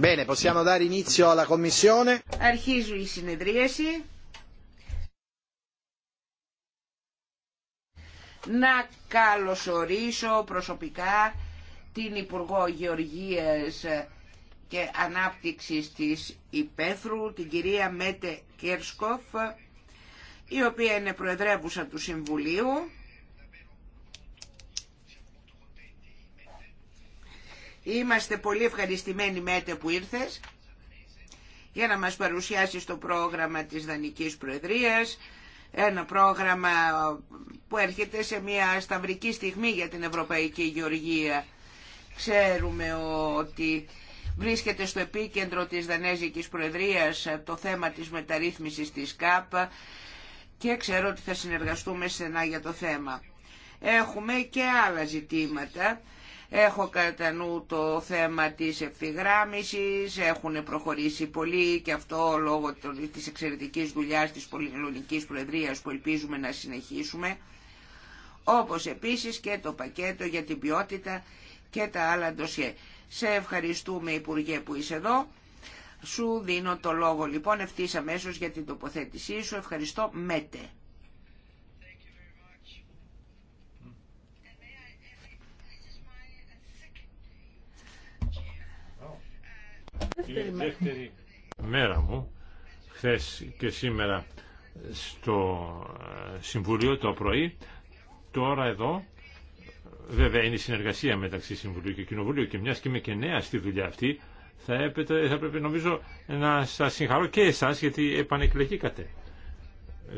Bene, Αρχίζει η συνεδρίαση. Να καλωσορίσω προσωπικά την Υπουργό Γεωργίας και Ανάπτυξης της Υπέθρου, την κυρία Μέτε Κέρσκοφ, η οποία είναι Προεδρεύουσα του Συμβουλίου Είμαστε πολύ ευχαριστημένοι Μέτε που ήρθες για να μας παρουσιάσεις το πρόγραμμα της Δανικής Προεδρίας, ένα πρόγραμμα που έρχεται σε μια σταυρική στιγμή για την Ευρωπαϊκή Γεωργία. Ξέρουμε ότι βρίσκεται στο επίκεντρο της Δανέζικης Προεδρίας το θέμα της μεταρρύθμισης της ΚΑΠ και ξέρω ότι θα συνεργαστούμε στενά για το θέμα. Έχουμε και άλλα ζητήματα Έχω κατά νου το θέμα της ευθυγράμμισης, έχουν προχωρήσει πολύ και αυτό λόγω της εξαιρετικής δουλειάς της Πολυελλονικής Προεδρίας που ελπίζουμε να συνεχίσουμε, όπως επίσης και το πακέτο για την ποιότητα και τα άλλα ντοσιέ. Σε ευχαριστούμε Υπουργέ που είσαι εδώ. Σου δίνω το λόγο λοιπόν ευθύ αμέσω για την τοποθέτησή σου. Ευχαριστώ. Μέτε. Δεύτερη, δεύτερη μέρα μου, χθε και σήμερα στο ε, Συμβουλίο το πρωί, τώρα εδώ, βέβαια είναι η συνεργασία μεταξύ Συμβουλίου και Κοινοβουλίου και μιας και είμαι και νέα στη δουλειά αυτή, θα, έπρεπε θα πρέπει νομίζω να σας συγχαρώ και εσάς γιατί επανεκλεγήκατε.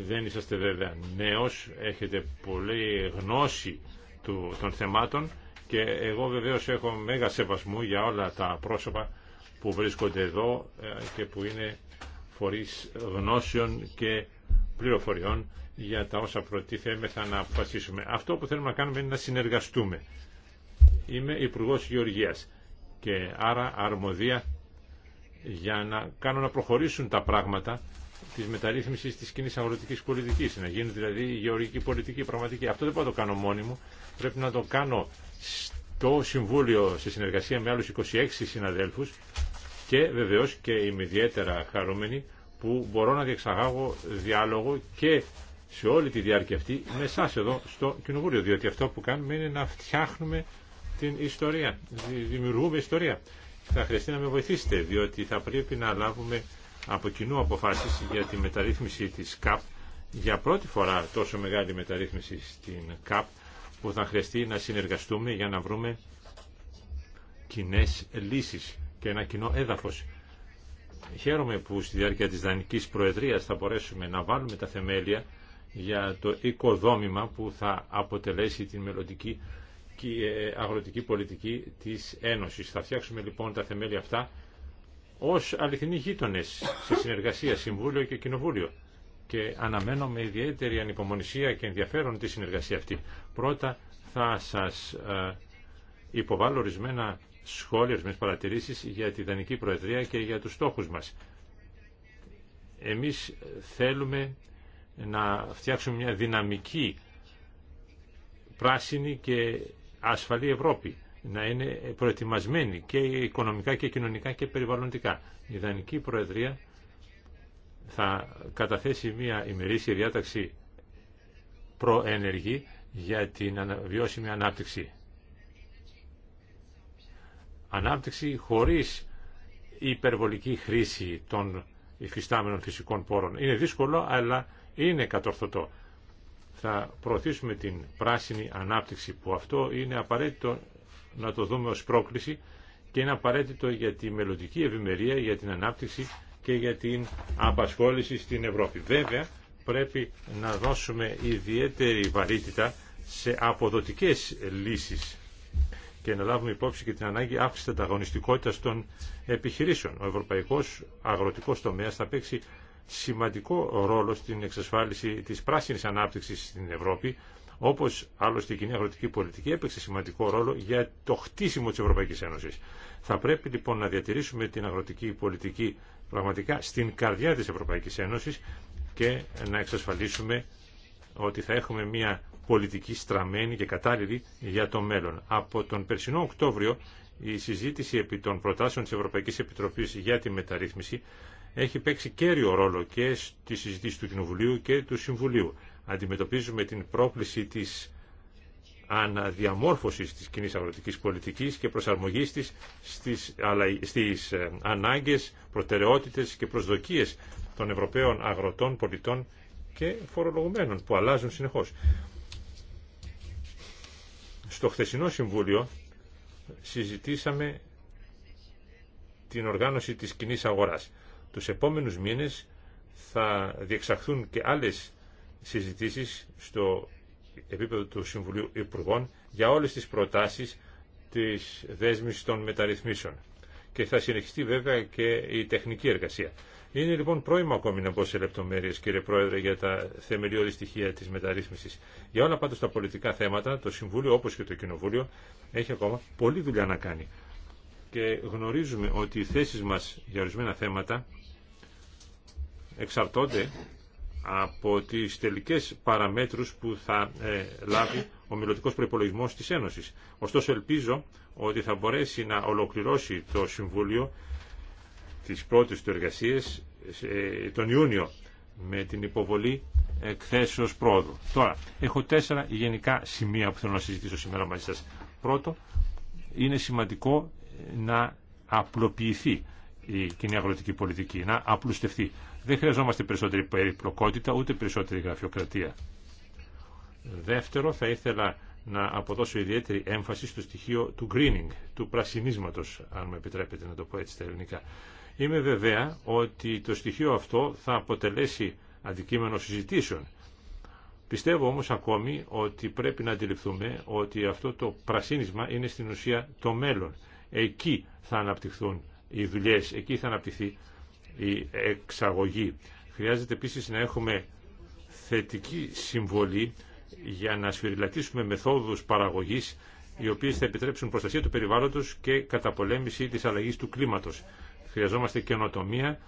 Δεν είσαστε βέβαια νέος, έχετε πολλή γνώση του, των θεμάτων και εγώ βεβαίως έχω μέγα σεβασμού για όλα τα πρόσωπα που βρίσκονται εδώ ε, και που είναι φορείς γνώσεων και πληροφοριών για τα όσα προτίθεμεθα να αποφασίσουμε. Αυτό που θέλουμε να κάνουμε είναι να συνεργαστούμε. Είμαι υπουργό Γεωργίας και άρα αρμοδία για να κάνω να προχωρήσουν τα πράγματα τη μεταρρύθμισης τη κοινή αγροτική πολιτική. Να γίνει δηλαδή η γεωργική πολιτική πραγματική. Αυτό δεν μπορώ να το κάνω μόνη μου. Πρέπει να το κάνω στο Συμβούλιο σε συνεργασία με άλλου 26 συναδέλφου και βεβαίως και είμαι ιδιαίτερα χαρούμενη που μπορώ να διεξαγάγω διάλογο και σε όλη τη διάρκεια αυτή με εσά εδώ στο Κοινοβούλιο, διότι αυτό που κάνουμε είναι να φτιάχνουμε την ιστορία, δημιουργούμε ιστορία. Θα χρειαστεί να με βοηθήσετε, διότι θα πρέπει να λάβουμε από κοινού αποφάσεις για τη μεταρρύθμιση της ΚΑΠ, για πρώτη φορά τόσο μεγάλη μεταρρύθμιση στην ΚΑΠ, που θα χρειαστεί να συνεργαστούμε για να βρούμε κοινέ λύσεις και ένα κοινό έδαφος. Χαίρομαι που στη διάρκεια της Δανικής Προεδρίας θα μπορέσουμε να βάλουμε τα θεμέλια για το οικοδόμημα που θα αποτελέσει την μελλοντική και αγροτική πολιτική της Ένωσης. Θα φτιάξουμε λοιπόν τα θεμέλια αυτά ως αληθινοί γείτονε σε συνεργασία Συμβούλιο και Κοινοβούλιο και αναμένω με ιδιαίτερη ανυπομονησία και ενδιαφέρον τη συνεργασία αυτή. Πρώτα θα σας ε, υποβάλω ορισμένα σχόλια, ορισμένε παρατηρήσει για τη Δανική Προεδρία και για τους στόχους μας. Εμείς θέλουμε να φτιάξουμε μια δυναμική, πράσινη και ασφαλή Ευρώπη, να είναι προετοιμασμένη και οικονομικά και κοινωνικά και περιβαλλοντικά. Η Δανική Προεδρία θα καταθέσει μια ημερήσια διάταξη προενεργή για την βιώσιμη ανάπτυξη ανάπτυξη χωρίς υπερβολική χρήση των υφιστάμενων φυσικών πόρων. Είναι δύσκολο, αλλά είναι κατορθωτό. Θα προωθήσουμε την πράσινη ανάπτυξη, που αυτό είναι απαραίτητο να το δούμε ως πρόκληση και είναι απαραίτητο για τη μελλοντική ευημερία, για την ανάπτυξη και για την απασχόληση στην Ευρώπη. Βέβαια, πρέπει να δώσουμε ιδιαίτερη βαρύτητα σε αποδοτικές λύσεις και να λάβουμε υπόψη και την ανάγκη αύξηση ανταγωνιστικότητα των επιχειρήσεων. Ο Ευρωπαϊκό αγροτικό τομέα θα παίξει σημαντικό ρόλο στην εξασφάλιση τη πράσινη ανάπτυξη στην Ευρώπη, όπω άλλωστε η κοινή αγροτική πολιτική έπαιξε σημαντικό ρόλο για το χτίσιμο τη Ευρωπαϊκή Ένωση. Θα πρέπει λοιπόν να διατηρήσουμε την αγροτική πολιτική πραγματικά στην καρδιά τη Ευρωπαϊκή Ένωση και να εξασφαλίσουμε ότι θα έχουμε μια πολιτική στραμμένη και κατάλληλη για το μέλλον. Από τον περσινό Οκτώβριο η συζήτηση επί των προτάσεων της Ευρωπαϊκής Επιτροπής για τη μεταρρύθμιση έχει παίξει κέριο ρόλο και στη συζήτηση του Κοινοβουλίου και του Συμβουλίου. Αντιμετωπίζουμε την πρόκληση της αναδιαμόρφωσης της κοινή αγροτικής πολιτικής και προσαρμογής της στις, στις ε, ανάγκες, προτεραιότητες και προσδοκίες των Ευρωπαίων αγροτών, πολιτών και φορολογουμένων που αλλάζουν συνεχώς. Στο χθεσινό Συμβούλιο συζητήσαμε την οργάνωση της κοινή αγοράς. Τους επόμενους μήνες θα διεξαχθούν και άλλες συζητήσεις στο επίπεδο του Συμβουλίου Υπουργών για όλες τις προτάσεις της δέσμης των μεταρρυθμίσεων. Και θα συνεχιστεί βέβαια και η τεχνική εργασία. Είναι λοιπόν πρόημα ακόμη να μπω σε λεπτομέρειε, κύριε Πρόεδρε, για τα θεμελιώδη στοιχεία τη μεταρρύθμιση. Για όλα πάντω τα πολιτικά θέματα, το Συμβούλιο όπω και το Κοινοβούλιο έχει ακόμα πολλή δουλειά να κάνει. Και γνωρίζουμε ότι οι θέσει μα για ορισμένα θέματα εξαρτώνται από τι τελικέ παραμέτρου που θα ε, λάβει ο μιλωτικό προπολογισμό τη Ένωση. Ωστόσο ελπίζω ότι θα μπορέσει να ολοκληρώσει το Συμβούλιο τις πρώτες του εργασίες τον Ιούνιο με την υποβολή εκθέσεως πρόοδου. Τώρα, έχω τέσσερα γενικά σημεία που θέλω να συζητήσω σήμερα μαζί σας. Πρώτο, είναι σημαντικό να απλοποιηθεί η κοινή αγροτική πολιτική, να απλουστευτεί. Δεν χρειαζόμαστε περισσότερη περιπλοκότητα, ούτε περισσότερη γραφειοκρατία. Δεύτερο, θα ήθελα να αποδώσω ιδιαίτερη έμφαση στο στοιχείο του greening, του πρασινίσματος, αν με επιτρέπετε να το πω έτσι στα ελληνικά. Είμαι βεβαία ότι το στοιχείο αυτό θα αποτελέσει αντικείμενο συζητήσεων. Πιστεύω όμως ακόμη ότι πρέπει να αντιληφθούμε ότι αυτό το πρασίνισμα είναι στην ουσία το μέλλον. Εκεί θα αναπτυχθούν οι δουλειές, εκεί θα αναπτυχθεί η εξαγωγή. Χρειάζεται επίσης να έχουμε θετική συμβολή για να σφυριλατήσουμε μεθόδους παραγωγής οι οποίες θα επιτρέψουν προστασία του περιβάλλοντος και καταπολέμηση της αλλαγής του κλίματος. Χρειαζόμαστε καινοτομία,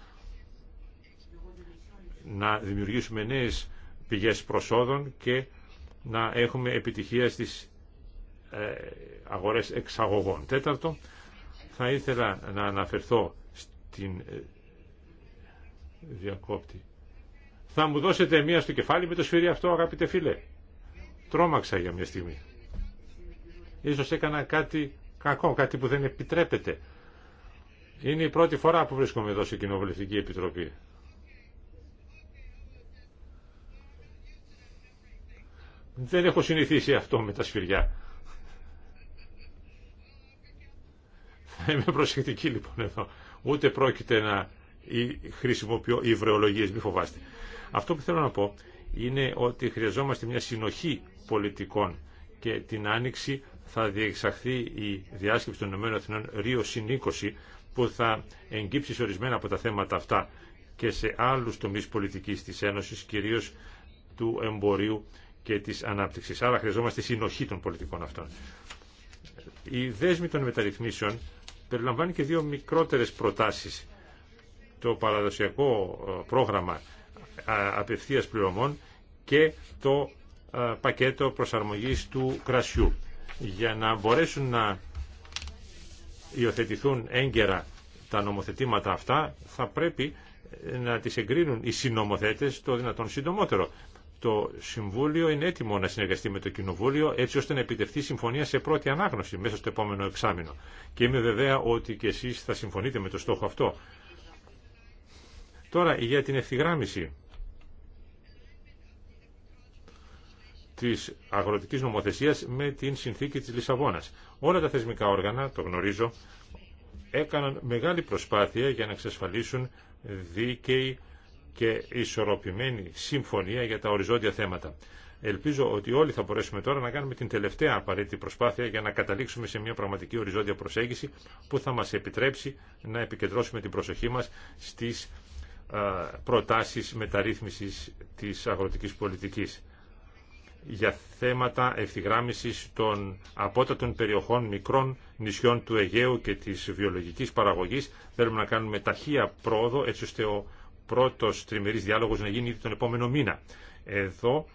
να δημιουργήσουμε νέες πηγές προσόδων και να έχουμε επιτυχία στις ε, αγορές εξαγωγών. Τέταρτο, θα ήθελα να αναφερθώ στην ε, διακόπτη. Θα μου δώσετε μία στο κεφάλι με το σφυρί αυτό, αγαπητέ φίλε. Τρόμαξα για μια στιγμή. Ίσως έκανα κάτι κακό, κάτι που δεν επιτρέπεται. Είναι η πρώτη φορά που βρίσκομαι εδώ σε Κοινοβουλευτική Επιτροπή. Δεν έχω συνηθίσει αυτό με τα σφυριά. Θα είμαι προσεκτική λοιπόν εδώ. Ούτε πρόκειται να χρησιμοποιώ υβρεολογίες, μη φοβάστε. Αυτό που θέλω να πω είναι ότι χρειαζόμαστε μια συνοχή πολιτικών και την άνοιξη θα διεξαχθεί η διάσκεψη των ΗΠΑ Ρίο Συν που θα εγκύψει σε ορισμένα από τα θέματα αυτά και σε άλλους τομείς πολιτικής της Ένωσης, κυρίως του εμπορίου και της ανάπτυξης. Άρα χρειαζόμαστε συνοχή των πολιτικών αυτών. Η δέσμη των μεταρρυθμίσεων περιλαμβάνει και δύο μικρότερες προτάσεις. Το παραδοσιακό ε, πρόγραμμα απευθείας πληρωμών και το ε, πακέτο προσαρμογής του κρασιού για να μπορέσουν να υιοθετηθούν έγκαιρα τα νομοθετήματα αυτά, θα πρέπει ε, να τις εγκρίνουν οι συνομοθέτες το δυνατόν συντομότερο. Το Συμβούλιο είναι έτοιμο να συνεργαστεί με το Κοινοβούλιο έτσι ώστε να επιτευχθεί συμφωνία σε πρώτη ανάγνωση μέσα στο επόμενο εξάμεινο. Και είμαι βεβαία ότι και εσείς θα συμφωνείτε με το στόχο αυτό. Τώρα για την ευθυγράμμιση της αγροτικής νομοθεσίας με την συνθήκη της Λισαβόνας. Όλα τα θεσμικά όργανα, το γνωρίζω, έκαναν μεγάλη προσπάθεια για να εξασφαλίσουν δίκαιη και ισορροπημένη συμφωνία για τα οριζόντια θέματα. Ελπίζω ότι όλοι θα μπορέσουμε τώρα να κάνουμε την τελευταία απαραίτητη προσπάθεια για να καταλήξουμε σε μια πραγματική οριζόντια προσέγγιση που θα μας επιτρέψει να επικεντρώσουμε την προσοχή μας στι προτάσεις μεταρρύθμισης της αγροτικής πολιτικής για θέματα ευθυγράμμισης των απότατων περιοχών μικρών νησιών του Αιγαίου και της βιολογικής παραγωγής. Θέλουμε να κάνουμε ταχεία πρόοδο έτσι ώστε ο πρώτος τριμερής διάλογος να γίνει ήδη τον επόμενο μήνα. Εδώ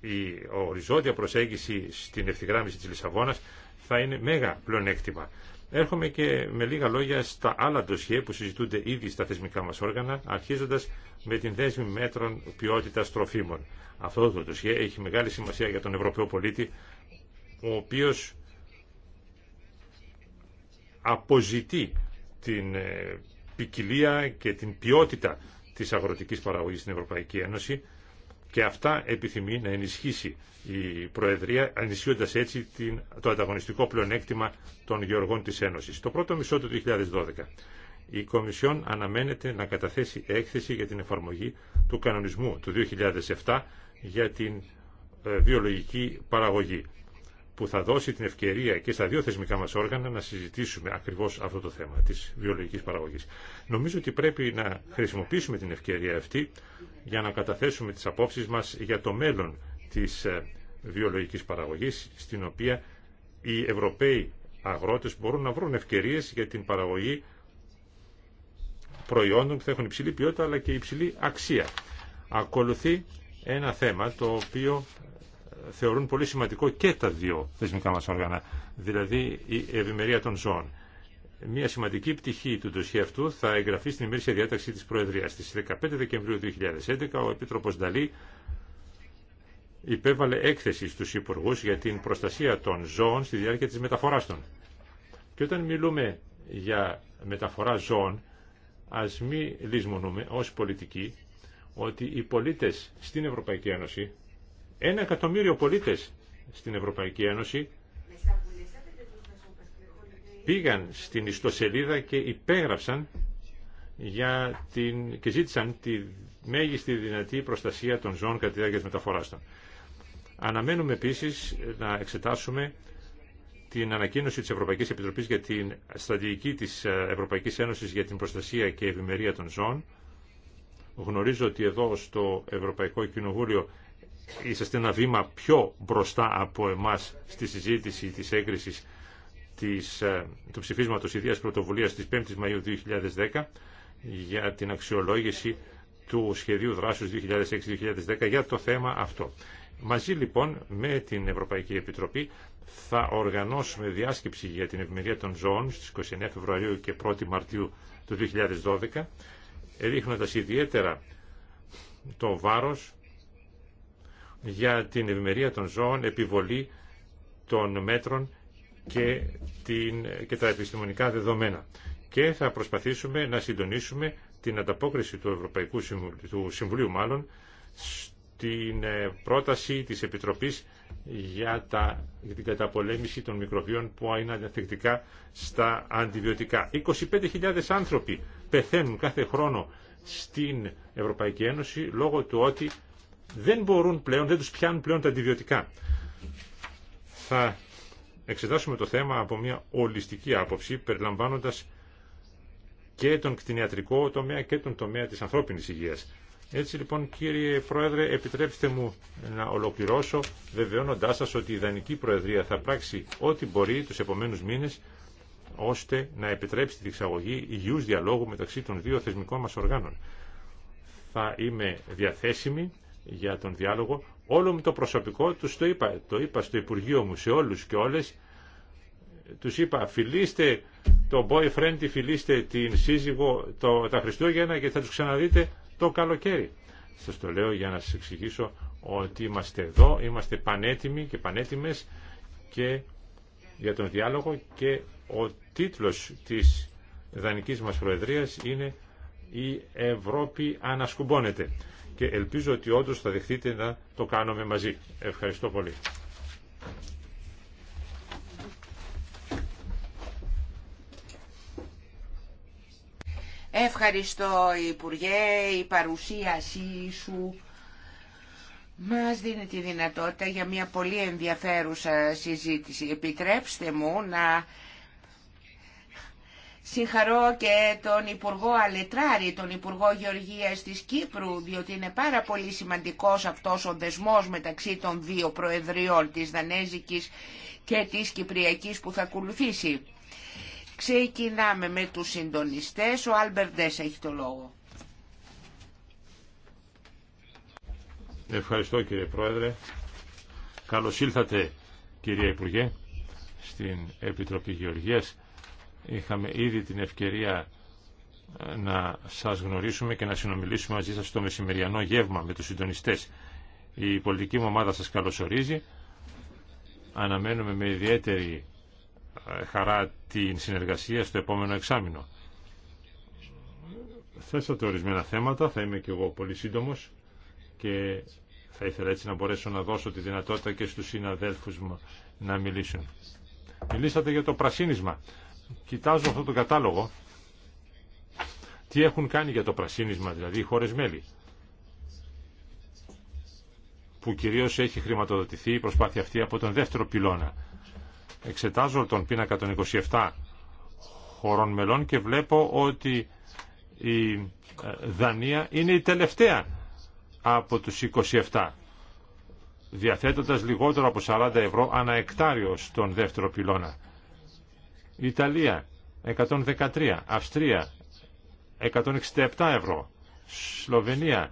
η οριζόντια προσέγγιση στην ευθυγράμμιση της Λισαβόνας θα είναι μέγα πλεονέκτημα. Έρχομαι και με λίγα λόγια στα άλλα ντοσιέ που συζητούνται ήδη στα θεσμικά μας όργανα, αρχίζοντας με την δέσμη μέτρων ποιότητας τροφίμων. Αυτό το δοσιέ έχει μεγάλη σημασία για τον Ευρωπαίο πολίτη, ο οποίος αποζητεί την ε, ποικιλία και την ποιότητα της αγροτικής παραγωγής στην Ευρωπαϊκή Ένωση και αυτά επιθυμεί να ενισχύσει η Προεδρία, ενισχύοντας έτσι το ανταγωνιστικό πλεονέκτημα των γεωργών της Ένωσης. Το πρώτο μισό του 2012 η Κομισιόν αναμένεται να καταθέσει έκθεση για την εφαρμογή του κανονισμού του 2007 για την ε, βιολογική παραγωγή που θα δώσει την ευκαιρία και στα δύο θεσμικά μας όργανα να συζητήσουμε ακριβώς αυτό το θέμα της βιολογικής παραγωγής. Νομίζω ότι πρέπει να χρησιμοποιήσουμε την ευκαιρία αυτή για να καταθέσουμε τις απόψεις μας για το μέλλον της ε, βιολογικής παραγωγής στην οποία οι Ευρωπαίοι αγρότες μπορούν να βρουν ευκαιρίες για την παραγωγή προϊόντων που θα έχουν υψηλή ποιότητα αλλά και υψηλή αξία. Ακολουθεί ένα θέμα το οποίο θεωρούν πολύ σημαντικό και τα δύο θεσμικά μας όργανα, δηλαδή η ευημερία των ζώων. Μια σημαντική πτυχή του ντοσχέ αυτού θα εγγραφεί στην ημερήσια διάταξη της Προεδρίας. Στις 15 Δεκεμβρίου 2011 ο Επίτροπος Νταλή υπέβαλε έκθεση στους υπουργούς για την προστασία των ζώων στη διάρκεια της μεταφοράς των. Και όταν μιλούμε για μεταφορά ζώων, ας μην λησμονούμε ως πολιτικοί ότι οι πολίτες στην Ευρωπαϊκή Ένωση, ένα εκατομμύριο πολίτες στην Ευρωπαϊκή Ένωση, πήγαν στην ιστοσελίδα και υπέγραψαν για την, και ζήτησαν τη μέγιστη δυνατή προστασία των ζώων κατά τη διάρκεια της μεταφοράς των. Αναμένουμε επίσης να εξετάσουμε την ανακοίνωση της Ευρωπαϊκής Επιτροπής για την στρατηγική της Ευρωπαϊκής Ένωσης για την προστασία και ευημερία των ζώων Γνωρίζω ότι εδώ στο Ευρωπαϊκό Κοινοβούλιο είσαστε ένα βήμα πιο μπροστά από εμάς στη συζήτηση της έγκρισης της, ε, του ψηφίσματος ιδίας πρωτοβουλίας της 5ης Μαΐου 2010 για την αξιολόγηση του σχεδίου δράσεως 2006-2010 για το θέμα αυτό. Μαζί λοιπόν με την Ευρωπαϊκή Επιτροπή θα οργανώσουμε διάσκεψη για την ευημερία των ζώων στις 29 Φεβρουαρίου και 1 η Μαρτίου του 2012 ρίχνοντας ιδιαίτερα το βάρος για την ευημερία των ζώων, επιβολή των μέτρων και, την, και τα επιστημονικά δεδομένα. Και θα προσπαθήσουμε να συντονίσουμε την ανταπόκριση του Ευρωπαϊκού Συμβουλίου, του Συμβουλίου μάλλον, στην ε, πρόταση της Επιτροπής για, τα, για την καταπολέμηση των μικροβίων που είναι ανθεκτικά στα αντιβιωτικά. 25.000 άνθρωποι πεθαίνουν κάθε χρόνο στην Ευρωπαϊκή Ένωση λόγω του ότι δεν μπορούν πλέον, δεν τους πιάνουν πλέον τα αντιβιωτικά. Θα εξετάσουμε το θέμα από μια ολιστική άποψη, περιλαμβάνοντας και τον κτηνιατρικό τομέα και τον τομέα της ανθρώπινης υγείας. Έτσι λοιπόν κύριε Πρόεδρε επιτρέψτε μου να ολοκληρώσω βεβαιώνοντάς σας ότι η Ιδανική Προεδρία θα πράξει ό,τι μπορεί τους επομένους μήνες ώστε να επιτρέψει τη διεξαγωγή υγιού διαλόγου μεταξύ των δύο θεσμικών μα οργάνων. Θα είμαι διαθέσιμη για τον διάλογο. Όλο μου το προσωπικό του το είπα. Το είπα στο Υπουργείο μου σε όλου και όλες. Τους είπα φιλήστε το boyfriend, φιλήστε την σύζυγο το, τα Χριστούγεννα και θα του ξαναδείτε το καλοκαίρι. Σα το λέω για να σα εξηγήσω ότι είμαστε εδώ, είμαστε πανέτοιμοι και πανέτοιμε και για τον διάλογο και ο τίτλος της δανικής μας προεδρίας είναι «Η Ευρώπη ανασκουμπώνεται» και ελπίζω ότι όντως θα δεχτείτε να το κάνουμε μαζί. Ευχαριστώ πολύ. Ευχαριστώ Υπουργέ, η παρουσίασή σου μας δίνει τη δυνατότητα για μια πολύ ενδιαφέρουσα συζήτηση. Επιτρέψτε μου να συγχαρώ και τον Υπουργό Αλετράρη, τον Υπουργό Γεωργίας της Κύπρου, διότι είναι πάρα πολύ σημαντικός αυτός ο δεσμός μεταξύ των δύο προεδριών, της Δανέζικης και της Κυπριακής που θα ακολουθήσει. Ξεκινάμε με τους συντονιστές. Ο Άλμπερντες έχει το λόγο. Ευχαριστώ κύριε Πρόεδρε. Καλώς ήλθατε κυρία Υπουργέ στην Επιτροπή Γεωργίας. Είχαμε ήδη την ευκαιρία ε, να σας γνωρίσουμε και να συνομιλήσουμε μαζί σας στο μεσημεριανό γεύμα με τους συντονιστές. Η πολιτική μου ομάδα σας καλωσορίζει. Αναμένουμε με ιδιαίτερη ε, χαρά την συνεργασία στο επόμενο εξάμεινο. Θέσατε ορισμένα θέματα, θα είμαι και εγώ πολύ σύντομος και θα ήθελα έτσι να μπορέσω να δώσω τη δυνατότητα και στους συναδέλφους μου να μιλήσουν. Μιλήσατε για το πρασίνισμα. Κοιτάζω αυτό το κατάλογο. Τι έχουν κάνει για το πρασίνισμα, δηλαδή οι χώρες μέλη που κυρίως έχει χρηματοδοτηθεί η προσπάθεια αυτή από τον δεύτερο πυλώνα. Εξετάζω τον πίνακα των 27 χωρών μελών και βλέπω ότι η ε, Δανία είναι η τελευταία από τους 27 διαθέτοντας λιγότερο από 40 ευρώ ανά εκτάριο στον δεύτερο πυλώνα. Ιταλία 113, Αυστρία 167 ευρώ, Σλοβενία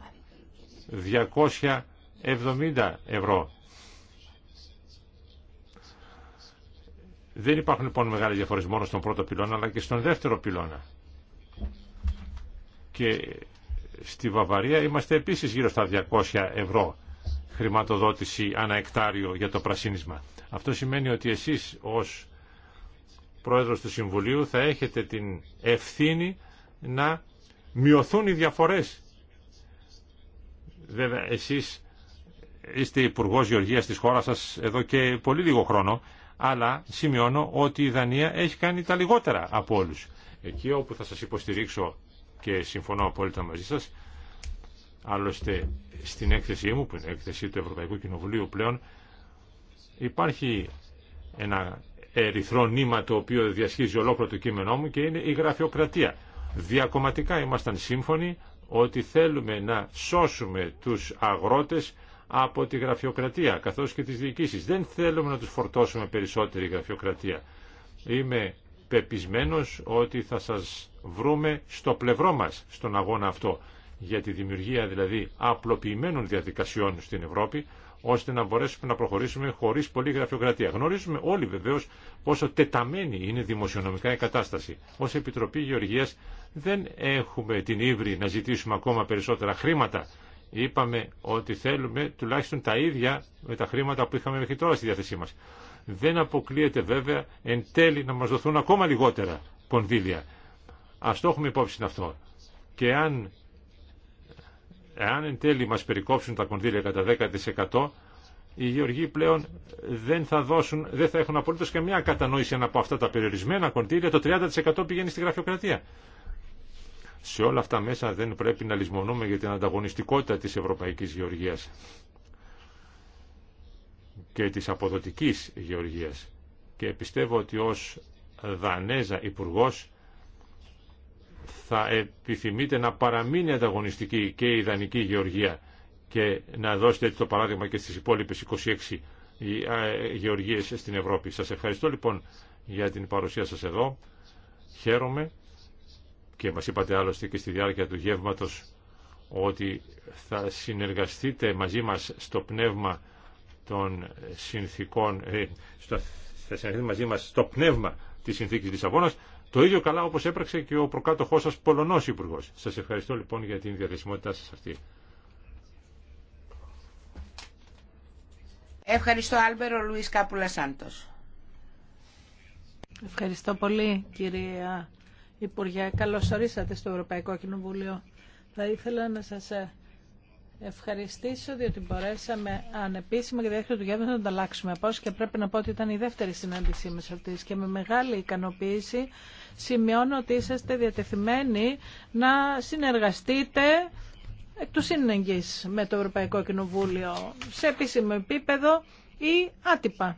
270 ευρώ. Δεν υπάρχουν λοιπόν μεγάλες διαφορές μόνο στον πρώτο πυλώνα αλλά και στον δεύτερο πυλώνα. Και Στη Βαβαρία είμαστε επίσης γύρω στα 200 ευρώ χρηματοδότηση ανά εκτάριο για το πρασίνισμα. Αυτό σημαίνει ότι εσείς ως πρόεδρος του Συμβουλίου θα έχετε την ευθύνη να μειωθούν οι διαφορές. Βέβαια, εσείς είστε υπουργός γεωργίας της χώρας σας εδώ και πολύ λίγο χρόνο, αλλά σημειώνω ότι η Δανία έχει κάνει τα λιγότερα από όλους. Εκεί όπου θα σας υποστηρίξω και συμφωνώ απόλυτα μαζί σας. Άλλωστε στην έκθεσή μου, που είναι έκθεση του Ευρωπαϊκού Κοινοβουλίου πλέον, υπάρχει ένα ερυθρό νήμα το οποίο διασχίζει ολόκληρο το κείμενό μου και είναι η γραφειοκρατία. Διακομματικά ήμασταν σύμφωνοι ότι θέλουμε να σώσουμε τους αγρότες από τη γραφειοκρατία καθώς και τις διοικήσεις. Δεν θέλουμε να τους φορτώσουμε περισσότερη γραφειοκρατία. Είμαι πεπισμένος ότι θα σας βρούμε στο πλευρό μας στον αγώνα αυτό για τη δημιουργία δηλαδή απλοποιημένων διαδικασιών στην Ευρώπη ώστε να μπορέσουμε να προχωρήσουμε χωρίς πολλή γραφειοκρατία. Γνωρίζουμε όλοι βεβαίως πόσο τεταμένη είναι δημοσιονομικά η κατάσταση. Ως Επιτροπή Γεωργίας δεν έχουμε την ύβρη να ζητήσουμε ακόμα περισσότερα χρήματα. Είπαμε ότι θέλουμε τουλάχιστον τα ίδια με τα χρήματα που είχαμε μέχρι τώρα στη διάθεσή μας. Δεν αποκλείεται βέβαια εν τέλει να μας δοθούν ακόμα λιγότερα κονδύλια. Ας το έχουμε υπόψη αυτό. Και αν, αν εν τέλει μας περικόψουν τα κονδύλια κατά 10% οι γεωργοί πλέον δεν θα, δώσουν, δεν θα έχουν απολύτω καμιά κατανόηση αν από αυτά τα περιορισμένα κονδύλια το 30% πηγαίνει στη γραφειοκρατία. Σε όλα αυτά μέσα δεν πρέπει να λησμονούμε για την ανταγωνιστικότητα της ευρωπαϊκής γεωργίας και της αποδοτικής γεωργίας. Και πιστεύω ότι ως Δανέζα υπουργό θα επιθυμείτε να παραμείνει ανταγωνιστική και η δανική γεωργία και να δώσετε το παράδειγμα και στις υπόλοιπες 26 γεωργίες στην Ευρώπη. Σας ευχαριστώ λοιπόν για την παρουσία σας εδώ. Χαίρομαι και μας είπατε άλλωστε και στη διάρκεια του γεύματος ότι θα συνεργαστείτε μαζί μας στο πνεύμα των συνθήκων, ε, στο, θα συνεχίσει μαζί μας στο πνεύμα της συνθήκης Λισαβόνας, το ίδιο καλά όπως έπραξε και ο προκάτοχός σας Πολωνός Υπουργός. Σας ευχαριστώ λοιπόν για την διαθεσιμότητά σας αυτή. Ευχαριστώ Άλμπερο Λουίς Κάπουλα Σάντος. Ευχαριστώ πολύ κυρία Υπουργέ. Καλώς ορίσατε στο Ευρωπαϊκό Κοινοβούλιο. Θα ήθελα να σας ε, ευχαριστήσω διότι μπορέσαμε ανεπίσημα και διάρκεια του γεύματος να τα αλλάξουμε. Πώς και πρέπει να πω ότι ήταν η δεύτερη συνάντησή μας αυτή και με μεγάλη ικανοποίηση σημειώνω ότι είσαστε διατεθειμένοι να συνεργαστείτε εκ του σύνεγγης με το Ευρωπαϊκό Κοινοβούλιο σε επίσημο επίπεδο ή άτυπα.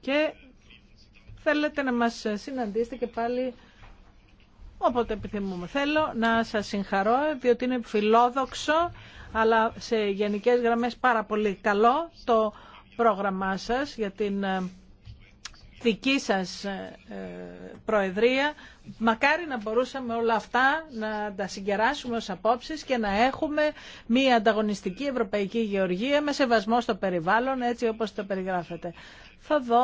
Και θέλετε να μας συναντήσετε και πάλι όποτε επιθυμούμε. Θέλω να σας συγχαρώ διότι είναι φιλόδοξο αλλά σε γενικές γραμμές πάρα πολύ καλό το πρόγραμμά σας για την ε, δική σας ε, ε, προεδρία. Μακάρι να μπορούσαμε όλα αυτά να τα συγκεράσουμε ως απόψεις και να έχουμε μια ανταγωνιστική ευρωπαϊκή γεωργία με σεβασμό στο περιβάλλον έτσι όπως το περιγράφετε. Θα δω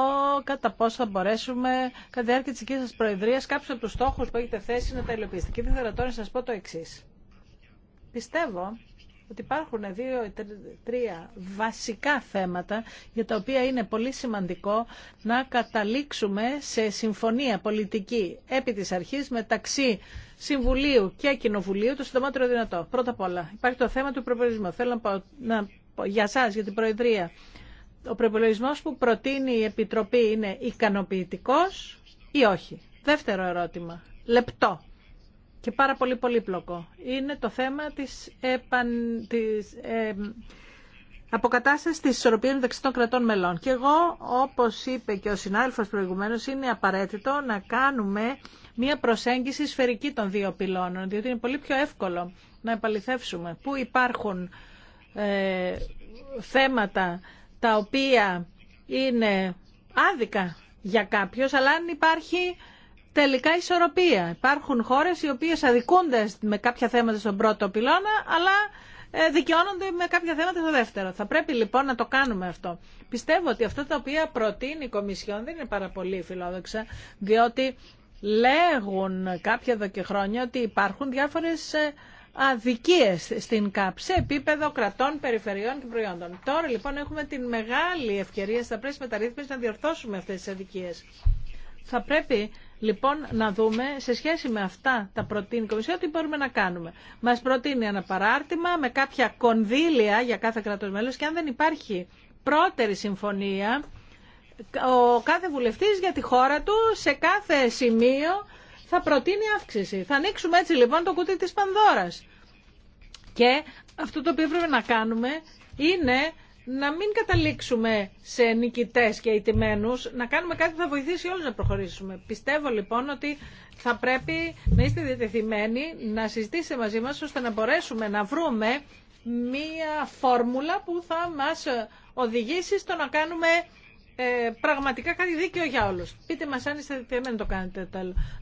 κατά πόσο θα μπορέσουμε κατά τη διάρκεια της δικής σας προεδρίας κάποιους από τους στόχους που έχετε θέσει να τα υλοποιήσετε. Και ήθελα τώρα να σας πω το εξή. Πιστεύω ότι υπάρχουν δύο ή τρία βασικά θέματα για τα οποία είναι πολύ σημαντικό να καταλήξουμε σε συμφωνία πολιτική επί της αρχής μεταξύ Συμβουλίου και Κοινοβουλίου το συντομότερο δυνατό. Πρώτα απ' όλα υπάρχει το θέμα του προπολογισμού. Θέλω να πω, για σας, για την Προεδρία. Ο προπολογισμό που προτείνει η Επιτροπή είναι ικανοποιητικός ή όχι. Δεύτερο ερώτημα. Λεπτό και πάρα πολύ πολύπλοκο. Είναι το θέμα της, επαν... της ε, αποκατάστασης της ισορροπίας μεταξύ των κρατών μελών. Και εγώ, όπως είπε και ο συνάδελφος προηγουμένως, είναι απαραίτητο να κάνουμε μία προσέγγιση σφαιρική των δύο πυλώνων, διότι είναι πολύ πιο εύκολο να επαληθεύσουμε πού υπάρχουν ε, θέματα τα οποία είναι άδικα για κάποιους, αλλά αν υπάρχει τελικά ισορροπία. Υπάρχουν χώρε οι οποίε αδικούνται με κάποια θέματα στον πρώτο πυλώνα, αλλά ε, δικαιώνονται με κάποια θέματα στο δεύτερο. Θα πρέπει λοιπόν να το κάνουμε αυτό. Πιστεύω ότι αυτά τα οποία προτείνει η Κομισιόν δεν είναι πάρα πολύ φιλόδοξα, διότι λέγουν κάποια εδώ και χρόνια ότι υπάρχουν διάφορε ε, αδικίες στην ΚΑΠ σε επίπεδο κρατών, περιφερειών και προϊόντων. Τώρα λοιπόν έχουμε την μεγάλη ευκαιρία στα πλαίσια μεταρρύθμιση να διορθώσουμε αυτέ τι αδικίε. Θα πρέπει λοιπόν να δούμε σε σχέση με αυτά τα προτείνει η Κομισιόν τι μπορούμε να κάνουμε. Μα προτείνει ένα παράρτημα με κάποια κονδύλια για κάθε κράτος μέλο και αν δεν υπάρχει πρώτερη συμφωνία ο κάθε βουλευτής για τη χώρα του σε κάθε σημείο θα προτείνει αύξηση. Θα ανοίξουμε έτσι λοιπόν το κουτί της Πανδώρας. Και αυτό το οποίο πρέπει να κάνουμε είναι να μην καταλήξουμε σε νικητέ και ιτημένου, να κάνουμε κάτι που θα βοηθήσει όλου να προχωρήσουμε. Πιστεύω λοιπόν ότι θα πρέπει να είστε διατεθειμένοι να συζητήσετε μαζί μας ώστε να μπορέσουμε να βρούμε μία φόρμουλα που θα μας οδηγήσει στο να κάνουμε ε, πραγματικά κάτι δίκαιο για όλους. Πείτε μας αν είστε διατεθειμένοι να το κάνετε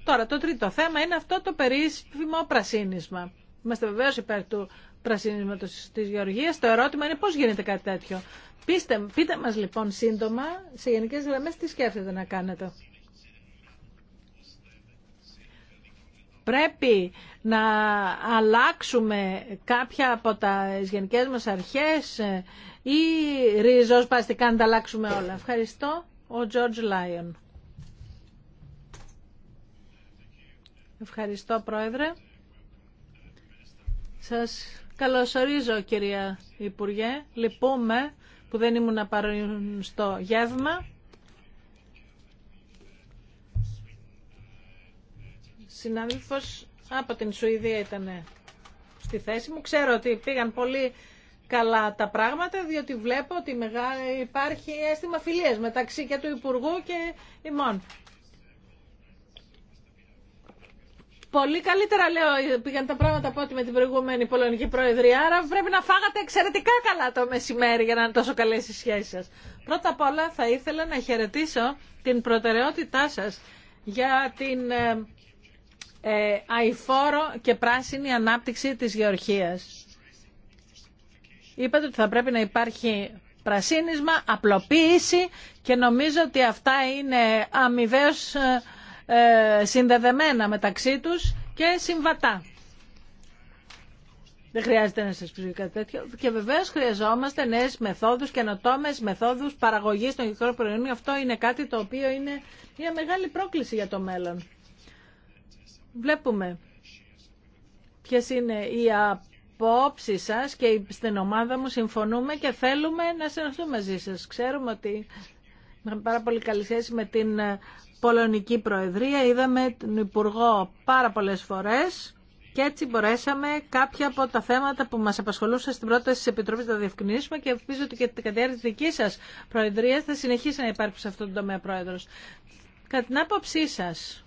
Τώρα το τρίτο θέμα είναι αυτό το περίσφημο πρασίνισμα. Είμαστε βεβαίως υπέρ του πρασίνισματο τη γεωργίας. Το ερώτημα είναι πώ γίνεται κάτι τέτοιο. Πείστε, πείτε μας λοιπόν σύντομα, σε γενικέ γραμμέ, τι σκέφτεται να κάνετε. Πρέπει να αλλάξουμε κάποια από τα γενικές μας αρχές ή ριζοσπαστικά να τα αλλάξουμε όλα. Ευχαριστώ. Ο George Λάιον. Ευχαριστώ Πρόεδρε. Σας Καλωσορίζω κυρία Υπουργέ. Λυπούμε που δεν ήμουν να παρόν στο γεύμα. Συνάδελφος από την Σουηδία ήταν στη θέση μου. Ξέρω ότι πήγαν πολύ καλά τα πράγματα, διότι βλέπω ότι υπάρχει αίσθημα φιλίας μεταξύ και του Υπουργού και ημών. Πολύ καλύτερα λέω πήγαν τα πράγματα από ό,τι με την προηγούμενη Πολωνική Προεδρία. Άρα πρέπει να φάγατε εξαιρετικά καλά το μεσημέρι για να είναι τόσο καλέ οι σχέσει σα. Πρώτα απ' όλα θα ήθελα να χαιρετήσω την προτεραιότητά σα για την ε, ε, αηφόρο και πράσινη ανάπτυξη της γεωργίας. Είπατε ότι θα πρέπει να υπάρχει πρασίνισμα, απλοποίηση και νομίζω ότι αυτά είναι αμοιβαίως ε, ε, συνδεδεμένα μεταξύ τους και συμβατά. Δεν χρειάζεται να σα πει κάτι τέτοιο. Και βεβαίω χρειαζόμαστε νέε μεθόδου, καινοτόμε μεθόδου παραγωγή των γεωργικών προϊόντων. Αυτό είναι κάτι το οποίο είναι μια μεγάλη πρόκληση για το μέλλον. Βλέπουμε ποιε είναι οι απόψει σα και στην ομάδα μου συμφωνούμε και θέλουμε να συνεχθούμε μαζί σα. Ξέρουμε ότι είχαμε πάρα πολύ καλή σχέση με την Πολωνική Προεδρία, είδαμε τον Υπουργό πάρα πολλές φορές και έτσι μπορέσαμε κάποια από τα θέματα που μας απασχολούσαν στην πρόταση της Επιτροπής να διευκρινίσουμε και ελπίζω ότι και την τη της δικής σας Προεδρίας θα συνεχίσει να υπάρχει σε αυτόν τον τομέα Πρόεδρος. Κατά την άποψή σας,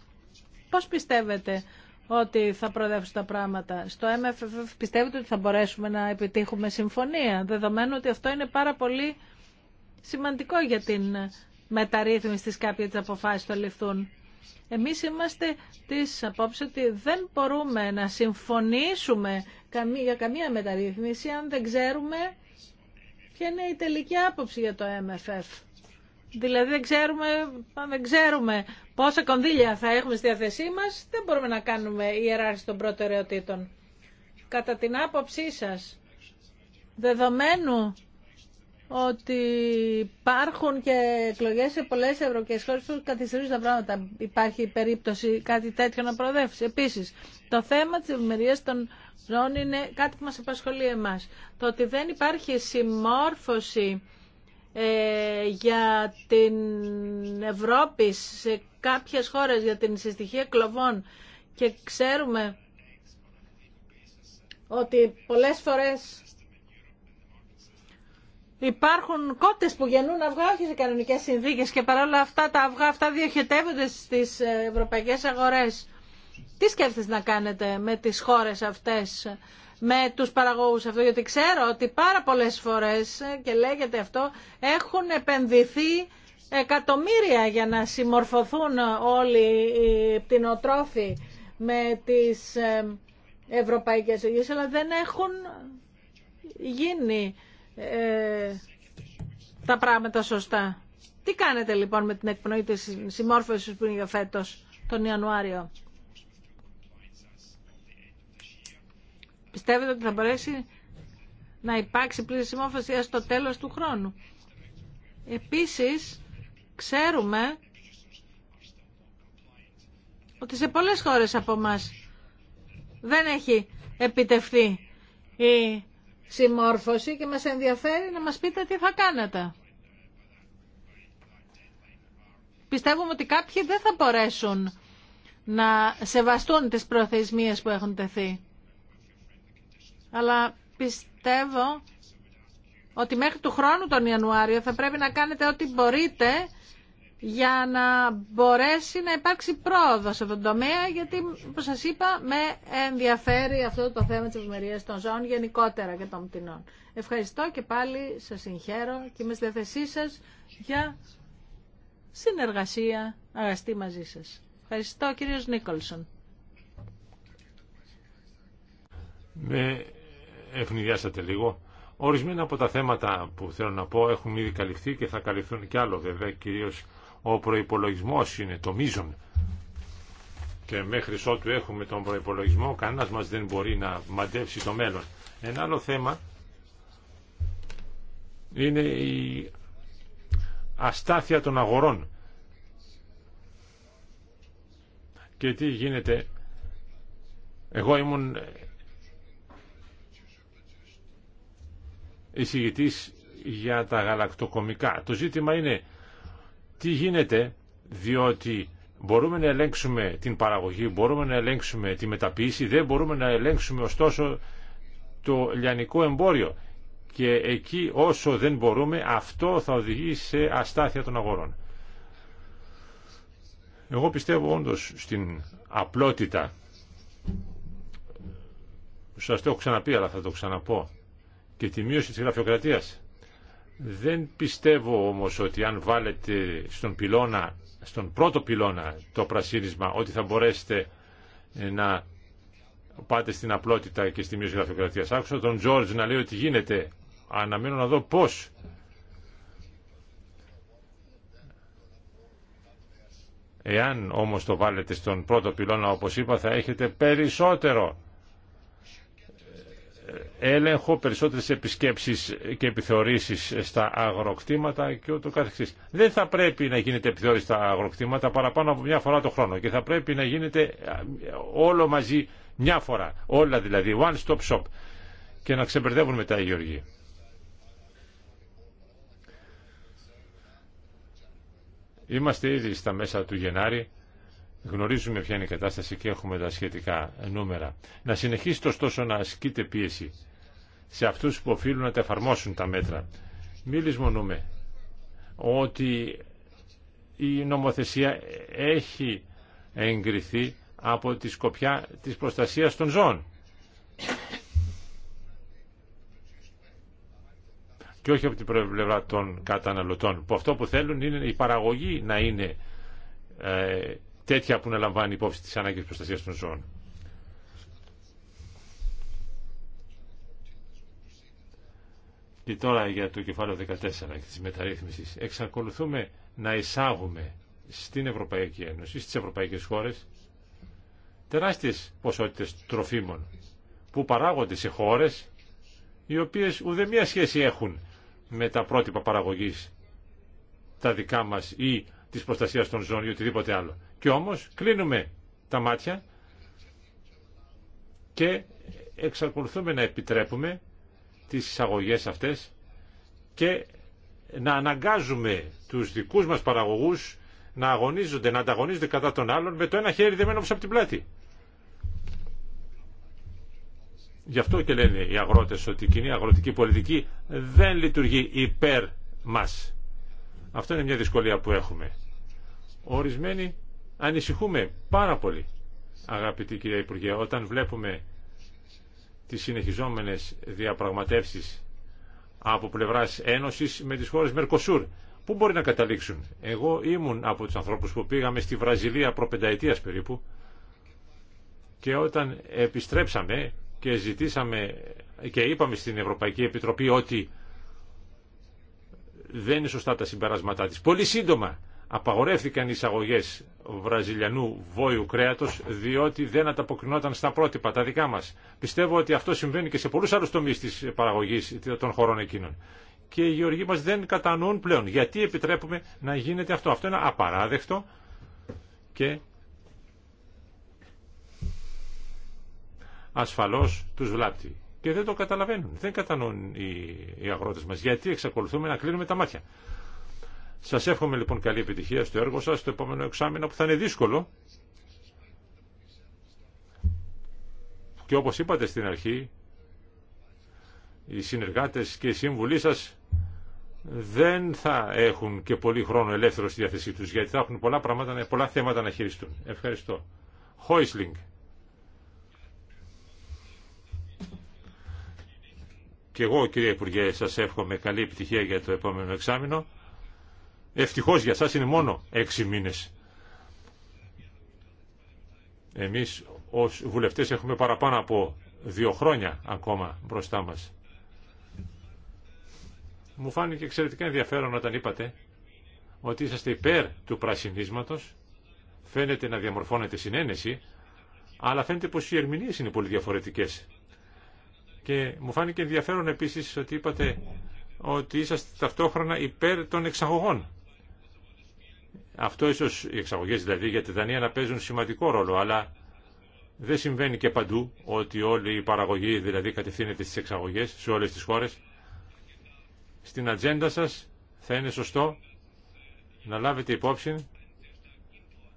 πώς πιστεύετε ότι θα προοδεύσουν τα πράγματα. Στο MFF πιστεύετε ότι θα μπορέσουμε να επιτύχουμε συμφωνία, δεδομένου ότι αυτό είναι πάρα πολύ σημαντικό για την μεταρρύθμιση της κάποιες αποφάσεις που ληφθούν. Εμείς είμαστε της απόψη ότι δεν μπορούμε να συμφωνήσουμε για καμία μεταρρύθμιση αν δεν ξέρουμε ποια είναι η τελική άποψη για το MFF. Δηλαδή δεν ξέρουμε, αν δεν ξέρουμε πόσα κονδύλια θα έχουμε στη διάθεσή μας, δεν μπορούμε να κάνουμε ιεράρχηση των προτεραιοτήτων. Κατά την άποψή σας, δεδομένου ότι υπάρχουν και εκλογέ σε πολλέ ευρωπαϊκές χώρε που καθυστερούν τα πράγματα. Υπάρχει περίπτωση κάτι τέτοιο να προοδεύσει. Επίσης, το θέμα τη ευημερία των ζώων είναι κάτι που μας απασχολεί εμά. Το ότι δεν υπάρχει συμμόρφωση ε, για την Ευρώπη σε κάποιες χώρες για την συστοιχία κλοβών και ξέρουμε ότι πολλές φορές υπάρχουν κότες που γεννούν αυγά όχι σε κανονικέ συνθήκε και παρόλα αυτά τα αυγά αυτά διοχετεύονται στις ευρωπαϊκές αγορές. Τι σκέφτεσαι να κάνετε με τις χώρες αυτές, με τους παραγωγούς αυτού. γιατί ξέρω ότι πάρα πολλέ φορές, ε, και λέγεται αυτό, έχουν επενδυθεί εκατομμύρια για να συμμορφωθούν όλοι οι πτηνοτρόφοι με τις ε, ευρωπαϊκές υγείες, αλλά δεν έχουν γίνει ε, τα πράγματα σωστά. Τι κάνετε λοιπόν με την εκπνοή της συμμόρφωσης που είναι για φέτος τον Ιανουάριο. Πιστεύετε ότι θα μπορέσει να υπάρξει πλήρη συμμόρφωση έως το τέλος του χρόνου. Επίσης, ξέρουμε ότι σε πολλές χώρες από μας δεν έχει επιτευχθεί η συμμόρφωση και μας ενδιαφέρει να μας πείτε τι θα κάνετε. Πιστεύουμε ότι κάποιοι δεν θα μπορέσουν να σεβαστούν τις προθεσμίες που έχουν τεθεί. Αλλά πιστεύω ότι μέχρι του χρόνου τον Ιανουάριο θα πρέπει να κάνετε ό,τι μπορείτε για να μπορέσει να υπάρξει πρόοδο σε αυτόν τον τομέα, γιατί, όπως σας είπα, με ενδιαφέρει αυτό το θέμα τη ευημερία των ζώων γενικότερα και των πτηνών. Ευχαριστώ και πάλι, σας συγχαίρω και είμαι στη θέση σα για συνεργασία αγαστή μαζί σας. Ευχαριστώ, κύριος Νίκολσον. Με ευνηδιάσατε λίγο. Ορισμένα από τα θέματα που θέλω να πω έχουν ήδη καλυφθεί και θα καλυφθούν κι άλλο βέβαια, κυρίως ο προπολογισμό είναι το μείζον. Και μέχρι ότου έχουμε τον προϋπολογισμό, κανένα μας δεν μπορεί να μαντεύσει το μέλλον. Ένα άλλο θέμα είναι η αστάθεια των αγορών. Και τι γίνεται. Εγώ ήμουν εισηγητής για τα γαλακτοκομικά. Το ζήτημα είναι τι γίνεται, διότι μπορούμε να ελέγξουμε την παραγωγή, μπορούμε να ελέγξουμε τη μεταποίηση, δεν μπορούμε να ελέγξουμε ωστόσο το λιανικό εμπόριο. Και εκεί όσο δεν μπορούμε, αυτό θα οδηγεί σε αστάθεια των αγορών. Εγώ πιστεύω όντως στην απλότητα. Σας το έχω ξαναπεί, αλλά θα το ξαναπώ. Και τη μείωση της γραφειοκρατίας. Δεν πιστεύω όμως ότι αν βάλετε στον πυλώνα, στον πρώτο πυλώνα το πρασίνισμα ότι θα μπορέσετε ε, να πάτε στην απλότητα και στη μείωση γραφειοκρατίας. Άκουσα τον Τζόρτζ να λέει ότι γίνεται. Αναμένω να δω πώς. Εάν όμως το βάλετε στον πρώτο πυλώνα όπως είπα θα έχετε περισσότερο έλεγχο, περισσότερες επισκέψεις και επιθεωρήσεις στα αγροκτήματα και ούτω καθεξής. Δεν θα πρέπει να γίνεται επιθεώρηση στα αγροκτήματα παραπάνω από μια φορά το χρόνο και θα πρέπει να γίνεται όλο μαζί μια φορά, όλα δηλαδή, one stop shop και να ξεμπερδεύουν μετά οι γεωργοί. Είμαστε ήδη στα μέσα του Γενάρη Γνωρίζουμε ποια είναι η κατάσταση και έχουμε τα σχετικά νούμερα. Να συνεχίσει ωστόσο να ασκείται πίεση σε αυτούς που οφείλουν να τα εφαρμόσουν τα μέτρα. Μη λησμονούμε ότι η νομοθεσία έχει εγκριθεί από τη σκοπιά της προστασίας των ζώων. Και όχι από την πλευρά των καταναλωτών, που αυτό που θέλουν είναι η παραγωγή να είναι ε, τέτοια που να λαμβάνει υπόψη τις ανάγκες προστασίας των ζώων. Και τώρα για το κεφάλαιο 14 και της μεταρρύθμισης. Εξακολουθούμε να εισάγουμε στην Ευρωπαϊκή Ένωση, στις ευρωπαϊκές χώρες, τεράστιες ποσότητες τροφίμων που παράγονται σε χώρες οι οποίες ουδέμια σχέση έχουν με τα πρότυπα παραγωγής τα δικά μας ή της προστασίας των ζώων ή οτιδήποτε άλλο. Και όμως κλείνουμε τα μάτια και εξακολουθούμε να επιτρέπουμε τις εισαγωγές αυτές και να αναγκάζουμε τους δικούς μας παραγωγούς να αγωνίζονται, να ανταγωνίζονται κατά των άλλων με το ένα χέρι δεμένο από την πλάτη. Γι' αυτό και λένε οι αγρότες ότι η κοινή αγροτική πολιτική δεν λειτουργεί υπέρ μας. Αυτό είναι μια δυσκολία που έχουμε. Ορισμένοι Ανησυχούμε πάρα πολύ, αγαπητή κυρία Υπουργέ, όταν βλέπουμε τις συνεχιζόμενες διαπραγματεύσεις από πλευράς Ένωσης με τις χώρες Μερκοσούρ. Πού μπορεί να καταλήξουν. Εγώ ήμουν από τους ανθρώπους που πήγαμε στη Βραζιλία προπενταετίας περίπου και όταν επιστρέψαμε και ζητήσαμε και είπαμε στην Ευρωπαϊκή Επιτροπή ότι δεν είναι σωστά τα συμπεράσματά της. Πολύ σύντομα απαγορεύτηκαν οι εισαγωγέ βραζιλιανού βόηου κρέατο διότι δεν ανταποκρινόταν στα πρότυπα τα δικά μας. Πιστεύω ότι αυτό συμβαίνει και σε πολλούς άλλους τομεί τη παραγωγής των χωρών εκείνων. Και οι γεωργοί μας δεν κατανοούν πλέον γιατί επιτρέπουμε να γίνεται αυτό. Αυτό είναι απαράδεκτο και ασφαλώς τους βλάπτει. Και δεν το καταλαβαίνουν, δεν κατανοούν οι, αγρότε αγρότες γιατί εξακολουθούμε να κλείνουμε τα μάτια. Σας εύχομαι λοιπόν καλή επιτυχία στο έργο σας, στο επόμενο εξάμεινο που θα είναι δύσκολο. Και όπως είπατε στην αρχή, οι συνεργάτες και οι σύμβουλοί σας δεν θα έχουν και πολύ χρόνο ελεύθερο στη διάθεσή τους, γιατί θα έχουν πολλά, πράγματα, πολλά θέματα να χειριστούν. Ευχαριστώ. Χόισλινγκ. Και εγώ, κύριε Υπουργέ, σας εύχομαι καλή επιτυχία για το επόμενο εξάμεινο. Ευτυχώς για σας είναι μόνο έξι μήνες. Εμείς ως βουλευτές έχουμε παραπάνω από δύο χρόνια ακόμα μπροστά μας. Μου φάνηκε εξαιρετικά ενδιαφέρον όταν είπατε ότι είσαστε υπέρ του πρασινίσματος, φαίνεται να διαμορφώνεται συνένεση, αλλά φαίνεται πως οι ερμηνείες είναι πολύ διαφορετικές. Και μου φάνηκε ενδιαφέρον επίσης ότι είπατε ότι είσαστε ταυτόχρονα υπέρ των εξαγωγών. Αυτό ίσω οι εξαγωγέ δηλαδή για τη Δανία να παίζουν σημαντικό ρόλο, αλλά δεν συμβαίνει και παντού ότι όλη η παραγωγή δηλαδή κατευθύνεται στις εξαγωγέ σε όλε τι χώρε, Στην ατζέντα σα θα είναι σωστό να λάβετε υπόψη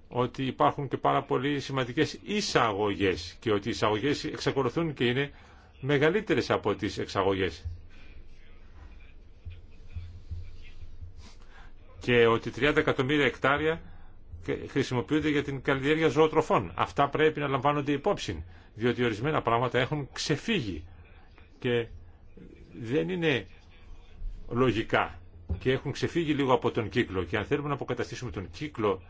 ότι υπάρχουν και πάρα πολύ σημαντικέ εισαγωγέ και ότι οι εισαγωγέ εξακολουθούν και είναι μεγαλύτερε από τι εξαγωγέ. και ότι 30 εκατομμύρια εκτάρια χρησιμοποιούνται για την καλλιέργεια ζωοτροφών. Αυτά πρέπει να λαμβάνονται υπόψη, διότι ορισμένα πράγματα έχουν ξεφύγει και δεν είναι λογικά και έχουν ξεφύγει λίγο από τον κύκλο και αν θέλουμε να αποκαταστήσουμε τον κύκλο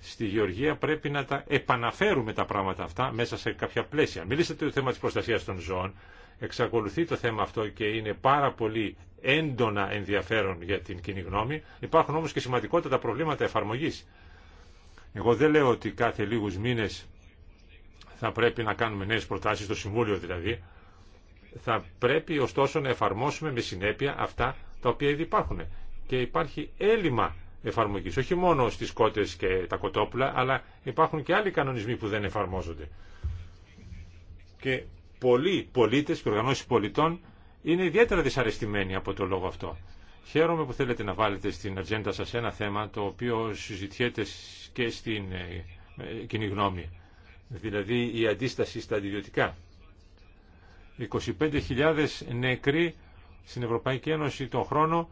στη γεωργία πρέπει να τα επαναφέρουμε τα πράγματα αυτά μέσα σε κάποια πλαίσια. Μιλήσατε το θέμα της προστασίας των ζώων, εξακολουθεί το θέμα αυτό και είναι πάρα πολύ έντονα ενδιαφέρον για την κοινή γνώμη. Υπάρχουν όμως και σημαντικότατα προβλήματα εφαρμογής. Εγώ δεν λέω ότι κάθε λίγους μήνες θα πρέπει να κάνουμε νέες προτάσεις στο Συμβούλιο δηλαδή. Θα πρέπει ωστόσο να εφαρμόσουμε με συνέπεια αυτά τα οποία ήδη υπάρχουν. Και υπάρχει έλλειμμα εφαρμογής, όχι μόνο στις κότες και τα κοτόπουλα, αλλά υπάρχουν και άλλοι κανονισμοί που δεν εφαρμόζονται. Και πολλοί πολίτες και οργανώσεις πολιτών είναι ιδιαίτερα δυσαρεστημένοι από το λόγο αυτό. Χαίρομαι που θέλετε να βάλετε στην ατζέντα σας ένα θέμα το οποίο συζητιέται και στην ε, ε, κοινή γνώμη, δηλαδή η αντίσταση στα αντιβιωτικά. 25.000 νεκροί στην Ευρωπαϊκή Ένωση τον χρόνο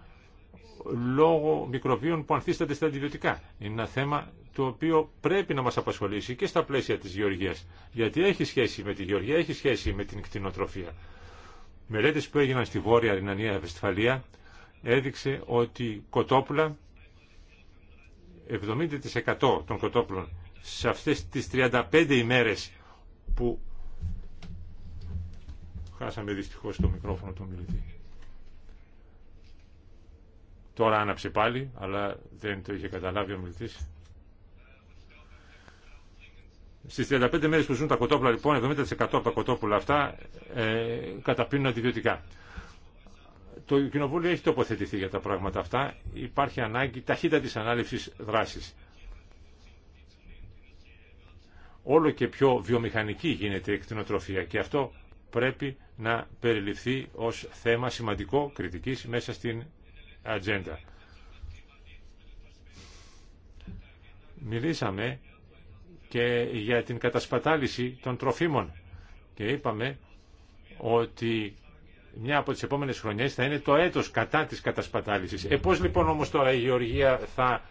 λόγω μικροβίων που ανθίστανται στα αντιβιωτικά. Είναι ένα θέμα το οποίο πρέπει να μας απασχολήσει και στα πλαίσια της γεωργίας, γιατί έχει σχέση με τη γεωργία, έχει σχέση με την κτηνοτροφία. Μελέτε που έγιναν στη Βόρεια Ρινανία Βεσφαλία έδειξε ότι κοτόπουλα 70% των κοτόπουλων σε αυτές τις 35 ημέρες που χάσαμε δυστυχώς το μικρόφωνο του μιλητή. Τώρα άναψε πάλι, αλλά δεν το είχε καταλάβει ο μιλητής. Στι 35 μέρες που ζουν τα κοτόπουλα λοιπόν, 70% από τα κοτόπουλα αυτά ε, καταπίνουν αντιβιωτικά. Το Κοινοβούλιο έχει τοποθετηθεί για τα πράγματα αυτά. Υπάρχει ανάγκη τη ανάληψη δράσης. Όλο και πιο βιομηχανική γίνεται η εκτινοτροφία και αυτό πρέπει να περιληφθεί ως θέμα σημαντικό κριτικής μέσα στην ατζέντα. Μιλήσαμε και για την κατασπατάληση των τροφίμων. Και είπαμε ότι μια από τις επόμενες χρονιές θα είναι το έτος κατά της κατασπατάλησης. Ε, πώς λοιπόν όμως τώρα η Γεωργία θα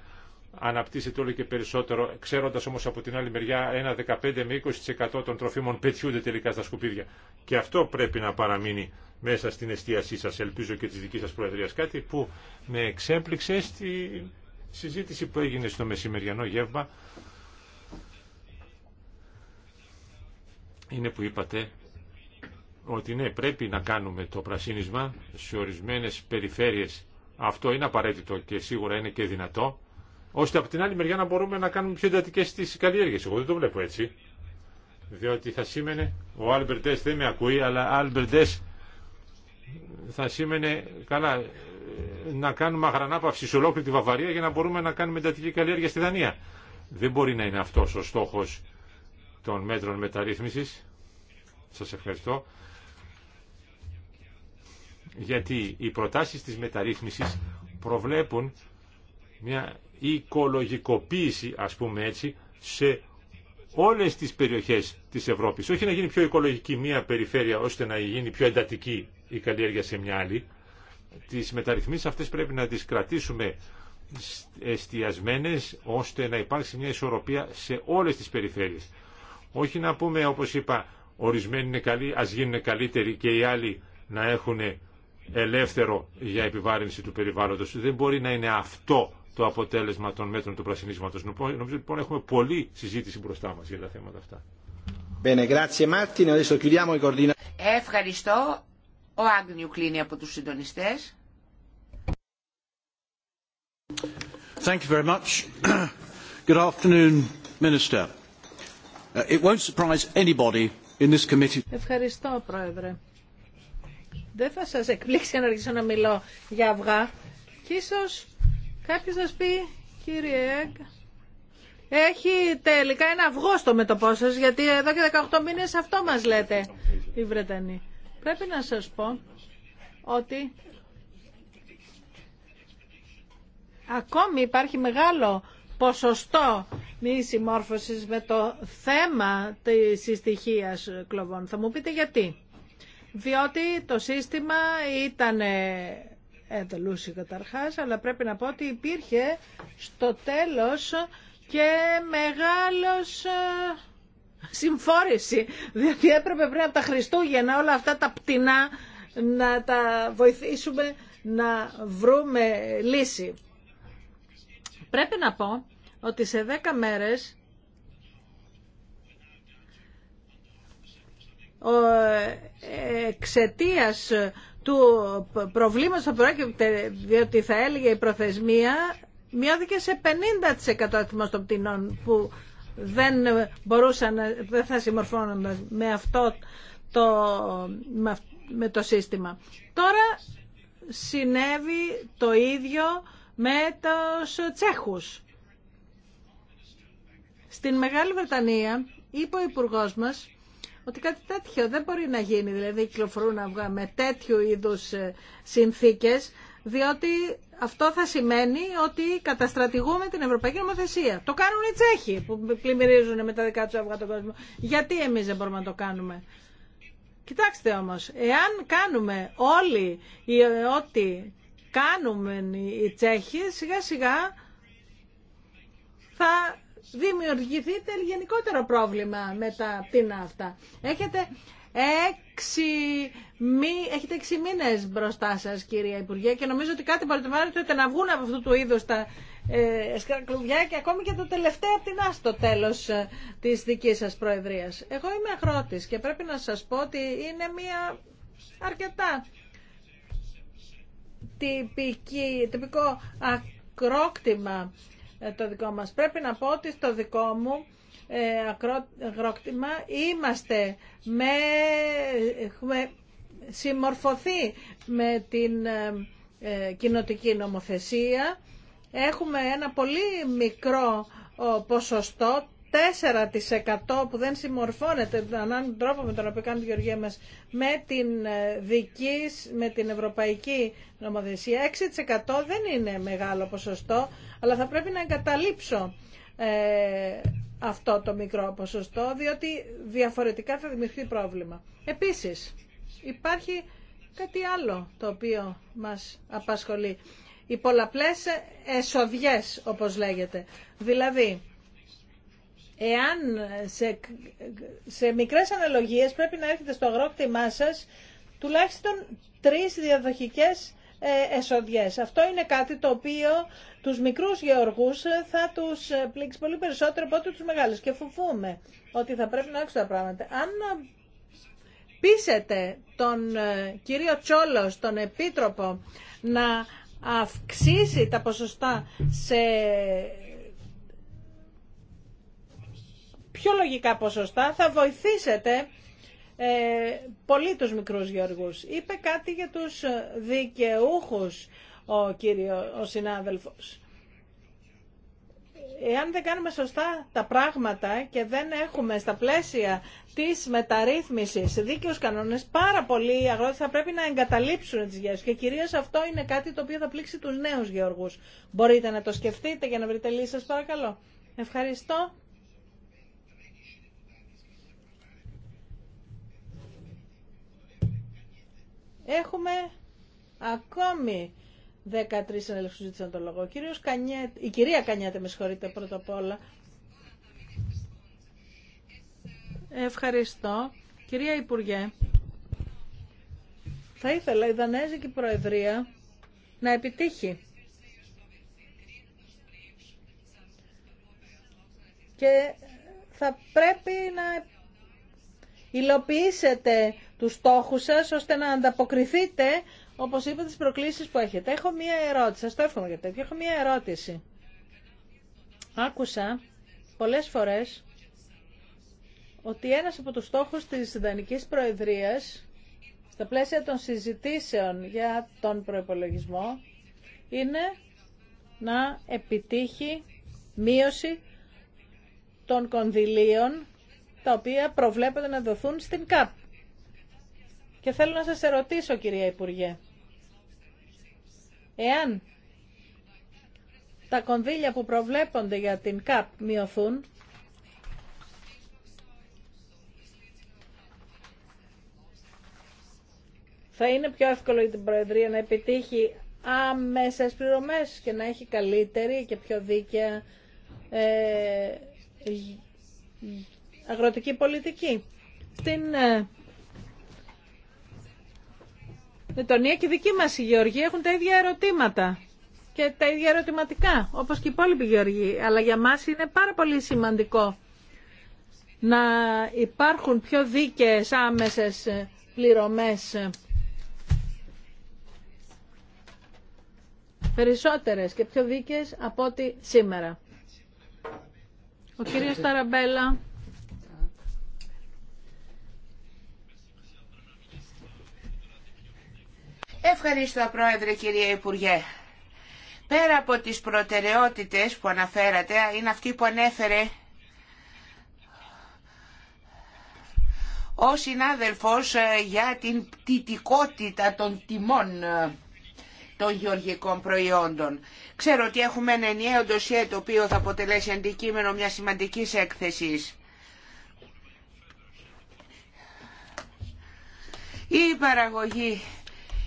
αναπτύσσεται όλο και περισσότερο, ξέροντας όμως από την άλλη μεριά ένα 15 με 20% των τροφίμων πετιούνται τελικά στα σκουπίδια. Και αυτό πρέπει να παραμείνει μέσα στην εστίασή σας, ελπίζω και της δικής σας Προεδρίας. Κάτι που με εξέπληξε στη συζήτηση που έγινε στο μεσημεριανό γεύμα είναι που είπατε ότι ναι, πρέπει να κάνουμε το πρασίνισμα σε ορισμένες περιφέρειες. Αυτό είναι απαραίτητο και σίγουρα είναι και δυνατό, ώστε από την άλλη μεριά να μπορούμε να κάνουμε πιο εντατικέ τι καλλιέργειε. Εγώ δεν το βλέπω έτσι. Διότι θα σήμαινε, ο Άλμπερντές δεν με ακούει, αλλά Άλμπερντές θα σήμαινε, καλά, να κάνουμε αγρανάπαυση σε ολόκληρη τη Βαβαρία για να μπορούμε να κάνουμε εντατική καλλιέργεια στη Δανία. Δεν μπορεί να είναι αυτό ο στόχο των μέτρων μεταρρύθμισης. Σας ευχαριστώ. Γιατί οι προτάσεις της μεταρρύθμισης προβλέπουν μια οικολογικοποίηση, ας πούμε έτσι, σε όλες τις περιοχές της Ευρώπης. Όχι να γίνει πιο οικολογική μία περιφέρεια ώστε να γίνει πιο εντατική η καλλιέργεια σε μια άλλη. Τις μεταρρυθμίσεις αυτές πρέπει να τις κρατήσουμε εστιασμένες ώστε να υπάρξει μια ισορροπία σε όλες τις περιφέρειες. Όχι να πούμε, όπως είπα, ορισμένοι είναι καλοί, ας γίνουν καλύτεροι και οι άλλοι να έχουν ελεύθερο για επιβάρυνση του περιβάλλοντος. Δεν μπορεί να είναι αυτό το αποτέλεσμα των μέτρων του πρασινίσματος. Νομίζω λοιπόν έχουμε πολλή συζήτηση μπροστά μας για τα θέματα αυτά. Ευχαριστώ. Ο Άγνιου κλείνει από τους συντονιστές. Thank you very much. Good afternoon, Minister. Uh, Ευχαριστώ, Πρόεδρε. Δεν θα σας εκπλήξει να αρχίσω να μιλώ για αυγά. Και ίσως κάποιος σας πει, κύριε έχει τελικά ένα αυγό στο μετωπό σας, γιατί εδώ και 18 μήνες αυτό μας λέτε οι Βρετανοί. Πρέπει να σας πω ότι ακόμη υπάρχει μεγάλο ποσοστό μη συμμόρφωσης με το θέμα της συστοιχίας κλοβών. Θα μου πείτε γιατί. Διότι το σύστημα ήταν εντελούσιο καταρχάς, αλλά πρέπει να πω ότι υπήρχε στο τέλος και μεγάλος συμφόρηση, διότι έπρεπε πριν από τα Χριστούγεννα όλα αυτά τα πτηνά να τα βοηθήσουμε να βρούμε λύση. Πρέπει να πω ότι σε 10 μέρες ε, εξαιτία του προβλήματος που πρόκειται, διότι θα έλεγε η προθεσμία, μειώθηκε σε 50% αριθμός των πτηνών που δεν μπορούσαν, δεν θα συμμορφώνονταν με αυτό το, με το σύστημα. Τώρα συνέβη το ίδιο με τους Τσέχους. Στην Μεγάλη Βρετανία είπε ο υπουργό μας ότι κάτι τέτοιο δεν μπορεί να γίνει, δηλαδή κυκλοφορούν αυγά με τέτοιου είδους ε, συνθήκες, διότι αυτό θα σημαίνει ότι καταστρατηγούμε την Ευρωπαϊκή Νομοθεσία. Το κάνουν οι Τσέχοι που πλημμυρίζουν με τα δικά του αυγά τον κόσμο. Γιατί εμεί δεν μπορούμε να το κάνουμε. Κοιτάξτε όμως, εάν κάνουμε όλοι ε, ό,τι κάνουμε οι Τσέχοι, σιγά σιγά θα δημιουργηθείτε γενικότερο πρόβλημα με τα πίνα αυτά. Έχετε έξι, μη, έχετε μήνες μπροστά σας κυρία Υπουργέ και νομίζω ότι κάτι παρατηρήσατε να βγουν από αυτού του είδους τα ε, και ακόμη και το τελευταίο πτηνά στο τέλος ε, της δικής σας προεδρίας. Εγώ είμαι αγρότης και πρέπει να σας πω ότι είναι μια αρκετά τυπική, τυπικό ακρόκτημα ε, το δικό μας. Πρέπει να πω ότι στο δικό μου ε, ακρόκτημα είμαστε με, έχουμε συμμορφωθεί με την ε, κοινοτική νομοθεσία. Έχουμε ένα πολύ μικρό ποσοστό 4% που δεν συμμορφώνεται με τον τρόπο με τον οποίο κάνει τη Γεωργία μας με την ε, δική, με την ευρωπαϊκή νομοθεσία. 6% δεν είναι μεγάλο ποσοστό, αλλά θα πρέπει να εγκαταλείψω ε, αυτό το μικρό ποσοστό, διότι διαφορετικά θα δημιουργηθεί πρόβλημα. Επίσης, υπάρχει κάτι άλλο το οποίο μας απασχολεί. Οι πολλαπλές εσοδιές, όπως λέγεται. Δηλαδή, εάν σε, σε μικρές αναλογίες πρέπει να έρχεται στο αγρόκτημά σας τουλάχιστον τρεις διαδοχικές ε, εσοδιές. Αυτό είναι κάτι το οποίο τους μικρούς γεωργούς θα τους ε, πλήξει πολύ περισσότερο από ό,τι τους μεγάλους και φοβούμε ότι θα πρέπει να έχουν τα πράγματα. Αν πείσετε τον ε, κύριο Τσόλος, τον Επίτροπο, να αυξήσει τα ποσοστά σε πιο λογικά ποσοστά θα βοηθήσετε ε, πολύ τους μικρούς Γιώργους. Είπε κάτι για τους δικαιούχους ο κύριο, ο συνάδελφος. Εάν δεν κάνουμε σωστά τα πράγματα και δεν έχουμε στα πλαίσια της μεταρρύθμισης δίκαιους κανόνες, πάρα πολλοί αγρότες θα πρέπει να εγκαταλείψουν τις γέες και κυρίως αυτό είναι κάτι το οποίο θα πλήξει τους νέους γεωργούς. Μπορείτε να το σκεφτείτε για να βρείτε λύσεις, παρακαλώ. Ευχαριστώ. Έχουμε ακόμη 13 συνέλευσεις που ζήτησαν λόγο. κύριος η κυρία Κανιέτε, με συγχωρείτε πρώτα απ' όλα. Ευχαριστώ. Κυρία Υπουργέ, θα ήθελα η Δανέζικη Προεδρία να επιτύχει. Και θα πρέπει να υλοποιήσετε τους στόχους σας, ώστε να ανταποκριθείτε, όπως είπα τις προκλήσεις που έχετε. Έχω μία ερώτηση, σας το εύχομαι για Έχω μία ερώτηση. Άκουσα πολλές φορές ότι ένας από τους στόχους της Ινδανική Προεδρίας, στα πλαίσια των συζητήσεων για τον προϋπολογισμό, είναι να επιτύχει μείωση των κονδυλίων τα οποία προβλέπεται να δοθούν στην ΚΑΠ. Και θέλω να σας ερωτήσω, κυρία Υπουργέ, εάν τα κονδύλια που προβλέπονται για την ΚΑΠ μειωθούν, θα είναι πιο εύκολο για την Προεδρία να επιτύχει άμεσες πληρωμές και να έχει καλύτερη και πιο δίκαια ε, αγροτική πολιτική. Στην ε, Λετωνία και δική μας η Γεωργία έχουν τα ίδια ερωτήματα και τα ίδια ερωτηματικά, όπως και οι υπόλοιποι Γεωργοί. Αλλά για μας είναι πάρα πολύ σημαντικό να υπάρχουν πιο δίκαιες άμεσες πληρωμές περισσότερες και πιο δίκαιες από ό,τι σήμερα. Ο κύριος Ταραμπέλα Ευχαριστώ Πρόεδρε κυρία Υπουργέ. Πέρα από τις προτεραιότητες που αναφέρατε, είναι αυτή που ανέφερε ο συνάδελφος ε, για την πτητικότητα των τιμών ε, των γεωργικών προϊόντων. Ξέρω ότι έχουμε ένα ενιαίο ντοσιέ το οποίο θα αποτελέσει αντικείμενο μια σημαντικής έκθεσης. Η παραγωγή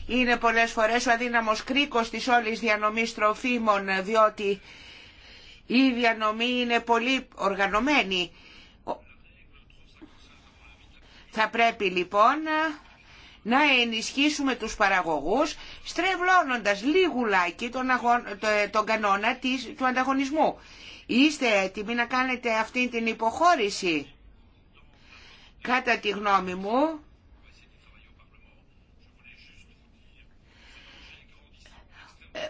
είναι πολλές φορές ο αδύναμος κρίκος της όλης διανομής τροφίμων διότι η διανομή είναι πολύ οργανωμένη. Θα πρέπει λοιπόν να ενισχύσουμε τους παραγωγούς στρεβλώνοντας λιγουλάκι τον, τον κανόνα της... του ανταγωνισμού. Είστε έτοιμοι να κάνετε αυτή την υποχώρηση. Κατά τη γνώμη μου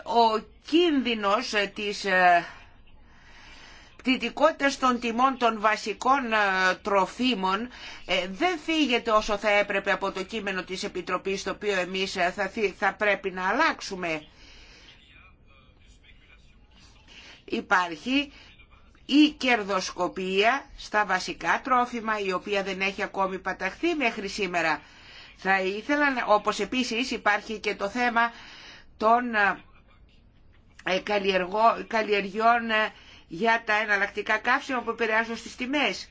ο κίνδυνος της ε, πτυτικότητας των τιμών των βασικών ε, τροφίμων ε, δεν φύγεται όσο θα έπρεπε από το κείμενο της Επιτροπής το οποίο εμείς θα, πρέπει να αλλάξουμε. Υπάρχει η κερδοσκοπία στα βασικά τρόφιμα η οποία δεν έχει ακόμη παταχθεί μέχρι σήμερα. Θα ήθελα, όπως επίσης υπάρχει και το θέμα των ε, καλλιεργιών για τα εναλλακτικά καύσιμα που επηρεάζουν στις τιμές.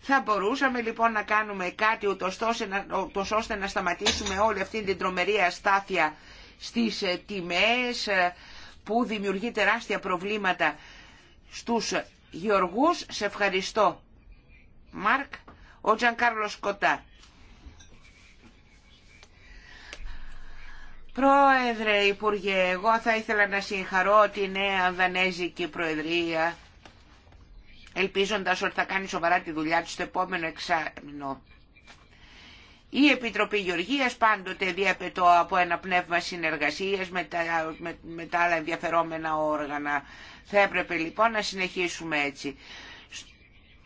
Θα μπορούσαμε λοιπόν να κάνουμε κάτι ούτως ώστε να σταματήσουμε όλη αυτή την τρομερή αστάθεια στις ε, τιμές ε, που δημιουργεί τεράστια προβλήματα στους γεωργούς. Σε ευχαριστώ. Μάρκ, ο Τζανκάρλος Πρόεδρε, Υπουργέ, εγώ θα ήθελα να συγχαρώ τη νέα Δανέζικη Προεδρία, ελπίζοντας ότι θα κάνει σοβαρά τη δουλειά του στο επόμενο εξάμεινο. Η Επιτροπή Γεωργίας πάντοτε διαπετώ από ένα πνεύμα συνεργασίας με τα, με, τα άλλα ενδιαφερόμενα όργανα. Θα έπρεπε λοιπόν να συνεχίσουμε έτσι.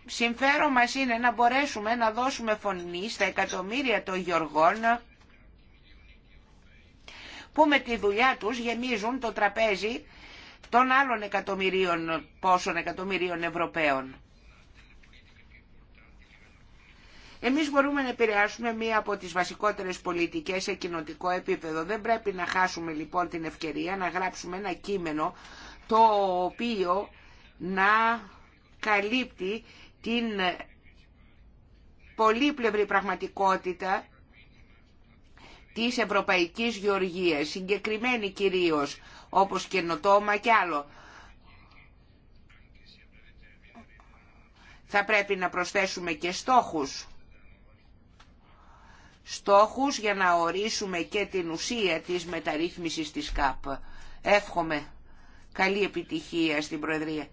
Συμφέρον μας είναι να μπορέσουμε να δώσουμε φωνή στα εκατομμύρια των γεωργών που με τη δουλειά τους γεμίζουν το τραπέζι των άλλων εκατομμυρίων, πόσων εκατομμυρίων Ευρωπαίων. Εμείς μπορούμε να επηρεάσουμε μία από τις βασικότερες πολιτικές σε κοινοτικό επίπεδο. Δεν πρέπει να χάσουμε λοιπόν την ευκαιρία να γράψουμε ένα κείμενο το οποίο να καλύπτει την πολύπλευρη πραγματικότητα της Ευρωπαϊκής Γεωργίας, συγκεκριμένη κυρίως, όπως καινοτόμα και άλλο. Θα πρέπει να προσθέσουμε και στόχους. Στόχους για να ορίσουμε και την ουσία της μεταρρύθμισης της ΚΑΠ. Εύχομαι καλή επιτυχία στην Προεδρία.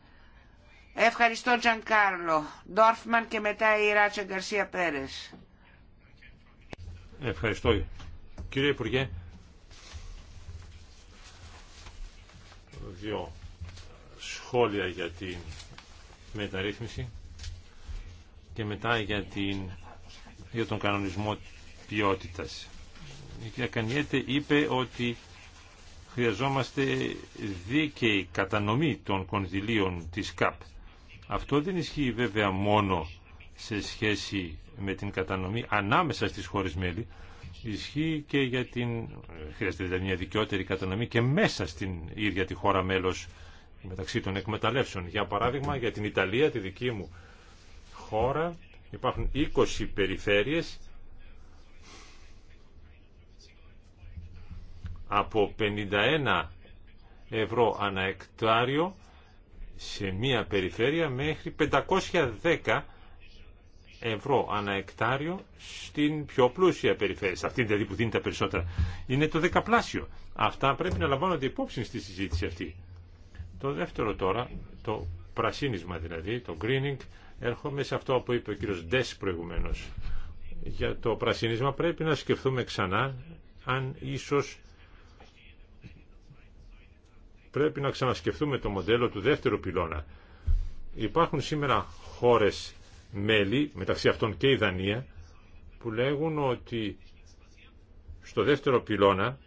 Ευχαριστώ Τζαν Κάρλο, Ντόρφμαν και μετά η Ράτσα Γκαρσία Πέρες. Ευχαριστώ Κύριε Υπουργέ, δύο σχόλια για την μεταρρύθμιση και μετά για, την, για τον κανονισμό ποιότητας. Η κυρία Κανιέτε είπε ότι χρειαζόμαστε δίκαιη κατανομή των κονδυλίων της ΚΑΠ. Αυτό δεν ισχύει βέβαια μόνο σε σχέση με την κατανομή ανάμεσα στις χώρες μέλη, ισχύει και για την... Χρειάζεται δηλαδή μια δικαιότερη κατανομή και μέσα στην ίδια τη χώρα μέλος μεταξύ των εκμεταλλεύσεων. Για παράδειγμα, για την Ιταλία, τη δική μου χώρα, υπάρχουν 20 περιφέρειες από 51 ευρώ ανά εκτάριο σε μία περιφέρεια μέχρι 510 ευρώ ανά εκτάριο στην πιο πλούσια περιφέρεια, σε αυτήν δηλαδή που δίνει τα περισσότερα. Είναι το δεκαπλάσιο. Αυτά πρέπει να λαμβάνονται υπόψη στη συζήτηση αυτή. Το δεύτερο τώρα, το πρασίνισμα δηλαδή, το greening, έρχομαι σε αυτό που είπε ο κύριος Ντέσ προηγουμένως. Για το πρασίνισμα πρέπει να σκεφτούμε ξανά αν ίσως πρέπει να ξανασκεφτούμε το μοντέλο του δεύτερου πυλώνα. Υπάρχουν σήμερα χώρες μέλη, μεταξύ αυτών και η Δανία, που λέγουν ότι στο δεύτερο πυλώνα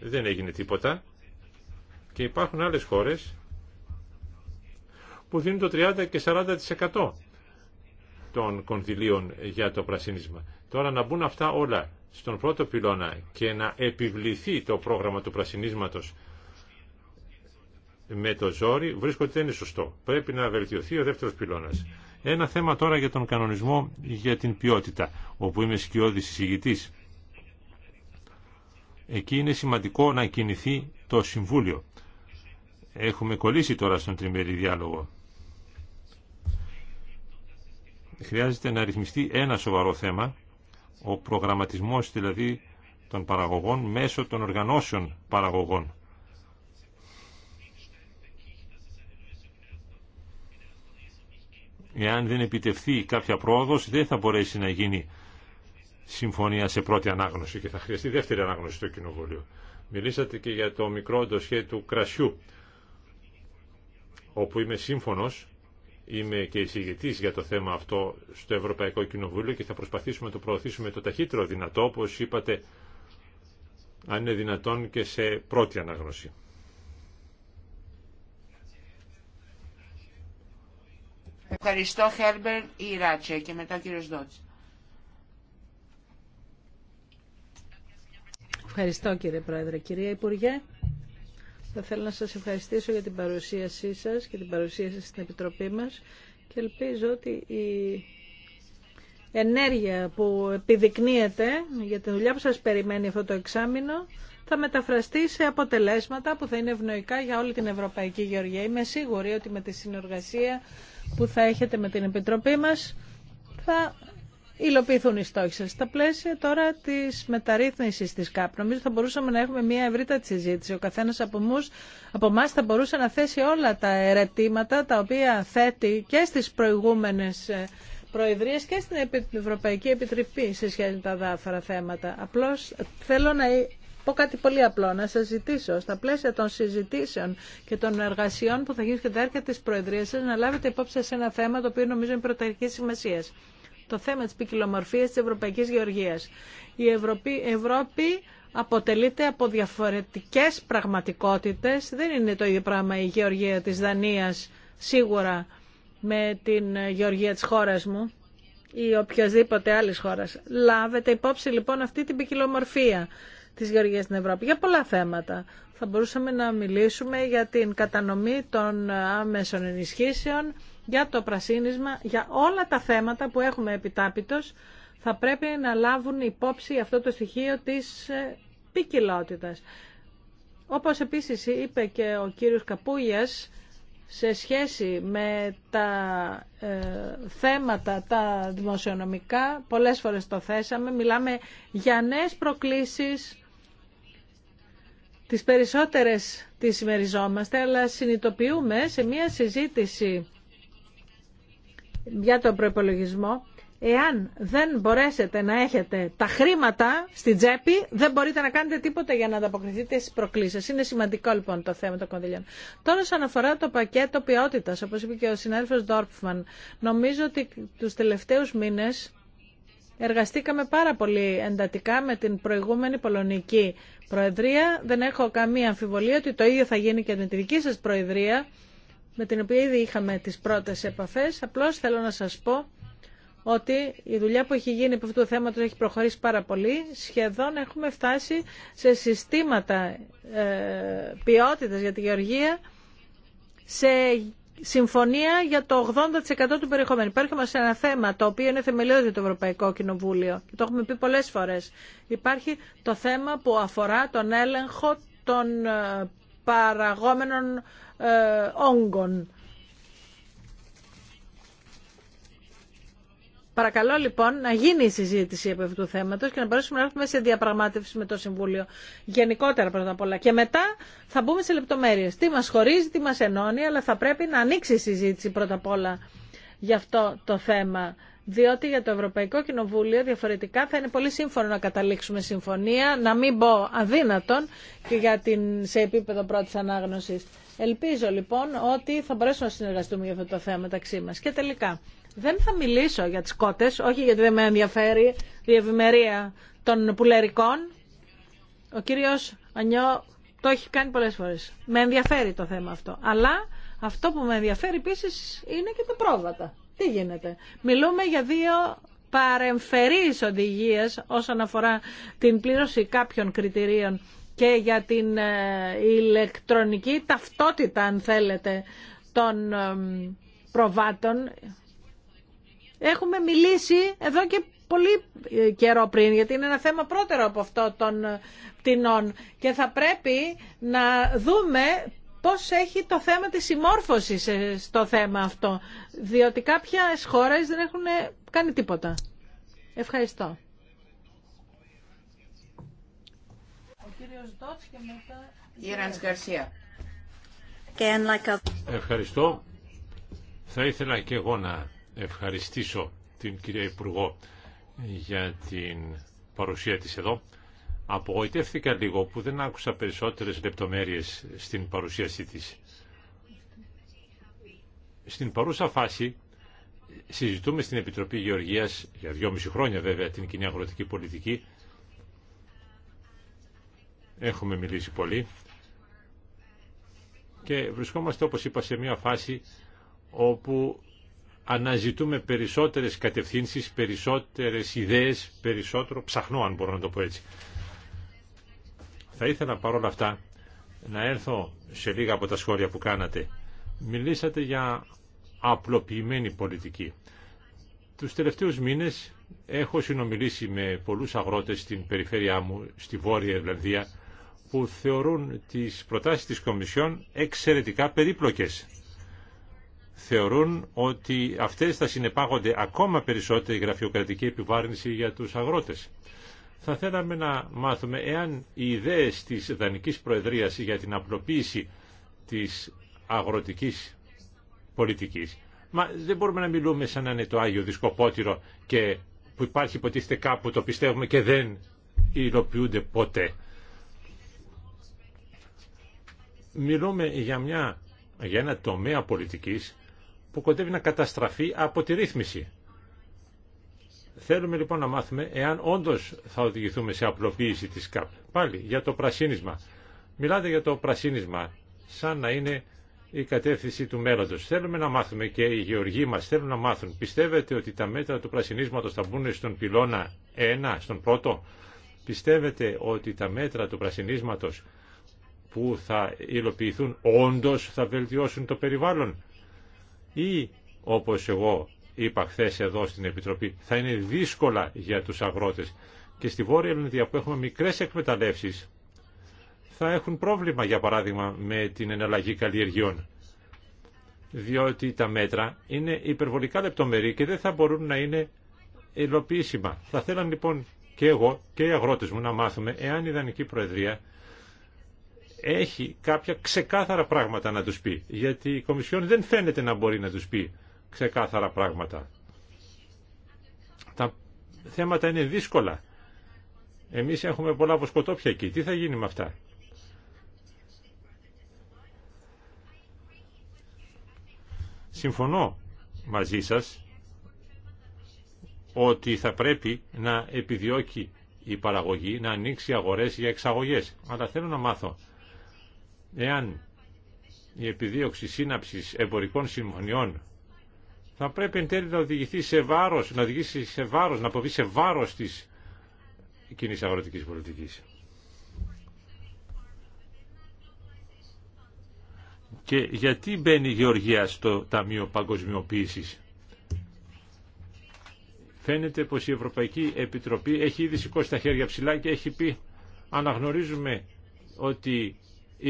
δεν έγινε τίποτα και υπάρχουν άλλες χώρες που δίνουν το 30 και 40% των κονδυλίων για το πρασίνισμα. Τώρα να μπουν αυτά όλα στον πρώτο πυλώνα και να επιβληθεί το πρόγραμμα του πρασινίσματος με το ζόρι βρίσκονται ότι δεν είναι σωστό. Πρέπει να βελτιωθεί ο δεύτερος πυλώνας. Ένα θέμα τώρα για τον κανονισμό για την ποιότητα, όπου είμαι σκιώδης εισηγητής. Εκεί είναι σημαντικό να κινηθεί το Συμβούλιο. Έχουμε κολλήσει τώρα στον τριμερή διάλογο. Χρειάζεται να ρυθμιστεί ένα σοβαρό θέμα, ο προγραμματισμός δηλαδή των παραγωγών μέσω των οργανώσεων παραγωγών. Εάν δεν επιτευθεί κάποια πρόοδος, δεν θα μπορέσει να γίνει συμφωνία σε πρώτη ανάγνωση και θα χρειαστεί δεύτερη ανάγνωση στο Κοινοβούλιο. Μιλήσατε και για το μικρό ντοσιέ του κρασιού, όπου είμαι σύμφωνος, είμαι και εισηγητής για το θέμα αυτό στο Ευρωπαϊκό Κοινοβούλιο και θα προσπαθήσουμε να το προωθήσουμε το ταχύτερο δυνατό, όπως είπατε, αν είναι δυνατόν και σε πρώτη ανάγνωση. Ευχαριστώ Χέρμπερ ή Ράτσε και μετά ο Ευχαριστώ κύριε Πρόεδρε. Κυρία Υπουργέ, θα θέλω να σας ευχαριστήσω για την παρουσίασή σας και την παρουσίαση στην Επιτροπή μας και ελπίζω ότι η ενέργεια που επιδεικνύεται για τη δουλειά που σας περιμένει αυτό το εξάμεινο θα μεταφραστεί σε αποτελέσματα που θα είναι ευνοϊκά για όλη την Ευρωπαϊκή Γεωργία. Είμαι σίγουρη ότι με τη συνεργασία που θα έχετε με την Επιτροπή μας θα υλοποιηθούν οι στόχοι σας. Στα πλαίσια τώρα της μεταρρύθμισης της ΚΑΠ, νομίζω θα μπορούσαμε να έχουμε μια ευρύτατη συζήτηση. Ο καθένας από, εμάς, από θα μπορούσε να θέσει όλα τα ερετήματα τα οποία θέτει και στις προηγούμενες ε, Προεδρίες και στην Ευρωπαϊκή Επιτροπή σε σχέση με τα διάφορα θέματα. Απλώς θέλω να πω κάτι πολύ απλό, να σας ζητήσω στα πλαίσια των συζητήσεων και των εργασιών που θα γίνουν και τα έργα της Προεδρίας σας να λάβετε υπόψη σε ένα θέμα το οποίο νομίζω είναι πρωταρχική σημασία. Το θέμα της ποικιλομορφίας της Ευρωπαϊκής Γεωργίας. Η Ευρωπή, Ευρώπη αποτελείται από διαφορετικές πραγματικότητες. Δεν είναι το ίδιο πράγμα η γεωργία της Δανίας σίγουρα με την γεωργία της χώρας μου ή οποιασδήποτε άλλης χώρας. Λάβετε υπόψη λοιπόν αυτή την ποικιλομορφία της γεωργίας στην Ευρώπη, για πολλά θέματα. Θα μπορούσαμε να μιλήσουμε για την κατανομή των άμεσων ενισχύσεων, για το πρασίνισμα, για όλα τα θέματα που έχουμε επιτάπητος, θα πρέπει να λάβουν υπόψη αυτό το στοιχείο της ε, ποικιλότητα. Όπως επίσης είπε και ο κύριος Καπούγιας, σε σχέση με τα ε, θέματα τα δημοσιονομικά, πολλές φορές το θέσαμε, μιλάμε για νέες προκλήσεις τις περισσότερες τις συμμεριζόμαστε, αλλά συνειδητοποιούμε σε μία συζήτηση για τον προπολογισμό, εάν δεν μπορέσετε να έχετε τα χρήματα στη τσέπη, δεν μπορείτε να κάνετε τίποτα για να ανταποκριθείτε στις προκλήσεις. Είναι σημαντικό λοιπόν το θέμα των κονδυλιών. Τώρα, όσον αφορά το πακέτο ποιότητας, όπως είπε και ο συνάδελφος Ντόρπφμαν, νομίζω ότι τους τελευταίους μήνες εργαστήκαμε πάρα πολύ εντατικά με την προηγούμενη πολωνική Προεδρία. Δεν έχω καμία αμφιβολία ότι το ίδιο θα γίνει και με τη δική σας Προεδρία, με την οποία ήδη είχαμε τις πρώτες επαφές. Απλώς θέλω να σας πω ότι η δουλειά που έχει γίνει από αυτό το θέμα έχει προχωρήσει πάρα πολύ. Σχεδόν έχουμε φτάσει σε συστήματα ε, ποιότητας για τη γεωργία, σε συμφωνία για το 80% του περιεχομένου. Υπάρχει μας ένα θέμα το οποίο είναι θεμελιώδη το Ευρωπαϊκό Κοινοβούλιο και το έχουμε πει πολλές φορές. Υπάρχει το θέμα που αφορά τον έλεγχο των ε, παραγόμενων ε, όγκων. Παρακαλώ λοιπόν να γίνει η συζήτηση από αυτού του θέματος και να μπορέσουμε να έρθουμε σε διαπραγμάτευση με το Συμβούλιο γενικότερα πρώτα απ' όλα. Και μετά θα μπούμε σε λεπτομέρειες. Τι μας χωρίζει, τι μας ενώνει, αλλά θα πρέπει να ανοίξει η συζήτηση πρώτα απ' όλα για αυτό το θέμα. Διότι για το Ευρωπαϊκό Κοινοβούλιο διαφορετικά θα είναι πολύ σύμφωνο να καταλήξουμε συμφωνία, να μην πω αδύνατον και για την, σε επίπεδο πρώτη ανάγνωση. Ελπίζω λοιπόν ότι θα μπορέσουμε να συνεργαστούμε για αυτό το θέμα μεταξύ μα. Και τελικά, δεν θα μιλήσω για τις κότες, όχι γιατί δεν με ενδιαφέρει η ευημερία των πουλερικών. Ο κύριος Ανιώ το έχει κάνει πολλές φορές. Με ενδιαφέρει το θέμα αυτό. Αλλά αυτό που με ενδιαφέρει επίση είναι και τα πρόβατα. Τι γίνεται. Μιλούμε για δύο παρεμφερείς οδηγίες όσον αφορά την πλήρωση κάποιων κριτηρίων και για την ε, ηλεκτρονική ταυτότητα, αν θέλετε, των ε, προβάτων έχουμε μιλήσει εδώ και πολύ ε, καιρό πριν, γιατί είναι ένα θέμα πρώτερο από αυτό των ε, πτηνών και θα πρέπει να δούμε πώς έχει το θέμα της συμμόρφωσης ε, στο θέμα αυτό, διότι κάποιες χώρες δεν έχουν κάνει τίποτα. Ευχαριστώ. Ευχαριστώ. Θα ήθελα και εγώ να ευχαριστήσω την κυρία Υπουργό για την παρουσία της εδώ. Απογοητεύτηκα λίγο που δεν άκουσα περισσότερες λεπτομέρειες στην παρουσίασή της. Στην παρούσα φάση συζητούμε στην Επιτροπή Γεωργίας για δυόμιση χρόνια βέβαια την κοινή αγροτική πολιτική. Έχουμε μιλήσει πολύ και βρισκόμαστε όπως είπα σε μια φάση όπου αναζητούμε περισσότερες κατευθύνσεις, περισσότερες ιδέες, περισσότερο ψαχνό αν μπορώ να το πω έτσι. Θα ήθελα παρόλα αυτά να έρθω σε λίγα από τα σχόλια που κάνατε. Μιλήσατε για απλοποιημένη πολιτική. Τους τελευταίους μήνες έχω συνομιλήσει με πολλούς αγρότες στην περιφέρειά μου, στη Βόρεια Ιρλανδία, που θεωρούν τις προτάσεις της Κομισιόν εξαιρετικά περίπλοκες θεωρούν ότι αυτές θα συνεπάγονται ακόμα περισσότερη γραφειοκρατική επιβάρυνση για τους αγρότες. Θα θέλαμε να μάθουμε εάν οι ιδέες της Δανικής Προεδρίας για την απλοποίηση της αγροτικής πολιτικής. Μα δεν μπορούμε να μιλούμε σαν να είναι το Άγιο Δισκοπότηρο και που υπάρχει υποτίθεται κάπου το πιστεύουμε και δεν υλοποιούνται ποτέ. Μιλούμε για, μια, για ένα τομέα πολιτικής που κοντεύει να καταστραφεί από τη ρύθμιση. Θέλουμε λοιπόν να μάθουμε εάν όντως θα οδηγηθούμε σε απλοποίηση της ΚΑΠ. Πάλι για το πρασίνισμα. Μιλάτε για το πρασίνισμα σαν να είναι η κατεύθυνση του μέλλοντος. Θέλουμε να μάθουμε και οι γεωργοί μας θέλουν να μάθουν. Πιστεύετε ότι τα μέτρα του πρασινίσματος θα μπουν στον πυλώνα 1, στον πρώτο. Πιστεύετε ότι τα μέτρα του πρασινίσματος που θα υλοποιηθούν όντως θα βελτιώσουν το περιβάλλον ή όπως εγώ είπα χθε εδώ στην Επιτροπή θα είναι δύσκολα για τους αγρότες και στη Βόρεια Ελληνική που έχουμε μικρές εκμεταλλεύσεις θα έχουν πρόβλημα για παράδειγμα με την εναλλαγή καλλιεργιών διότι τα μέτρα είναι υπερβολικά λεπτομερή και δεν θα μπορούν να είναι υλοποιήσιμα. Θα θέλαν λοιπόν και εγώ και οι αγρότες μου να μάθουμε εάν η Δανική Προεδρία έχει κάποια ξεκάθαρα πράγματα να τους πει, γιατί η Κομισιόν δεν φαίνεται να μπορεί να τους πει ξεκάθαρα πράγματα. Τα θέματα είναι δύσκολα. Εμείς έχουμε πολλά βοσκοτόπια εκεί. Τι θα γίνει με αυτά. Συμφωνώ μαζί σας ότι θα πρέπει να επιδιώκει η παραγωγή να ανοίξει αγορές για εξαγωγές. Αλλά θέλω να μάθω εάν η επιδίωξη σύναψης εμπορικών συμφωνιών θα πρέπει εν τέλει να οδηγηθεί σε βάρος, να οδηγήσει σε βάρος, να αποβεί σε βάρος της κοινής αγροτικής πολιτικής. Και γιατί μπαίνει η Γεωργία στο Ταμείο Παγκοσμιοποίησης. Φαίνεται πως η Ευρωπαϊκή Επιτροπή έχει ήδη σηκώσει τα χέρια ψηλά και έχει πει αναγνωρίζουμε ότι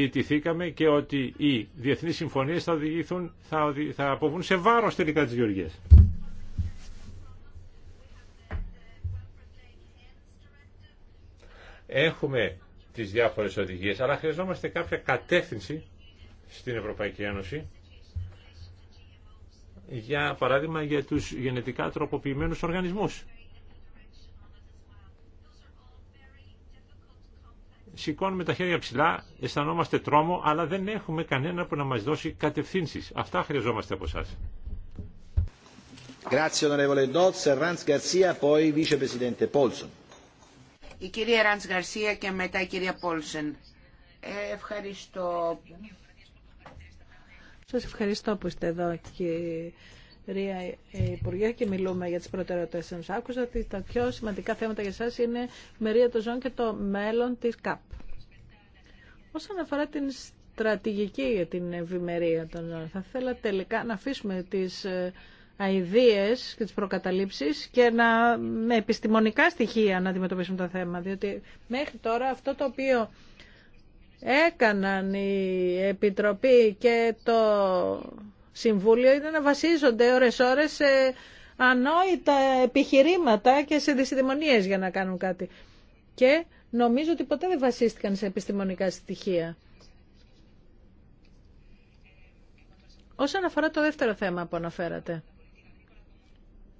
ιτηθήκαμε και ότι οι διεθνείς συμφωνίες θα, οδηγηθούν, θα, θα αποβούν σε βάρος τελικά της Γεωργίας. Έχουμε τις διάφορες οδηγίες, αλλά χρειαζόμαστε κάποια κατεύθυνση στην Ευρωπαϊκή Ένωση για παράδειγμα για τους γενετικά τροποποιημένους οργανισμούς. σηκώνουμε τα χέρια ψηλά, αισθανόμαστε τρόμο, αλλά δεν έχουμε κανένα που να μας δώσει κατευθύνσεις. Αυτά χρειαζόμαστε από εσάς. Η κυρία Ραντς Γκαρσία και μετά η κυρία Πόλσεν. Ε, ευχαριστώ. Σας ευχαριστώ που είστε εδώ και Ρία ε, Υπουργέ και μιλούμε για τις προτεραιότητες σα. Άκουσα ότι τα πιο σημαντικά θέματα για σας είναι η μερία των Ζών και το μέλλον της ΚΑΠ. Όσον αφορά την στρατηγική για την ευημερία των ζώων, θα θέλα τελικά να αφήσουμε τις ε, αηδίες και τις προκαταλήψεις και να, με επιστημονικά στοιχεία να αντιμετωπίσουμε το θέμα. Διότι μέχρι τώρα αυτό το οποίο έκαναν η Επιτροπή και το Συμβούλιο είναι να βασίζονται ώρες-ώρες σε ανόητα επιχειρήματα και σε δυσυδαιμονίες για να κάνουν κάτι. Και νομίζω ότι ποτέ δεν βασίστηκαν σε επιστημονικά στοιχεία. Όσον αφορά το δεύτερο θέμα που αναφέρατε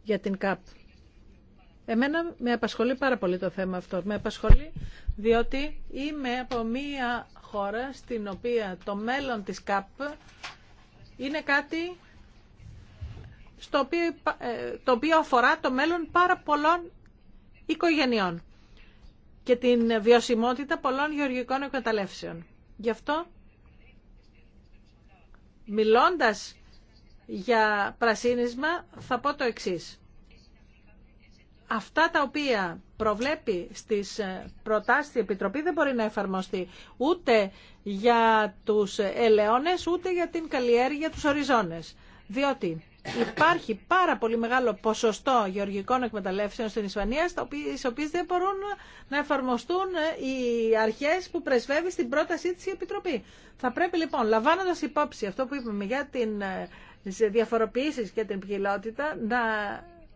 για την ΚΑΠ. Εμένα με απασχολεί πάρα πολύ το θέμα αυτό. Με απασχολεί διότι είμαι από μία χώρα στην οποία το μέλλον της ΚΑΠ είναι κάτι στο οποίο, ε, το οποίο αφορά το μέλλον πάρα πολλών οικογενειών και την βιωσιμότητα πολλών γεωργικών εκμεταλλεύσεων. Γι' αυτό, μιλώντας για πρασίνισμα, θα πω το εξής αυτά τα οποία προβλέπει στις ε, προτάσεις της Επιτροπή δεν μπορεί να εφαρμοστεί ούτε για τους ελαιώνες ούτε για την καλλιέργεια τους οριζόνες. Διότι υπάρχει πάρα πολύ μεγάλο ποσοστό γεωργικών εκμεταλλεύσεων στην Ισπανία, στις οποίες δεν μπορούν να εφαρμοστούν ε, οι αρχές που πρεσβεύει στην πρότασή της Επιτροπή. Θα πρέπει λοιπόν, λαμβάνοντας υπόψη αυτό που είπαμε για την ε, διαφοροποιήσεις και την ποικιλότητα, να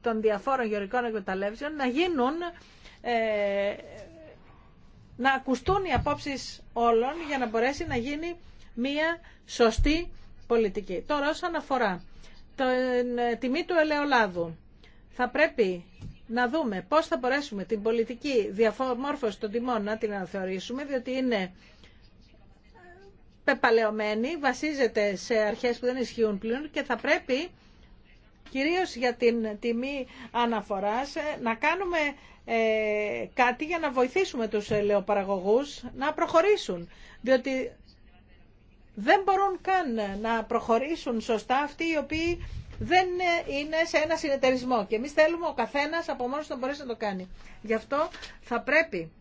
των διαφόρων γεωρικών εκμεταλλεύσεων να γίνουν ε, να ακουστούν οι απόψεις όλων για να μπορέσει να γίνει μία σωστή πολιτική. Τώρα όσον αφορά την ε, τιμή του ελαιολάδου θα πρέπει να δούμε πώς θα μπορέσουμε την πολιτική διαμόρφωση των τιμών να την αναθεωρήσουμε διότι είναι πεπαλαιωμένη, βασίζεται σε αρχές που δεν ισχύουν πλέον και θα πρέπει κυρίως για την τιμή αναφοράς, ε, να κάνουμε ε, κάτι για να βοηθήσουμε τους ελαιοπαραγωγούς να προχωρήσουν. Διότι δεν μπορούν καν να προχωρήσουν σωστά αυτοί οι οποίοι δεν ε, είναι σε ένα συνεταιρισμό. Και εμείς θέλουμε ο καθένας από μόνος να μπορέσει να το κάνει. Γι' αυτό θα πρέπει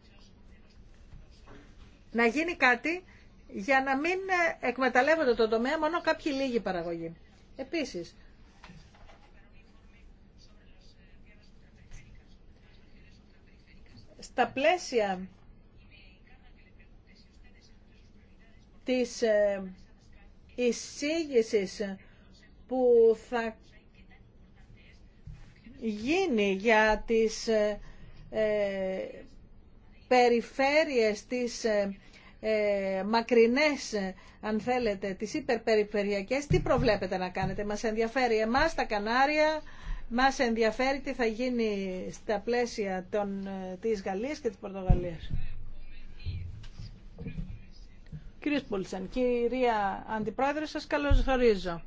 να γίνει κάτι για να μην εκμεταλλεύονται το τομέα μόνο κάποιοι λίγοι παραγωγοί. Επίσης, στα πλαίσια της ε, εισήγησης που θα γίνει για τις ε, ε, περιφέρειες της ε, μακρινές, αν θέλετε, τις υπερπεριφερειακές, τι προβλέπετε να κάνετε. Μας ενδιαφέρει εμάς τα Κανάρια, μας ενδιαφέρει τι θα γίνει στα πλαίσια των, της Γαλλίας και της Πορτογαλίας. Κύριε Πούλσαν, κυρία Αντιπρόεδρε, σας καλωσορίζω.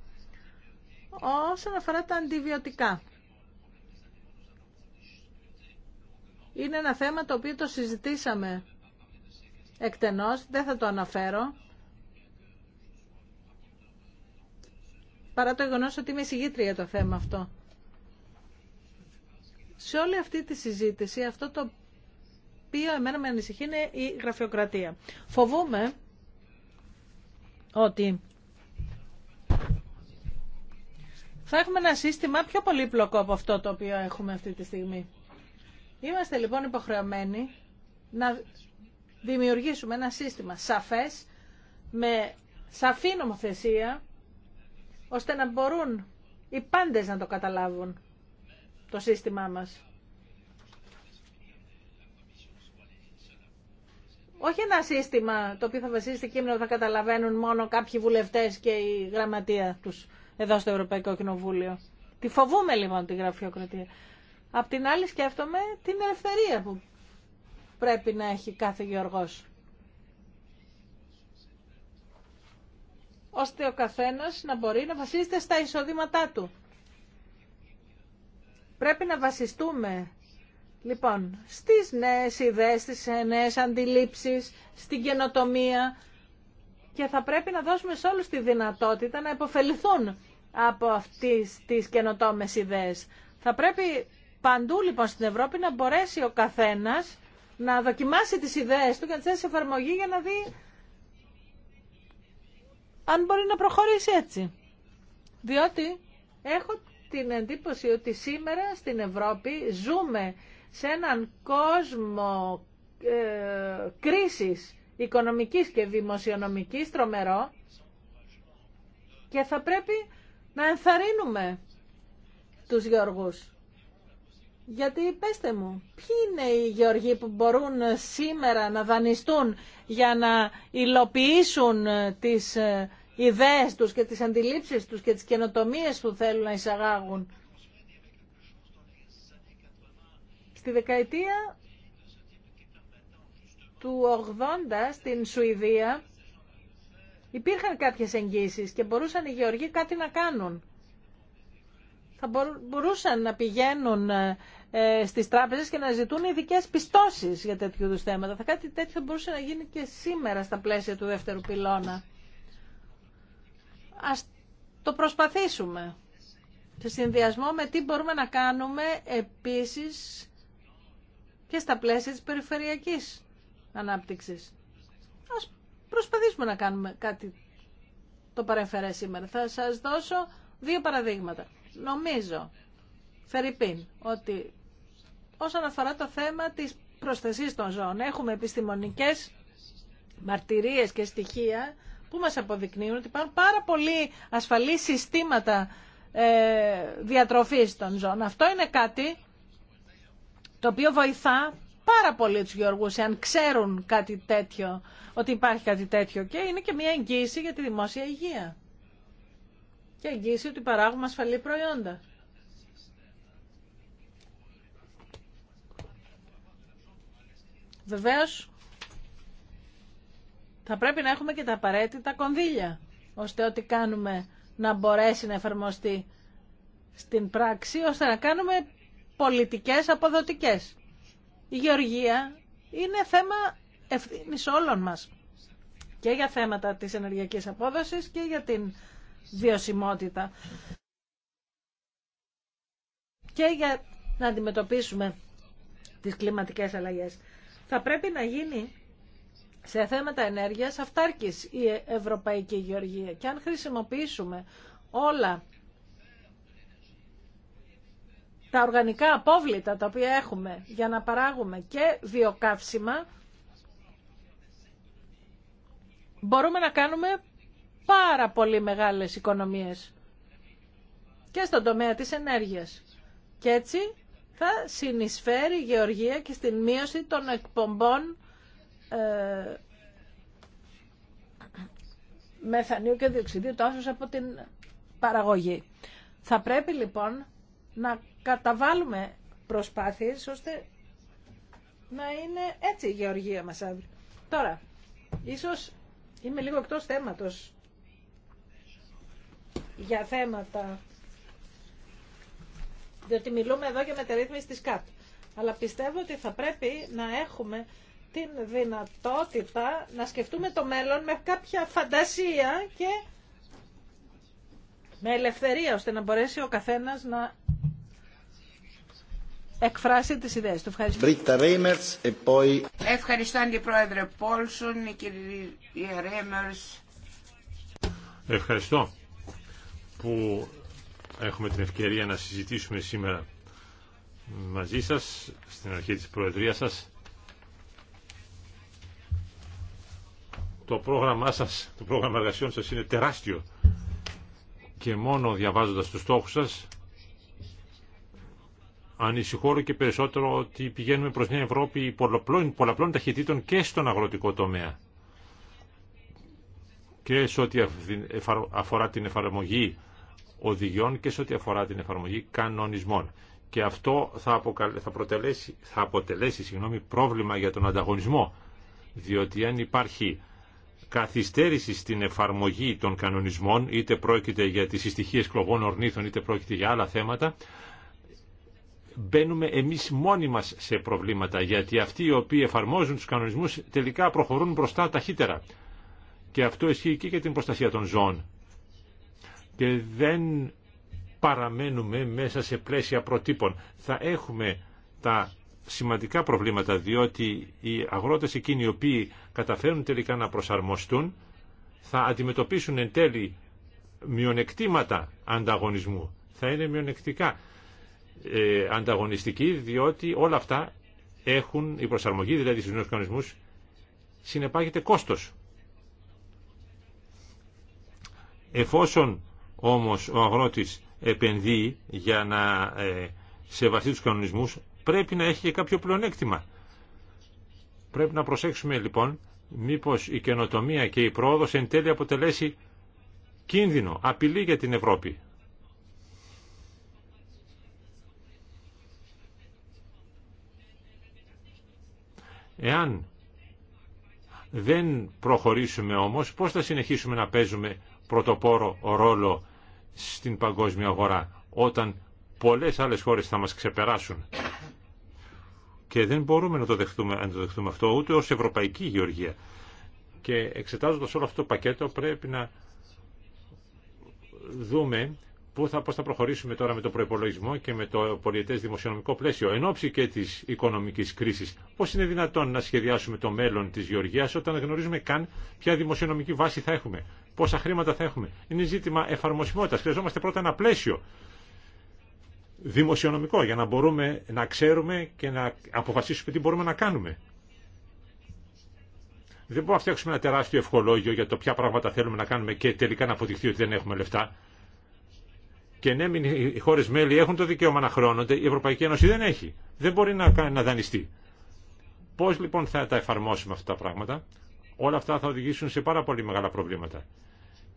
Όσον αφορά τα αντιβιωτικά, είναι ένα θέμα το οποίο το συζητήσαμε εκτενώς, δεν θα το αναφέρω. Παρά το γεγονό ότι είμαι συγγήτρια για το θέμα αυτό. Σε όλη αυτή τη συζήτηση αυτό το οποίο εμένα με ανησυχεί είναι η γραφειοκρατία. Φοβούμαι ότι θα έχουμε ένα σύστημα πιο πολύπλοκο από αυτό το οποίο έχουμε αυτή τη στιγμή. Είμαστε λοιπόν υποχρεωμένοι να δημιουργήσουμε ένα σύστημα σαφές, με σαφή νομοθεσία, ώστε να μπορούν οι πάντες να το καταλάβουν το σύστημά μας. Όχι ένα σύστημα το οποίο θα βασίζεται κείμενο θα καταλαβαίνουν μόνο κάποιοι βουλευτές και η γραμματεία τους εδώ στο Ευρωπαϊκό Κοινοβούλιο. Τη φοβούμε λοιπόν τη γραφειοκρατία. Απ' την άλλη σκέφτομαι την ελευθερία που πρέπει να έχει κάθε γεωργός. Ώστε ο καθένας να μπορεί να βασίζεται στα εισοδήματά του. Πρέπει να βασιστούμε λοιπόν στις νέες ιδέες, στις νέες αντιλήψεις, στην καινοτομία και θα πρέπει να δώσουμε σε όλους τη δυνατότητα να υποφεληθούν από αυτές τις καινοτόμες ιδέες. Θα πρέπει παντού λοιπόν στην Ευρώπη να μπορέσει ο καθένας να δοκιμάσει τις ιδέες του και να τις θέσει εφαρμογή για να δει αν μπορεί να προχωρήσει έτσι. Διότι έχω την εντύπωση ότι σήμερα στην Ευρώπη ζούμε σε έναν κόσμο ε, κρίσης οικονομικής και δημοσιονομικής τρομερό και θα πρέπει να ενθαρρύνουμε τους γεωργούς. Γιατί πέστε μου, ποιοι είναι οι γεωργοί που μπορούν σήμερα να δανειστούν για να υλοποιήσουν ε, τις ε, ιδέες τους και τις αντιλήψεις τους και τις καινοτομίες που θέλουν να εισαγάγουν. Στη δεκαετία του 80 στην Σουηδία υπήρχαν κάποιες εγγύσεις και μπορούσαν οι γεωργοί κάτι να κάνουν. Θα μπορούσαν να πηγαίνουν ε, ε, στις τράπεζες και να ζητούν ειδικέ πιστώσεις για τέτοιου είδους θέματα. Θα κάτι τέτοιο μπορούσε να γίνει και σήμερα στα πλαίσια του δεύτερου πυλώνα. Ας το προσπαθήσουμε. Σε συνδυασμό με τι μπορούμε να κάνουμε επίσης και στα πλαίσια της περιφερειακής ανάπτυξης. Ας προσπαθήσουμε να κάνουμε κάτι το παρεμφερέ σήμερα. Θα σας δώσω δύο παραδείγματα. Νομίζω, Φερρυπίν, ότι όσον αφορά το θέμα της προστασίας των ζώων, έχουμε επιστημονικές μαρτυρίες και στοιχεία που μας αποδεικνύουν ότι υπάρχουν πάρα πολύ ασφαλή συστήματα ε, διατροφής των ζώων. Αυτό είναι κάτι το οποίο βοηθά πάρα πολύ τους γεωργούς εάν ξέρουν κάτι τέτοιο, ότι υπάρχει κάτι τέτοιο και είναι και μια εγγύηση για τη δημόσια υγεία. Και εγγύηση ότι παράγουμε ασφαλή προϊόντα. Βεβαίως, θα πρέπει να έχουμε και τα απαραίτητα κονδύλια, ώστε ό,τι κάνουμε να μπορέσει να εφαρμοστεί στην πράξη, ώστε να κάνουμε πολιτικές αποδοτικές. Η γεωργία είναι θέμα ευθύνης όλων μας και για θέματα της ενεργειακής απόδοσης και για την βιωσιμότητα και για να αντιμετωπίσουμε τις κλιματικές αλλαγές. Θα πρέπει να γίνει σε θέματα ενέργειας αυτάρκης η Ευρωπαϊκή Γεωργία. Και αν χρησιμοποιήσουμε όλα τα οργανικά απόβλητα τα οποία έχουμε για να παράγουμε και βιοκαύσιμα, μπορούμε να κάνουμε πάρα πολύ μεγάλες οικονομίες και στον τομέα της ενέργειας. Και έτσι θα συνεισφέρει η γεωργία και στην μείωση των εκπομπών ε, μεθανίου και διοξιδίου τόσο από την παραγωγή. Θα πρέπει λοιπόν να καταβάλουμε προσπάθειες ώστε να είναι έτσι η γεωργία μας αύριο. Τώρα, ίσως είμαι λίγο εκτός θέματος για θέματα διότι μιλούμε εδώ για μεταρρύθμιση της ΚΑΤ. Αλλά πιστεύω ότι θα πρέπει να έχουμε την δυνατότητα να σκεφτούμε το μέλλον με κάποια φαντασία και με ελευθερία, ώστε να μπορέσει ο καθένας να εκφράσει τις ιδέες του. Ευχαριστώ. E Ευχαριστώ Αντιπρόεδρε Πόλσον, κύριε Ευχαριστώ που έχουμε την ευκαιρία να συζητήσουμε σήμερα μαζί σας, στην αρχή της Προεδρίας σας, το πρόγραμμά σας, το πρόγραμμα εργασιών σας είναι τεράστιο και μόνο διαβάζοντας τους στόχους σας ανησυχώ και περισσότερο ότι πηγαίνουμε προς μια Ευρώπη πολλαπλών, πολλαπλών ταχυτήτων και στον αγροτικό τομέα και σε ό,τι αφορά την εφαρμογή οδηγιών και σε ό,τι αφορά την εφαρμογή κανονισμών. Και αυτό θα, θα, προτελέσει, θα αποτελέσει πρόβλημα για τον ανταγωνισμό, διότι αν υπάρχει καθυστέρηση στην εφαρμογή των κανονισμών, είτε πρόκειται για τις συστοιχίες κλοβών ορνήθων, είτε πρόκειται για άλλα θέματα, μπαίνουμε εμείς μόνοι μας σε προβλήματα, γιατί αυτοί οι οποίοι εφαρμόζουν τους κανονισμούς τελικά προχωρούν μπροστά ταχύτερα. Και αυτό ισχύει και για την προστασία των ζώων. Και δεν παραμένουμε μέσα σε πλαίσια προτύπων. Θα έχουμε τα σημαντικά προβλήματα διότι οι αγρότες εκείνοι οι οποίοι καταφέρουν τελικά να προσαρμοστούν θα αντιμετωπίσουν εν τέλει μειονεκτήματα ανταγωνισμού. Θα είναι μειονεκτικά ε, ανταγωνιστικοί διότι όλα αυτά έχουν, η προσαρμογή δηλαδή στους νέους κανονισμούς συνεπάγεται κόστος. Εφόσον όμως ο αγρότης επενδύει για να ε, σεβαστεί τους κανονισμούς πρέπει να έχει και κάποιο πλεονέκτημα. Πρέπει να προσέξουμε λοιπόν μήπως η καινοτομία και η πρόοδος εν τέλει αποτελέσει κίνδυνο, απειλή για την Ευρώπη. Εάν δεν προχωρήσουμε όμως, πώς θα συνεχίσουμε να παίζουμε πρωτοπόρο ρόλο στην παγκόσμια αγορά, όταν πολλές άλλες χώρες θα μας ξεπεράσουν. Και δεν μπορούμε να το δεχτούμε, το αυτό ούτε ως Ευρωπαϊκή Γεωργία. Και εξετάζοντας όλο αυτό το πακέτο πρέπει να δούμε πού θα, πώς θα προχωρήσουμε τώρα με το προπολογισμό και με το πολιετές δημοσιονομικό πλαίσιο. Εν ώψη και της οικονομικής κρίσης, πώς είναι δυνατόν να σχεδιάσουμε το μέλλον της Γεωργίας όταν γνωρίζουμε καν ποια δημοσιονομική βάση θα έχουμε, πόσα χρήματα θα έχουμε. Είναι ζήτημα εφαρμοσιμότητας. Χρειαζόμαστε πρώτα ένα πλαίσιο δημοσιονομικό για να μπορούμε να ξέρουμε και να αποφασίσουμε τι μπορούμε να κάνουμε. Δεν μπορούμε να φτιάξουμε ένα τεράστιο ευχολόγιο για το ποια πράγματα θέλουμε να κάνουμε και τελικά να αποδειχθεί ότι δεν έχουμε λεφτά. Και ναι, οι χώρε μέλη έχουν το δικαίωμα να χρώνονται, η Ευρωπαϊκή Ένωση δεν έχει. Δεν μπορεί να, να δανειστεί. Πώ λοιπόν θα τα εφαρμόσουμε αυτά τα πράγματα, όλα αυτά θα οδηγήσουν σε πάρα πολύ μεγάλα προβλήματα.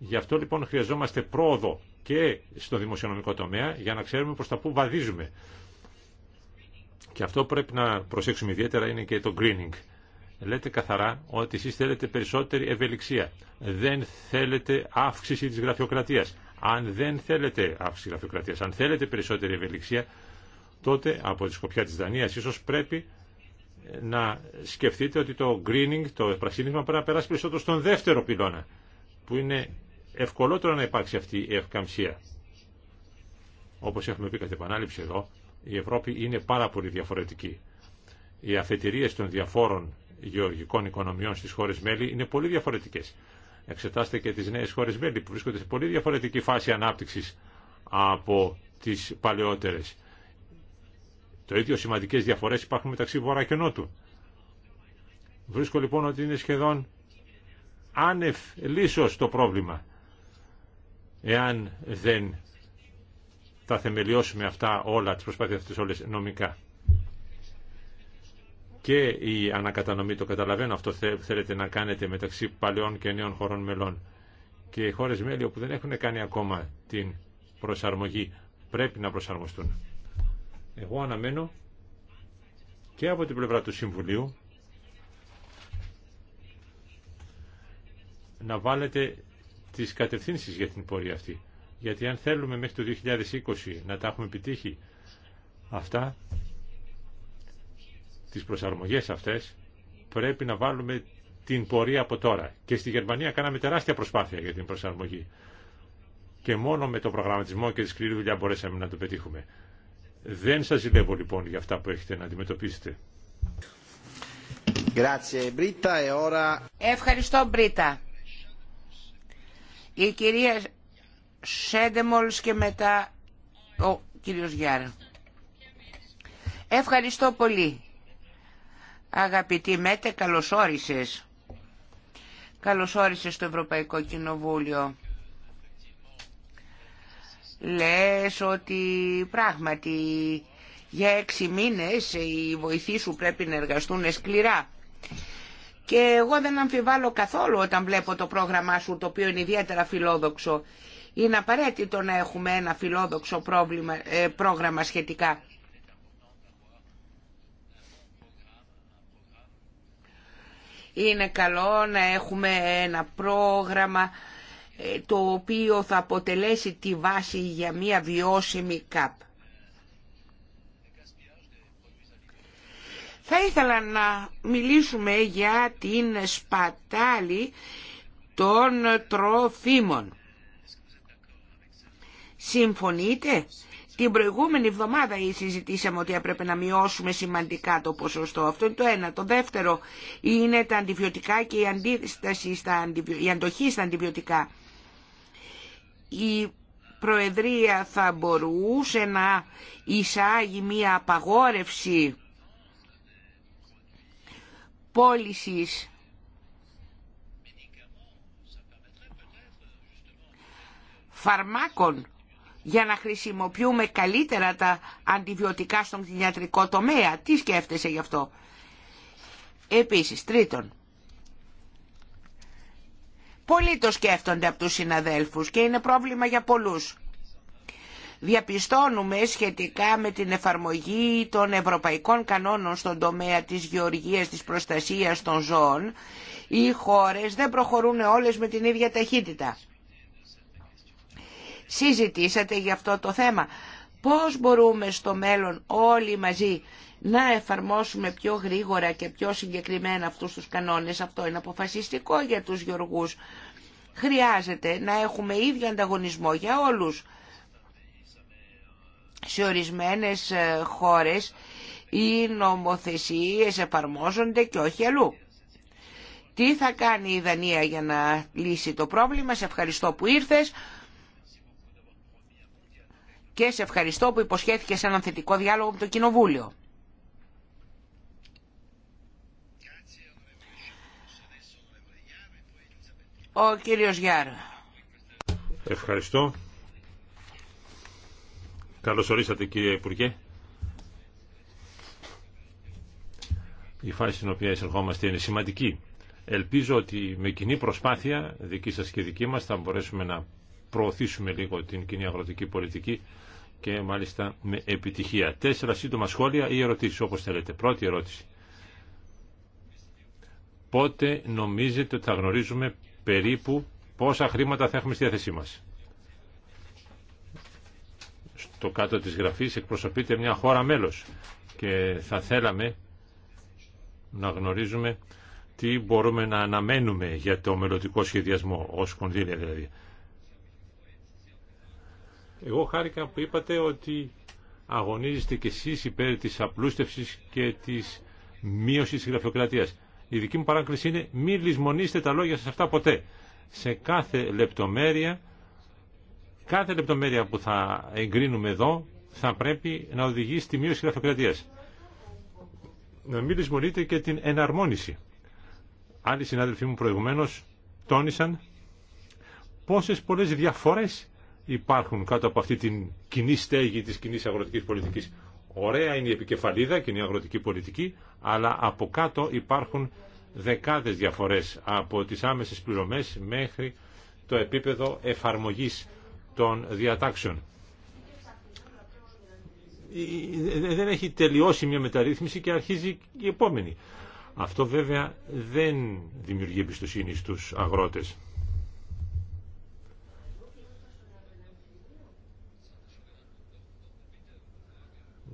Γι' αυτό λοιπόν χρειαζόμαστε πρόοδο και στο δημοσιονομικό τομέα για να ξέρουμε προς τα πού βαδίζουμε. Και αυτό πρέπει να προσέξουμε ιδιαίτερα είναι και το greening. Λέτε καθαρά ότι εσείς θέλετε περισσότερη ευελιξία. Δεν θέλετε αύξηση της γραφειοκρατίας. Αν δεν θέλετε αύξηση γραφειοκρατίας, αν θέλετε περισσότερη ευελιξία, τότε από τη σκοπιά της Δανίας ίσως πρέπει να σκεφτείτε ότι το greening, το πρασίνισμα πρέπει να περάσει περισσότερο στον δεύτερο πυλώνα, που είναι ευκολότερο να υπάρξει αυτή η ευκαμψία. Όπω έχουμε πει κατά επανάληψη εδώ, η Ευρώπη είναι πάρα πολύ διαφορετική. Οι αφετηρίε των διαφόρων γεωργικών οικονομιών στι χώρε μέλη είναι πολύ διαφορετικέ. Εξετάστε και τι νέε χώρε μέλη που βρίσκονται σε πολύ διαφορετική φάση ανάπτυξη από τι παλαιότερε. Το ίδιο σημαντικέ διαφορέ υπάρχουν μεταξύ βορρά και νότου. Βρίσκω λοιπόν ότι είναι σχεδόν άνευ λύσος το πρόβλημα εάν δεν τα θεμελιώσουμε αυτά όλα, τις προσπάθειες αυτές όλες νομικά. Και η ανακατανομή, το καταλαβαίνω αυτό θέλετε να κάνετε μεταξύ παλαιών και νέων χωρών μελών. Και οι χώρες μέλη όπου δεν έχουν κάνει ακόμα την προσαρμογή πρέπει να προσαρμοστούν. Εγώ αναμένω και από την πλευρά του Συμβουλίου να βάλετε τις κατευθύνσεις για την πορεία αυτή. Γιατί αν θέλουμε μέχρι το 2020 να τα έχουμε επιτύχει αυτά, τις προσαρμογές αυτές, πρέπει να βάλουμε την πορεία από τώρα. Και στη Γερμανία κάναμε τεράστια προσπάθεια για την προσαρμογή. Και μόνο με τον προγραμματισμό και τη σκληρή δουλειά μπορέσαμε να το πετύχουμε. Δεν σας ζηλεύω λοιπόν για αυτά που έχετε να αντιμετωπίσετε. E Ευχαριστώ Μπρίτα. Η κυρία Σέντεμολς και μετά ο κύριος Γιάρα. Ευχαριστώ πολύ. Αγαπητοί Μέτε, καλώς όρισες. Καλώς όρισες στο Ευρωπαϊκό Κοινοβούλιο. Λες ότι πράγματι για έξι μήνες οι βοηθοί σου πρέπει να εργαστούν σκληρά και εγώ δεν αμφιβάλλω καθόλου όταν βλέπω το πρόγραμμά σου, το οποίο είναι ιδιαίτερα φιλόδοξο. Είναι απαραίτητο να έχουμε ένα φιλόδοξο πρόβλημα, ε, πρόγραμμα σχετικά. Είναι καλό να έχουμε ένα πρόγραμμα ε, το οποίο θα αποτελέσει τη βάση για μια βιώσιμη ΚΑΠ. Θα ήθελα να μιλήσουμε για την σπατάλη των τροφίμων. Συμφωνείτε? Την προηγούμενη εβδομάδα συζητήσαμε ότι έπρεπε να μειώσουμε σημαντικά το ποσοστό. Αυτό είναι το ένα. Το δεύτερο είναι τα αντιβιωτικά και η, αντίσταση στα η αντοχή στα αντιβιωτικά. Η Προεδρία θα μπορούσε να εισάγει μία απαγόρευση πώλησης φαρμάκων για να χρησιμοποιούμε καλύτερα τα αντιβιωτικά στον κτηνιατρικό τομέα. Τι σκέφτεσαι γι' αυτό. Επίσης, τρίτον, πολλοί το σκέφτονται από τους συναδέλφους και είναι πρόβλημα για πολλούς διαπιστώνουμε σχετικά με την εφαρμογή των ευρωπαϊκών κανόνων στον τομέα της γεωργίας, της προστασίας των ζώων, οι χώρες δεν προχωρούν όλες με την ίδια ταχύτητα. Συζητήσατε για αυτό το θέμα. Πώς μπορούμε στο μέλλον όλοι μαζί να εφαρμόσουμε πιο γρήγορα και πιο συγκεκριμένα αυτούς τους κανόνες. Αυτό είναι αποφασιστικό για τους γεωργούς. Χρειάζεται να έχουμε ίδιο ανταγωνισμό για όλους σε ορισμένες ε, χώρες οι νομοθεσίες εφαρμόζονται και όχι αλλού. Τι θα κάνει η Δανία για να λύσει το πρόβλημα. Σε ευχαριστώ που ήρθες και σε ευχαριστώ που υποσχέθηκες έναν θετικό διάλογο με το Κοινοβούλιο. Ο κύριος Γιάρ. Ευχαριστώ. Καλώς ορίσατε κύριε Υπουργέ. Η φάση στην οποία εισερχόμαστε είναι σημαντική. Ελπίζω ότι με κοινή προσπάθεια δική σας και δική μας θα μπορέσουμε να προωθήσουμε λίγο την κοινή αγροτική πολιτική και μάλιστα με επιτυχία. Τέσσερα σύντομα σχόλια ή ερωτήσεις όπως θέλετε. Πρώτη ερώτηση. Πότε νομίζετε ότι θα γνωρίζουμε περίπου πόσα χρήματα θα έχουμε στη διάθεσή μας το κάτω της γραφής εκπροσωπείται μια χώρα μέλος και θα θέλαμε να γνωρίζουμε τι μπορούμε να αναμένουμε για το μελλοντικό σχεδιασμό ως κονδύλια δηλαδή. Εγώ χάρηκα που είπατε ότι αγωνίζεστε κι εσείς υπέρ της απλούστευσης και της μείωσης της γραφειοκρατίας. Η δική μου παράκληση είναι μη λησμονήστε τα λόγια σας αυτά ποτέ. Σε κάθε λεπτομέρεια Κάθε λεπτομέρεια που θα εγκρίνουμε εδώ θα πρέπει να οδηγεί στη μείωση γραφειοκρατίας. Να μην λησμονείτε και την εναρμόνιση. Άλλοι συνάδελφοί μου προηγουμένως τόνισαν πόσες πολλές διαφορές υπάρχουν κάτω από αυτή την κοινή στέγη της κοινή αγροτικής πολιτικής. Ωραία είναι η επικεφαλίδα, η αγροτική πολιτική, αλλά από κάτω υπάρχουν δεκάδες διαφορές από τις άμεσες πληρωμές μέχρι το επίπεδο εφαρμογής των διατάξεων. Ε, ε, δεν έχει τελειώσει μια μεταρρύθμιση και αρχίζει η επόμενη. Αυτό βέβαια δεν δημιουργεί εμπιστοσύνη στους αγρότες.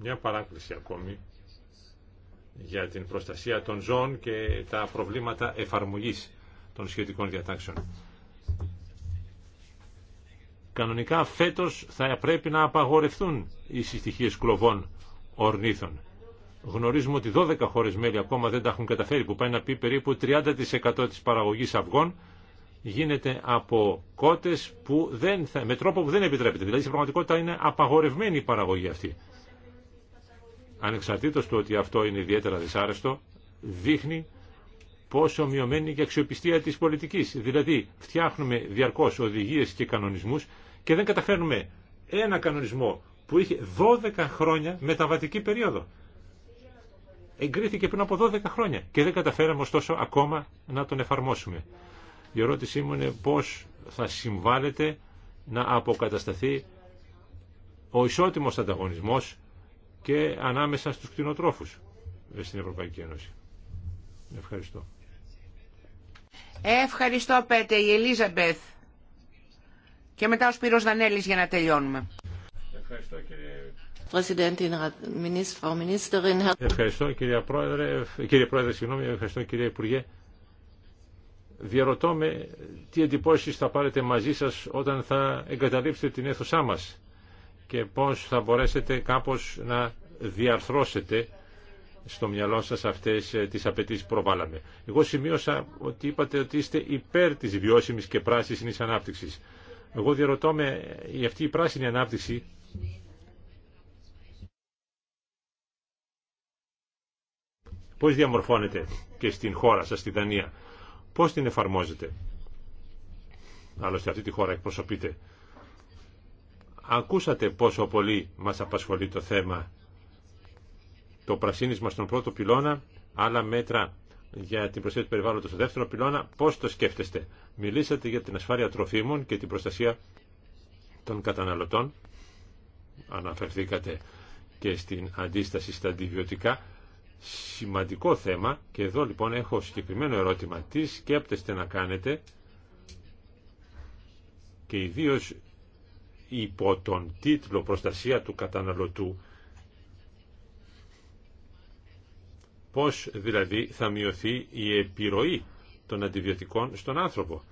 Μια παράκληση ακόμη για την προστασία των ζώων και τα προβλήματα εφαρμογής των σχετικών διατάξεων. Κανονικά φέτος θα πρέπει να απαγορευτούν οι συστοιχίες κλοβών ορνήθων. Γνωρίζουμε ότι 12 χώρες μέλη ακόμα δεν τα έχουν καταφέρει που πάει να πει περίπου 30% της παραγωγής αυγών γίνεται από κότες που δεν θα, με τρόπο που δεν επιτρέπεται. Δηλαδή στην πραγματικότητα είναι απαγορευμένη η παραγωγή αυτή. Ανεξαρτήτως του ότι αυτό είναι ιδιαίτερα δυσάρεστο, δείχνει πόσο μειωμένη και αξιοπιστία της πολιτικής. Δηλαδή φτιάχνουμε διαρκώς οδηγίες και κανονισμούς και δεν καταφέρνουμε ένα κανονισμό που είχε 12 χρόνια μεταβατική περίοδο. Εγκρίθηκε πριν από 12 χρόνια και δεν καταφέραμε ωστόσο ακόμα να τον εφαρμόσουμε. Η ερώτησή μου είναι πώς θα συμβάλλεται να αποκατασταθεί ο ισότιμος ανταγωνισμός και ανάμεσα στους κτηνοτρόφους στην Ευρωπαϊκή Ένωση. Ευχαριστώ. Ευχαριστώ Πέτε, η Ελίζαμπεθ. Και μετά ο Σπύρος Δανέλης για να τελειώνουμε. Ευχαριστώ κύριε... κύριε Πρόεδρε, κύριε Πρόεδρε, συγγνώμη, ευχαριστώ κύριε Υπουργέ. Διαρωτώ με τι εντυπώσεις θα πάρετε μαζί σας όταν θα εγκαταλείψετε την αίθουσά μας και πώς θα μπορέσετε κάπως να διαρθρώσετε στο μυαλό σας αυτές ε, τις απαιτήσεις που προβάλαμε. Εγώ σημείωσα ότι είπατε ότι είστε υπέρ της βιώσιμης και πράσινης ανάπτυξης. Εγώ διαρωτώ με αυτή η πράσινη ανάπτυξη πώς διαμορφώνεται και στην χώρα σας, στη Δανία. Πώς την εφαρμόζετε. Άλλωστε αυτή τη χώρα εκπροσωπείτε. Ακούσατε πόσο πολύ μας απασχολεί το θέμα το πρασίνισμα στον πρώτο πυλώνα, άλλα μέτρα για την προστασία του περιβάλλοντος στο δεύτερο πυλώνα, πώς το σκέφτεστε. Μιλήσατε για την ασφάλεια τροφίμων και την προστασία των καταναλωτών. Αναφερθήκατε και στην αντίσταση στα αντιβιωτικά. Σημαντικό θέμα και εδώ λοιπόν έχω συγκεκριμένο ερώτημα. Τι σκέπτεστε να κάνετε και ιδίω υπό τον τίτλο «Προστασία του καταναλωτού» Πώς δηλαδή θα μειωθεί η επιρροή των αντιβιωτικών στον άνθρωπο.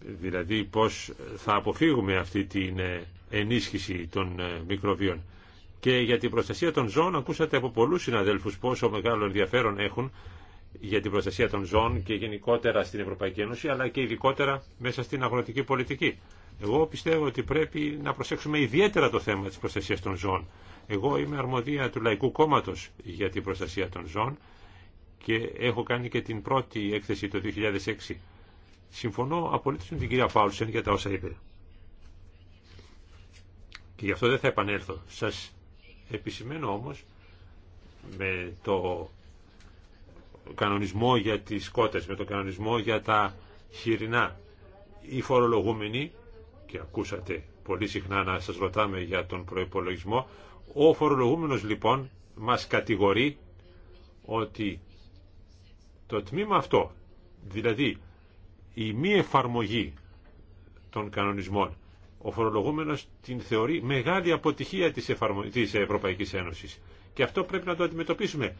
Δηλαδή πώς θα αποφύγουμε αυτή την ε, ενίσχυση των ε, μικροβίων. Και για την προστασία των ζώων ακούσατε από πολλούς συναδέλφους πόσο μεγάλο ενδιαφέρον έχουν για την προστασία των ζώων και γενικότερα στην Ευρωπαϊκή Ένωση αλλά και ειδικότερα μέσα στην αγροτική πολιτική. Εγώ πιστεύω ότι πρέπει να προσέξουμε ιδιαίτερα το θέμα της προστασίας των ζώων εγώ είμαι αρμοδία του Λαϊκού Κόμματος για την προστασία των ζώων και έχω κάνει και την πρώτη έκθεση το 2006. Συμφωνώ απολύτως με την κυρία Πάουλσεν για τα όσα είπε. Και γι' αυτό δεν θα επανέλθω. Σας επισημαίνω όμως με το κανονισμό για τις κότες, με το κανονισμό για τα χοιρινά. Οι φορολογούμενοι, και ακούσατε πολύ συχνά να σας ρωτάμε για τον προϋπολογισμό, ο φορολογούμενος λοιπόν μας κατηγορεί ότι το τμήμα αυτό, δηλαδή η μη εφαρμογή των κανονισμών, ο φορολογούμενος την θεωρεί μεγάλη αποτυχία της, Ευρωπαϊκή της Ευρωπαϊκής Ένωσης. Και αυτό πρέπει να το αντιμετωπίσουμε.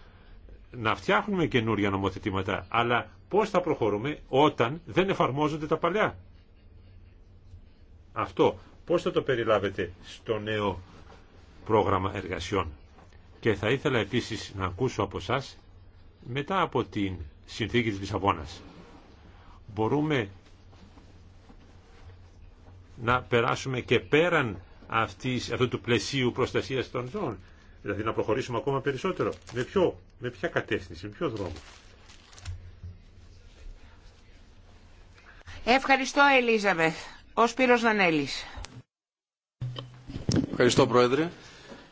Να φτιάχνουμε καινούργια νομοθετήματα, αλλά πώς θα προχωρούμε όταν δεν εφαρμόζονται τα παλιά. Αυτό πώς θα το περιλάβετε στο νέο πρόγραμμα εργασιών. Και θα ήθελα επίσης να ακούσω από εσά μετά από την συνθήκη της Λισαβόνας. Μπορούμε να περάσουμε και πέραν αυτής, αυτού του πλαισίου προστασίας των ζώων. Δηλαδή να προχωρήσουμε ακόμα περισσότερο. Με, ποιο, με ποια κατεύθυνση, με ποιο δρόμο. Ευχαριστώ Ελίζαβε. Ο Σπύρος Νανέλης. Ευχαριστώ Πρόεδρε.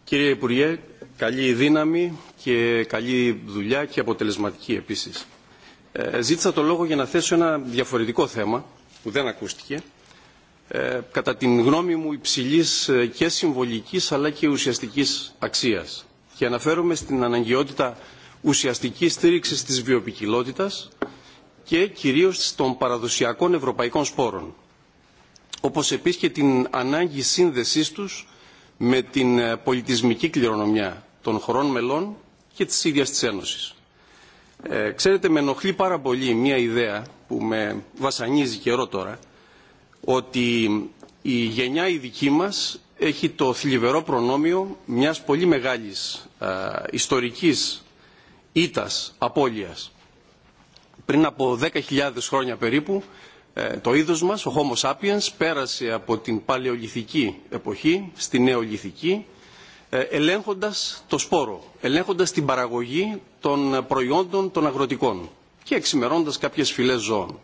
Κύριε Υπουργέ, καλή δύναμη και καλή δουλειά και αποτελεσματική επίσης. Ε, ζήτησα το λόγο για να θέσω ένα διαφορετικό θέμα που δεν ακούστηκε. Ε, κατά την γνώμη μου υψηλής ε, και συμβολικής αλλά και ουσιαστικής αξίας. Και αναφέρομαι στην αναγκαιότητα ουσιαστικής στήριξης της βιοπικιλότητας και κυρίως των παραδοσιακών ευρωπαϊκών σπόρων. Όπως επίσης και την ανάγκη σύνδεσής τους με την ε, πολιτισμική κληρονομιά των χωρών μελών και της ίδιας της Ένωσης. Ε, ξέρετε, με ενοχλεί πάρα πολύ μια ιδέα που με βασανίζει καιρό τώρα, ότι η γενιά η δική μας έχει το θλιβερό προνόμιο μιας πολύ μεγάλης ε, ιστορικής ήττας, απώλειας. Πριν από 10.000 χρόνια περίπου, ε, το είδος μας, ο Homo sapiens, πέρασε από την παλαιολιθική εποχή στη νεολιθική, ε, ελέγχοντας το σπόρο, ελέγχοντας την παραγωγή των προϊόντων των αγροτικών και εξημερώντας κάποιες φυλές ζώων.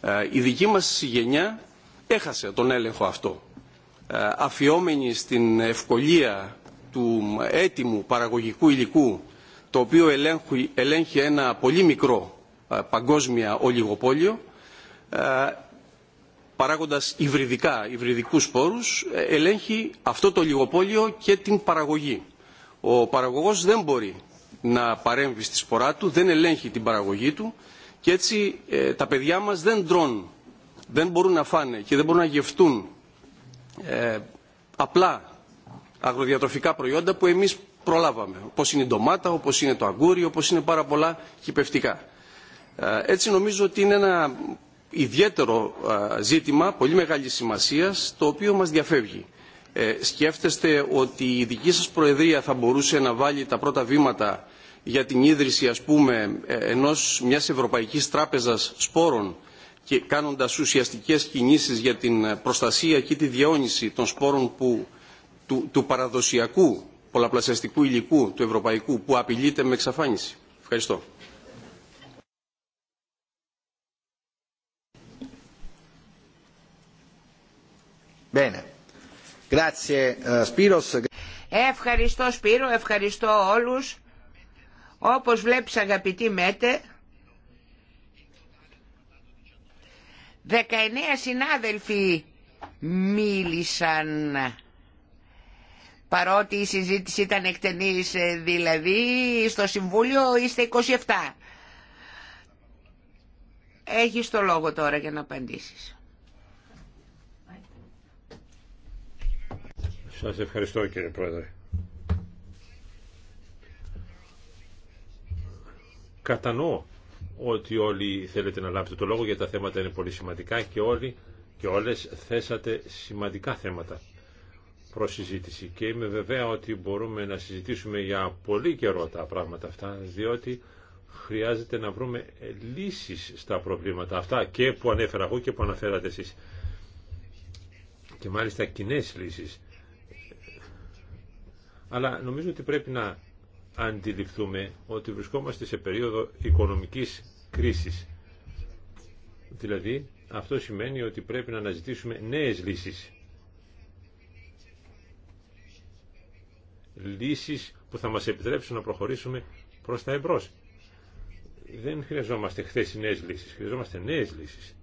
Ε, η δική μας γενιά έχασε τον έλεγχο αυτό, αφιόμενη στην ευκολία του έτοιμου παραγωγικού υλικού, το οποίο ελέγχει ένα πολύ μικρό παγκόσμια ολιγοπόλιο, ε, παράγοντας υβριδικά, υβριδικούς σπόρους, ε, ελέγχει αυτό το λιγοπόλιο και την παραγωγή. Ο παραγωγός δεν μπορεί να παρέμβει στη σπορά του, δεν ελέγχει την παραγωγή του και έτσι ε, τα παιδιά μας δεν τρών δεν μπορούν να φάνε και δεν μπορούν να γευτούν απλά αγροδιατροφικά προϊόντα που εμείς προλάβαμε, όπως είναι η ντομάτα, όπως είναι το αγκούρι, όπως είναι πάρα πολλά χυπευτικά. έτσι νομίζω ότι είναι ένα ιδιαίτερο ζήτημα πολύ μεγάλης σημασίας το οποίο μας διαφεύγει. Ε, σκέφτεστε ότι η δική σας Προεδρία θα μπορούσε να βάλει τα πρώτα βήματα για την ίδρυση ας πούμε ε, ενός μιας Ευρωπαϊκής Τράπεζας Σπόρων και κάνοντας ουσιαστικές κινήσεις για την ε, προστασία και τη διαιώνιση των σπόρων που, του, του παραδοσιακού πολλαπλασιαστικού υλικού του ευρωπαϊκού που απειλείται με εξαφάνιση. Ευχαριστώ. Eh, ευχαριστώ Σπύρο, ευχαριστώ όλους. Όπως βλέπεις αγαπητοί Μέτε, 19 συνάδελφοι μίλησαν παρότι η συζήτηση ήταν εκτενής ε, δηλαδή στο Συμβούλιο είστε 27. Έχεις το λόγο τώρα για να απαντήσεις. Σας ευχαριστώ κύριε Πρόεδρε. Κατανοώ ότι όλοι θέλετε να λάβετε το λόγο γιατί τα θέματα είναι πολύ σημαντικά και όλοι και όλες θέσατε σημαντικά θέματα προς συζήτηση και είμαι βεβαία ότι μπορούμε να συζητήσουμε για πολύ καιρό τα πράγματα αυτά διότι χρειάζεται να βρούμε λύσεις στα προβλήματα αυτά και που ανέφερα εγώ και που αναφέρατε εσείς και μάλιστα κοινέ λύσεις αλλά νομίζω ότι πρέπει να αντιληφθούμε ότι βρισκόμαστε σε περίοδο οικονομικής κρίσης. Δηλαδή, αυτό σημαίνει ότι πρέπει να αναζητήσουμε νέες λύσεις. Λύσεις που θα μας επιτρέψουν να προχωρήσουμε προς τα εμπρός. Δεν χρειαζόμαστε χθες νέες λύσεις, χρειαζόμαστε νέες λύσεις.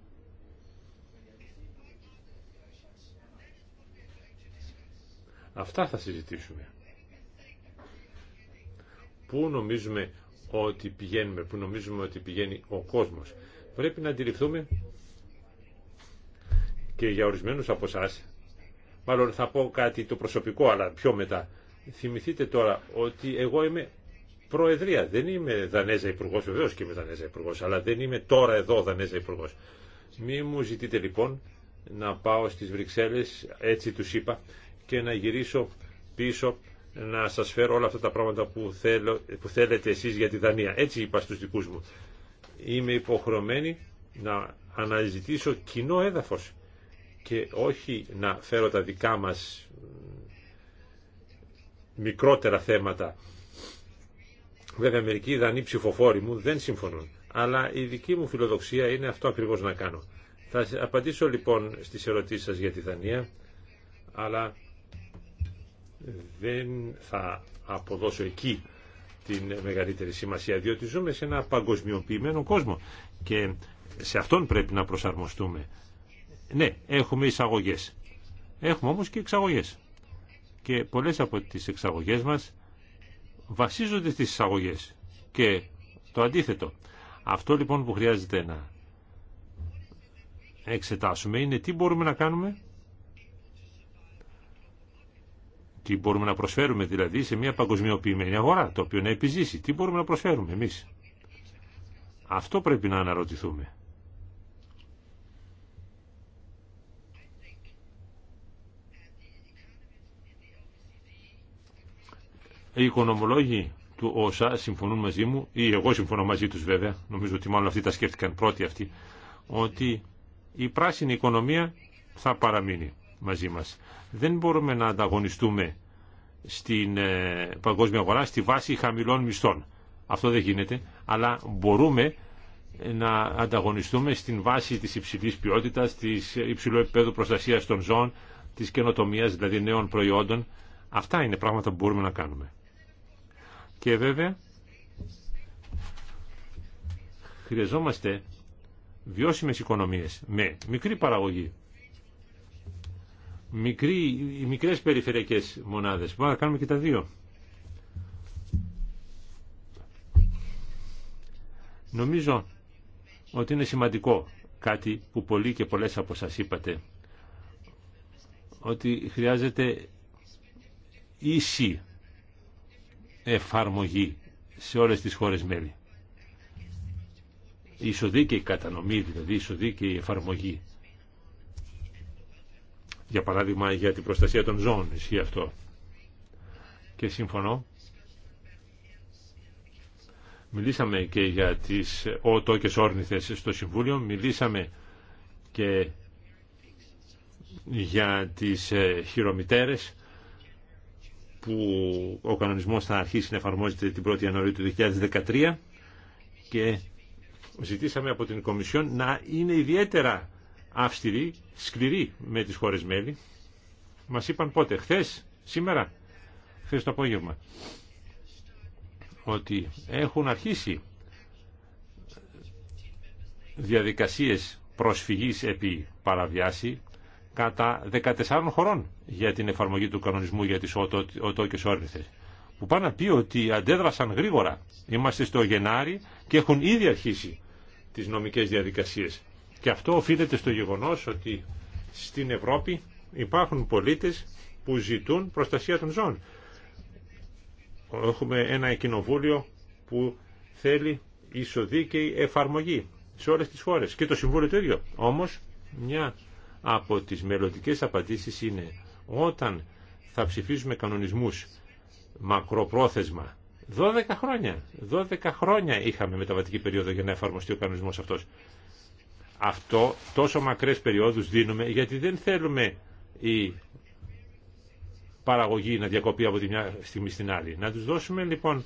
Αυτά θα συζητήσουμε πού νομίζουμε ότι πηγαίνουμε, πού νομίζουμε ότι πηγαίνει ο κόσμος. Πρέπει να αντιληφθούμε και για ορισμένους από εσά, μάλλον θα πω κάτι το προσωπικό αλλά πιο μετά. Θυμηθείτε τώρα ότι εγώ είμαι προεδρία, δεν είμαι Δανέζα Υπουργό, βεβαίω και είμαι Δανέζα Υπουργό, αλλά δεν είμαι τώρα εδώ Δανέζα Υπουργό. Μη μου ζητείτε λοιπόν να πάω στις Βρυξέλλες, έτσι τους είπα, και να γυρίσω πίσω να σας φέρω όλα αυτά τα πράγματα που, που θέλετε εσείς για τη Δανία. Έτσι είπα στους δικούς μου. Είμαι υποχρεωμένη να αναζητήσω κοινό έδαφος και όχι να φέρω τα δικά μας μικρότερα θέματα. Βέβαια μερικοί Δανείοι ψηφοφόροι μου δεν συμφωνούν, αλλά η δική μου φιλοδοξία είναι αυτό ακριβώς να κάνω. Θα απαντήσω λοιπόν στις ερωτήσεις σας για τη Δανία, αλλά δεν θα αποδώσω εκεί την μεγαλύτερη σημασία, διότι ζούμε σε ένα παγκοσμιοποιημένο κόσμο και σε αυτόν πρέπει να προσαρμοστούμε. Ναι, έχουμε εισαγωγές. Έχουμε όμως και εξαγωγές. Και πολλές από τις εξαγωγές μας βασίζονται στις εισαγωγές. Και το αντίθετο. Αυτό λοιπόν που χρειάζεται να εξετάσουμε είναι τι μπορούμε να κάνουμε Τι μπορούμε να προσφέρουμε δηλαδή σε μια παγκοσμιοποιημένη αγορά, το οποίο να επιζήσει. Τι μπορούμε να προσφέρουμε εμείς. Αυτό πρέπει να αναρωτηθούμε. Οι οικονομολόγοι του ΩΣΑ συμφωνούν μαζί μου, ή εγώ συμφωνώ μαζί τους βέβαια, νομίζω ότι μάλλον αυτοί τα σκέφτηκαν πρώτοι αυτοί, ότι η πράσινη οικονομία θα παραμείνει μαζί μας. Δεν μπορούμε να ανταγωνιστούμε στην ε, παγκόσμια αγορά στη βάση χαμηλών μισθών. Αυτό δεν γίνεται, αλλά μπορούμε να ανταγωνιστούμε στην βάση της υψηλής ποιότητας, της υψηλού επίπεδου προστασίας των ζώων, της καινοτομίας, δηλαδή νέων προϊόντων. Αυτά είναι πράγματα που μπορούμε να κάνουμε. Και βέβαια, χρειαζόμαστε βιώσιμες οικονομίες με μικρή παραγωγή, μικρή, οι μικρές περιφερειακές μονάδες. Μπορούμε να κάνουμε και τα δύο. Νομίζω ότι είναι σημαντικό κάτι που πολλοί και πολλές από σας είπατε ότι χρειάζεται ίση εφαρμογή σε όλες τις χώρες μέλη. Η ισοδίκαιη κατανομή, δηλαδή η ισοδίκαιη εφαρμογή για παράδειγμα για την προστασία των ζώων ισχύει αυτό. Και συμφωνώ. Μιλήσαμε και για τις οτόκες όρνηθες στο Συμβούλιο, μιλήσαμε και για τις ε, χειρομητέρες που ο κανονισμός θα αρχίσει να εφαρμόζεται την 1η Ιανουαρίου του 2013 και ζητήσαμε από την Κομισιόν να είναι ιδιαίτερα αυστηροί, σκληροί με τις χώρες μέλη. Μας είπαν πότε, χθες, σήμερα, χθες το απόγευμα, ότι έχουν αρχίσει διαδικασίες προσφυγής επί παραβιάση κατά 14 χωρών για την εφαρμογή του κανονισμού για τις οτόκες όρνηθες που πάνε να πει ότι αντέδρασαν γρήγορα. Είμαστε στο Γενάρη και έχουν ήδη αρχίσει τις νομικές διαδικασίες. Και αυτό οφείλεται στο γεγονός ότι στην Ευρώπη υπάρχουν πολίτες που ζητούν προστασία των ζώων. Έχουμε ένα κοινοβούλιο που θέλει ισοδίκαιη εφαρμογή σε όλες τις χώρες και το Συμβούλιο το ίδιο. Όμως μια από τις μελλοντικέ απαντήσεις είναι όταν θα ψηφίσουμε κανονισμούς μακροπρόθεσμα 12 χρόνια. 12 χρόνια είχαμε μεταβατική περίοδο για να εφαρμοστεί ο κανονισμός αυτός αυτό τόσο μακρές περιόδους δίνουμε γιατί δεν θέλουμε η παραγωγή να διακοπεί από τη μια στιγμή στην άλλη. Να τους δώσουμε λοιπόν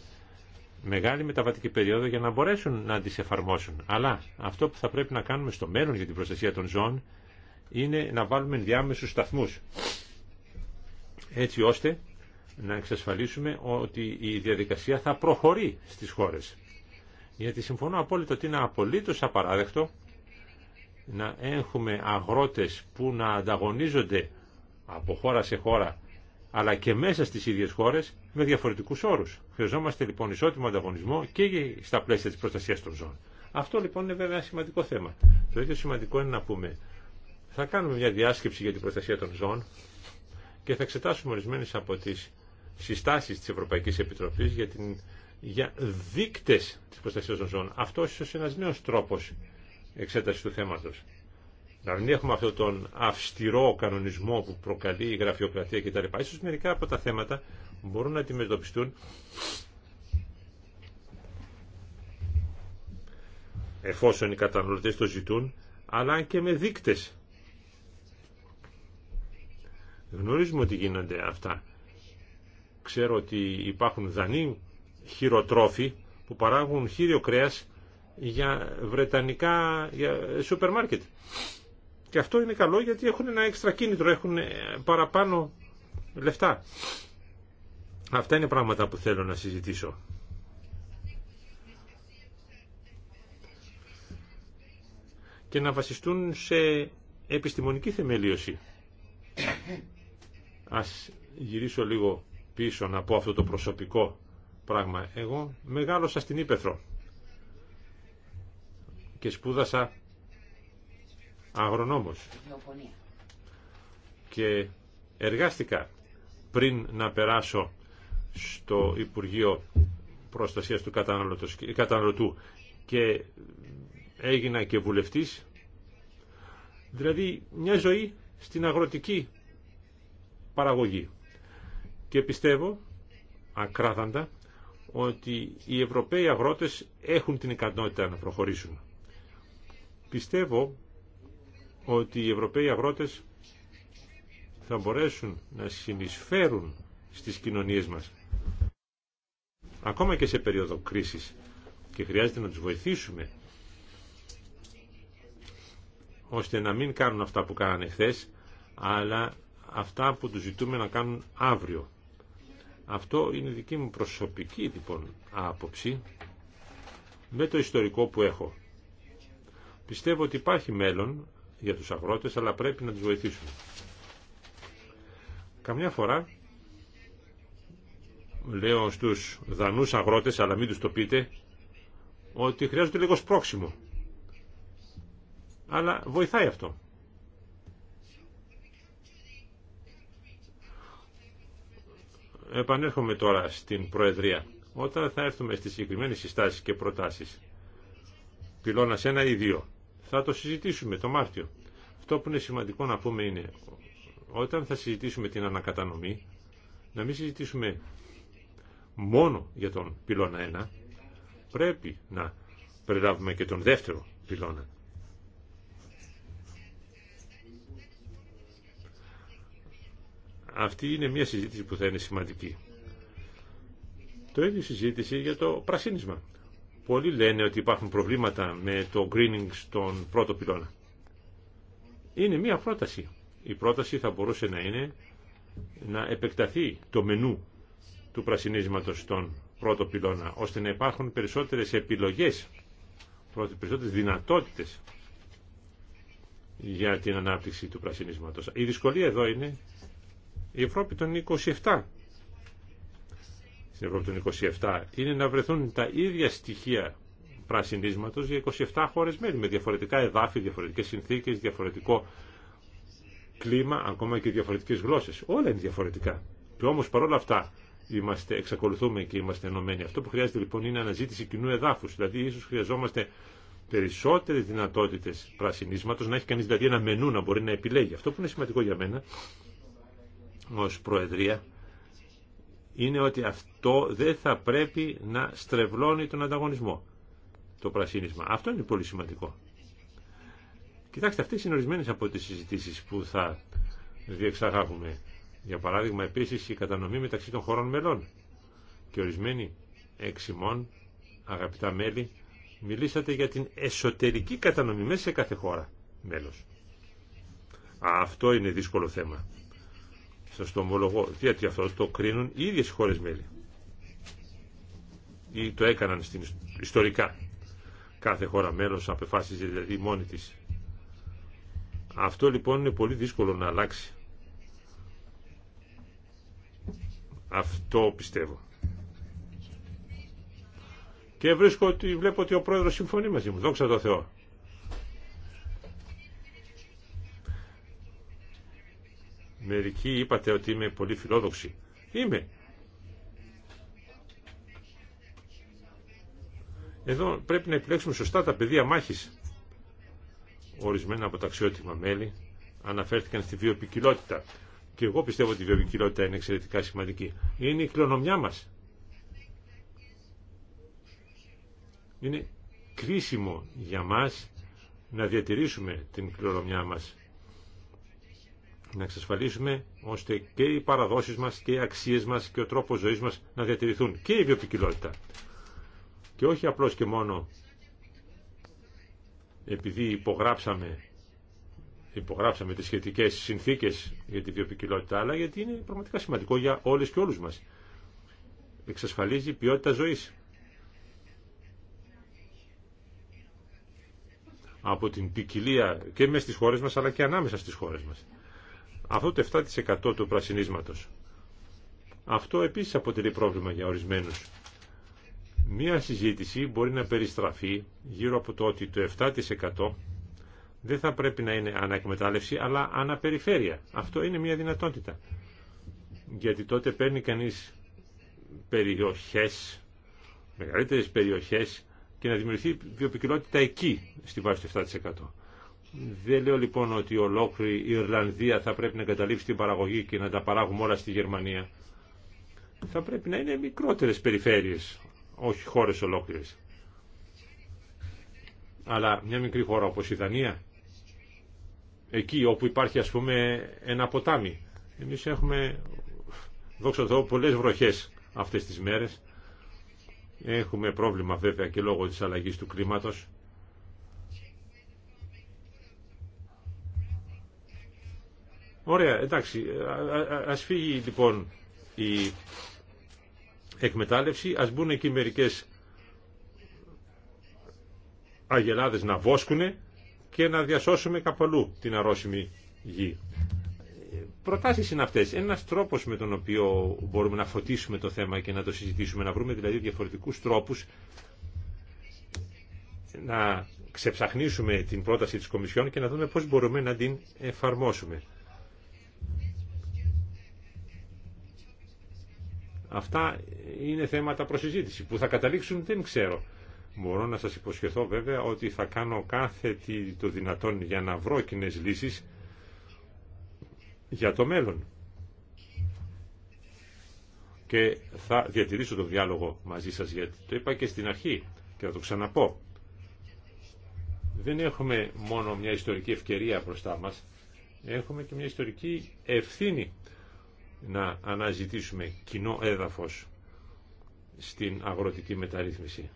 μεγάλη μεταβατική περίοδο για να μπορέσουν να τις εφαρμόσουν. Αλλά αυτό που θα πρέπει να κάνουμε στο μέλλον για την προστασία των ζώων είναι να βάλουμε διάμεσους σταθμούς έτσι ώστε να εξασφαλίσουμε ότι η διαδικασία θα προχωρεί στις χώρες. Γιατί συμφωνώ απόλυτο ότι είναι απολύτως απαράδεκτο να έχουμε αγρότες που να ανταγωνίζονται από χώρα σε χώρα αλλά και μέσα στις ίδιες χώρες με διαφορετικούς όρους. Χρειαζόμαστε λοιπόν ισότιμο ανταγωνισμό και στα πλαίσια της προστασίας των ζώων. Αυτό λοιπόν είναι βέβαια ένα σημαντικό θέμα. Το ίδιο σημαντικό είναι να πούμε θα κάνουμε μια διάσκεψη για την προστασία των ζώων και θα εξετάσουμε ορισμένε από τι συστάσει τη Ευρωπαϊκή Επιτροπή για, την, για δείκτες της προστασίας των ζώων. Αυτό ίσω είναι ένας νέος εξέταση του θέματος. Να μην έχουμε αυτόν τον αυστηρό κανονισμό που προκαλεί η γραφειοκρατία κτλ. Ίσως μερικά από τα θέματα μπορούν να αντιμετωπιστούν εφόσον οι καταναλωτές το ζητούν, αλλά και με δείκτες. Γνωρίζουμε ότι γίνονται αυτά. Ξέρω ότι υπάρχουν δανείοι χειροτρόφοι που παράγουν χείριο κρέας για βρετανικά για σούπερ μάρκετ. Και αυτό είναι καλό γιατί έχουν ένα έξτρα κίνητρο, έχουν παραπάνω λεφτά. Αυτά είναι πράγματα που θέλω να συζητήσω. Και να βασιστούν σε επιστημονική θεμελίωση. Ας γυρίσω λίγο πίσω να πω αυτό το προσωπικό πράγμα. Εγώ μεγάλωσα στην Ήπεθρο και σπούδασα αγρονόμος. Και εργάστηκα πριν να περάσω στο Υπουργείο Προστασίας του Καταναλωτού και έγινα και βουλευτής. Δηλαδή μια ζωή στην αγροτική παραγωγή. Και πιστεύω ακράδαντα ότι οι Ευρωπαίοι αγρότες έχουν την ικανότητα να προχωρήσουν. Πιστεύω ότι οι Ευρωπαίοι αγρότες θα μπορέσουν να συνεισφέρουν στις κοινωνίες μας. Ακόμα και σε περίοδο κρίσης και χρειάζεται να τους βοηθήσουμε ώστε να μην κάνουν αυτά που κάνανε χθε, αλλά αυτά που τους ζητούμε να κάνουν αύριο. Αυτό είναι δική μου προσωπική λοιπόν άποψη με το ιστορικό που έχω. Πιστεύω ότι υπάρχει μέλλον για τους αγρότες, αλλά πρέπει να τους βοηθήσουμε. Καμιά φορά λέω στους δανούς αγρότες, αλλά μην τους το πείτε, ότι χρειάζονται λίγο σπρόξιμο. Αλλά βοηθάει αυτό. Επανέρχομαι τώρα στην Προεδρία. Όταν θα έρθουμε στις συγκεκριμένες συστάσεις και προτάσεις, πυλώνας 1 ή 2, θα το συζητήσουμε το Μάρτιο. Αυτό που είναι σημαντικό να πούμε είναι όταν θα συζητήσουμε την ανακατανομή να μην συζητήσουμε μόνο για τον πυλώνα 1 πρέπει να περιλάβουμε και τον δεύτερο πυλώνα. Αυτή είναι μια συζήτηση που θα είναι σημαντική. Το ίδιο συζήτηση για το πρασίνισμα. Πολλοί λένε ότι υπάρχουν προβλήματα με το greening στον πρώτο πυλώνα. Είναι μία πρόταση. Η πρόταση θα μπορούσε να είναι να επεκταθεί το μενού του πρασινίσματος στον πρώτο πυλώνα, ώστε να υπάρχουν περισσότερες επιλογές, περισσότερες δυνατότητες για την ανάπτυξη του πρασινίσματος. Η δυσκολία εδώ είναι η Ευρώπη των 27 στην Ευρώπη των 27 είναι να βρεθούν τα ίδια στοιχεία πρασινίσματος για 27 χώρες μέλη με διαφορετικά εδάφη, διαφορετικές συνθήκες, διαφορετικό κλίμα, ακόμα και διαφορετικές γλώσσες. Όλα είναι διαφορετικά. Και όμως παρόλα αυτά είμαστε, εξακολουθούμε και είμαστε ενωμένοι. Αυτό που χρειάζεται λοιπόν είναι αναζήτηση κοινού εδάφους. Δηλαδή ίσως χρειαζόμαστε περισσότερες δυνατότητες πρασινίσματος, να έχει κανείς δηλαδή ένα μενού να μπορεί να επιλέγει. Αυτό που είναι σημαντικό για μένα ως Προεδρία είναι ότι αυτό δεν θα πρέπει να στρεβλώνει τον ανταγωνισμό, το πρασίνισμα. Αυτό είναι πολύ σημαντικό. Κοιτάξτε, αυτές είναι ορισμένε από τις συζητήσεις που θα διεξαγάγουμε. Για παράδειγμα, επίσης, η κατανομή μεταξύ των χωρών μελών. Και ορισμένοι εξημών, αγαπητά μέλη, μιλήσατε για την εσωτερική κατανομή μέσα σε κάθε χώρα μέλος. Αυτό είναι δύσκολο θέμα. Σα το ομολογώ, διότι αυτό το κρίνουν οι ίδιες χώρε μέλη. Ή το έκαναν στην, ιστορικά. Κάθε χώρα μέλος απεφάσιζε δηλαδή μόνη τη. Αυτό λοιπόν είναι πολύ δύσκολο να αλλάξει. Αυτό πιστεύω. Και βρίσκω ότι βλέπω ότι ο πρόεδρος συμφωνεί μαζί μου. Δόξα τω Θεώ. Μερικοί είπατε ότι είμαι πολύ φιλόδοξη. Είμαι. Εδώ πρέπει να επιλέξουμε σωστά τα πεδία μάχης. Ορισμένα από τα αξιότιμα μέλη αναφέρθηκαν στη βιοπικιλότητα. Και εγώ πιστεύω ότι η βιοπικιλότητα είναι εξαιρετικά σημαντική. Είναι η κληρονομιά μας. Είναι κρίσιμο για μας να διατηρήσουμε την κληρονομιά μας να εξασφαλίσουμε ώστε και οι παραδόσεις μας και οι αξίες μας και ο τρόπος ζωής μας να διατηρηθούν και η βιοπικιλότητα. Και όχι απλώς και μόνο επειδή υπογράψαμε, υπογράψαμε τις σχετικές συνθήκες για τη βιοπικιλότητα, αλλά γιατί είναι πραγματικά σημαντικό για όλες και όλους μας. Εξασφαλίζει ποιότητα ζωής. Από την ποικιλία και μες στις χώρες μας, αλλά και ανάμεσα στις χώρες μας. Αυτό το 7% του πρασινίσματος. Αυτό επίσης αποτελεί πρόβλημα για ορισμένους. Μία συζήτηση μπορεί να περιστραφεί γύρω από το ότι το 7% δεν θα πρέπει να είναι ανακμετάλλευση αλλά αναπεριφέρεια. Αυτό είναι μια δυνατότητα. Γιατί τότε παίρνει κανείς περιοχές, μεγαλύτερες περιοχές και να δημιουργηθεί βιοπικιλότητα εκεί στη βάση του 7%. Δεν λέω λοιπόν ότι ολόκληρη η Ιρλανδία θα πρέπει να καταλήξει την παραγωγή και να τα παράγουμε όλα στη Γερμανία. Θα πρέπει να είναι μικρότερες περιφέρειες, όχι χώρες ολόκληρες. Αλλά μια μικρή χώρα όπω η Δανία, εκεί όπου υπάρχει ας πούμε ένα ποτάμι. Εμείς έχουμε, δόξα τω πολλέ βροχές αυτέ τι μέρε. Έχουμε πρόβλημα βέβαια και λόγω της αλλαγής του κλίματος. Ωραία, εντάξει, ας φύγει λοιπόν η εκμετάλλευση, ας μπουν εκεί μερικές αγελάδες να βόσκουνε και να διασώσουμε κάπου την αρρώσιμη γη. Προτάσεις είναι αυτές. Ένας τρόπος με τον οποίο μπορούμε να φωτίσουμε το θέμα και να το συζητήσουμε, να βρούμε δηλαδή διαφορετικούς τρόπους να ξεψαχνίσουμε την πρόταση της Κομισιόν και να δούμε πώς μπορούμε να την εφαρμόσουμε. Αυτά είναι θέματα προσυζήτηση που θα καταλήξουν δεν ξέρω. Μπορώ να σας υποσχεθώ βέβαια ότι θα κάνω κάθε τι το δυνατόν για να βρω κοινέ λύσεις για το μέλλον. Και θα διατηρήσω το διάλογο μαζί σας γιατί το είπα και στην αρχή και θα το ξαναπώ. Δεν έχουμε μόνο μια ιστορική ευκαιρία μπροστά μας, έχουμε και μια ιστορική ευθύνη να αναζητήσουμε κοινό έδαφος στην αγροτική μεταρρύθμιση.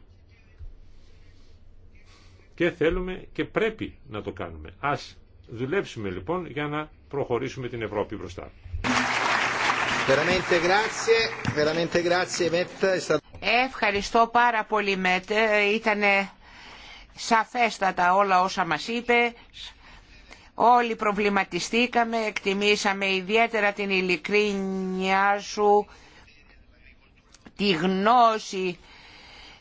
Και θέλουμε και πρέπει να το κάνουμε. Ας δουλέψουμε λοιπόν για να προχωρήσουμε την Ευρώπη μπροστά. Ευχαριστώ πάρα πολύ Μετ. Ήταν σαφέστατα όλα όσα μας είπε. Όλοι προβληματιστήκαμε, εκτιμήσαμε ιδιαίτερα την ειλικρίνειά σου, τη γνώση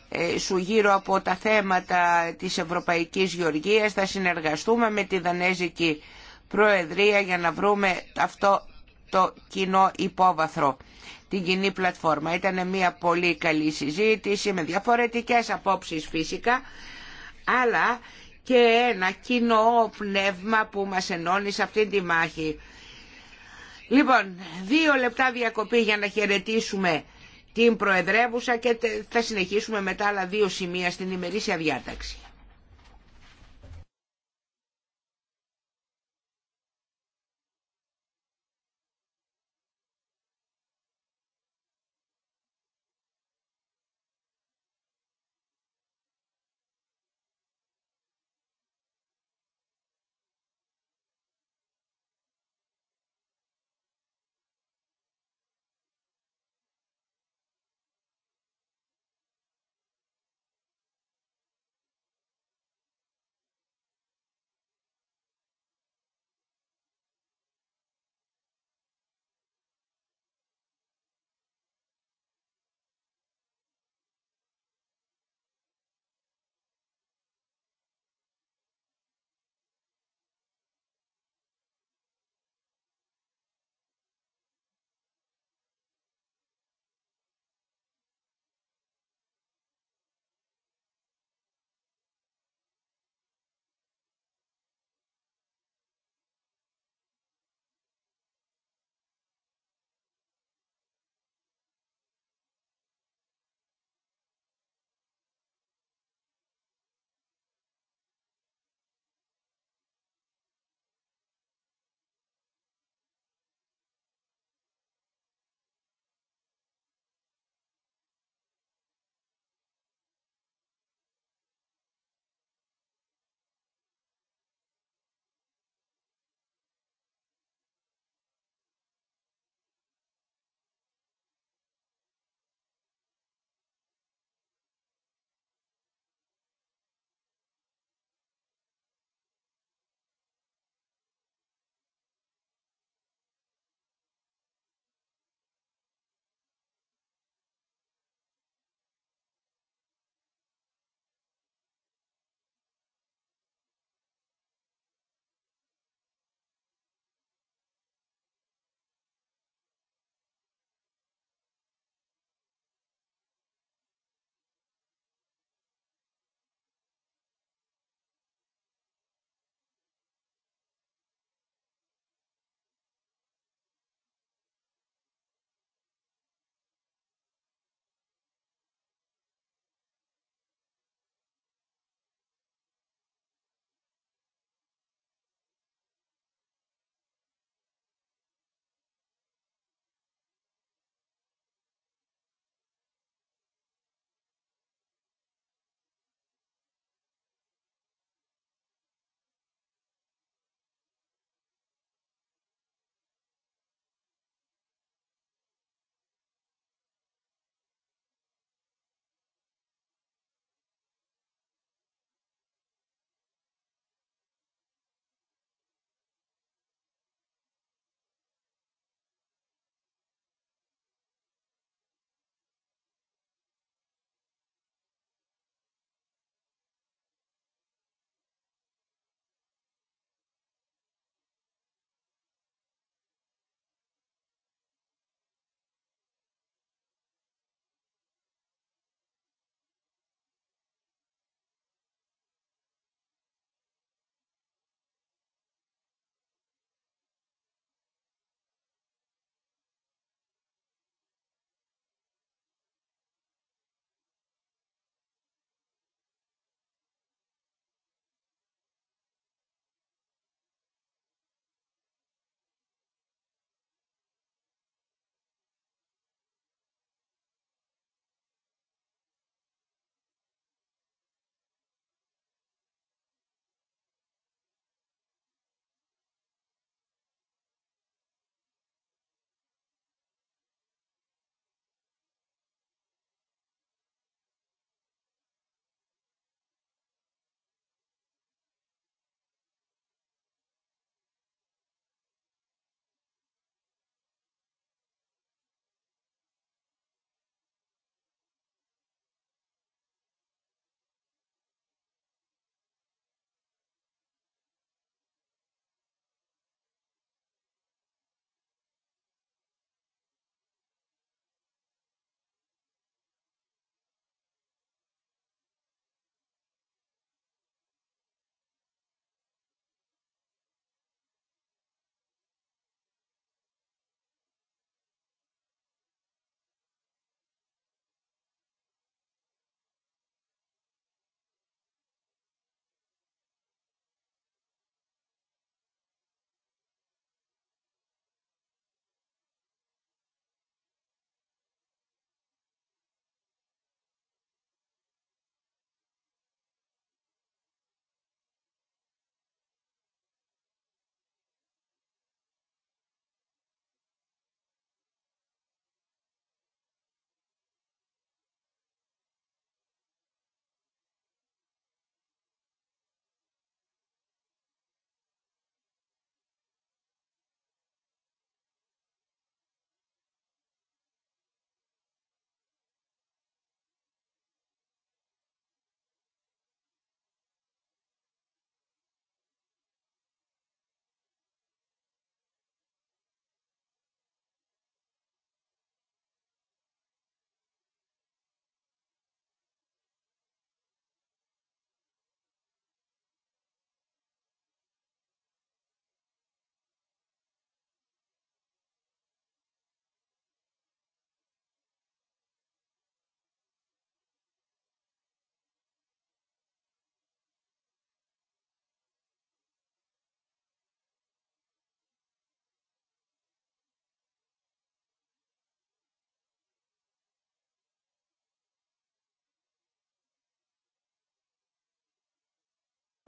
ε, σου γύρω από τα θέματα της Ευρωπαϊκής Γεωργίας. Θα συνεργαστούμε με τη Δανέζικη Προεδρία για να βρούμε αυτό το κοινό υπόβαθρο, την κοινή πλατφόρμα. Ήταν μια πολύ καλή συζήτηση με διαφορετικές απόψεις φυσικά, αλλά και ένα κοινό πνεύμα που μας ενώνει σε αυτή τη μάχη. Λοιπόν, δύο λεπτά διακοπή για να χαιρετήσουμε την Προεδρεύουσα και θα συνεχίσουμε μετά άλλα δύο σημεία στην ημερήσια διάταξη.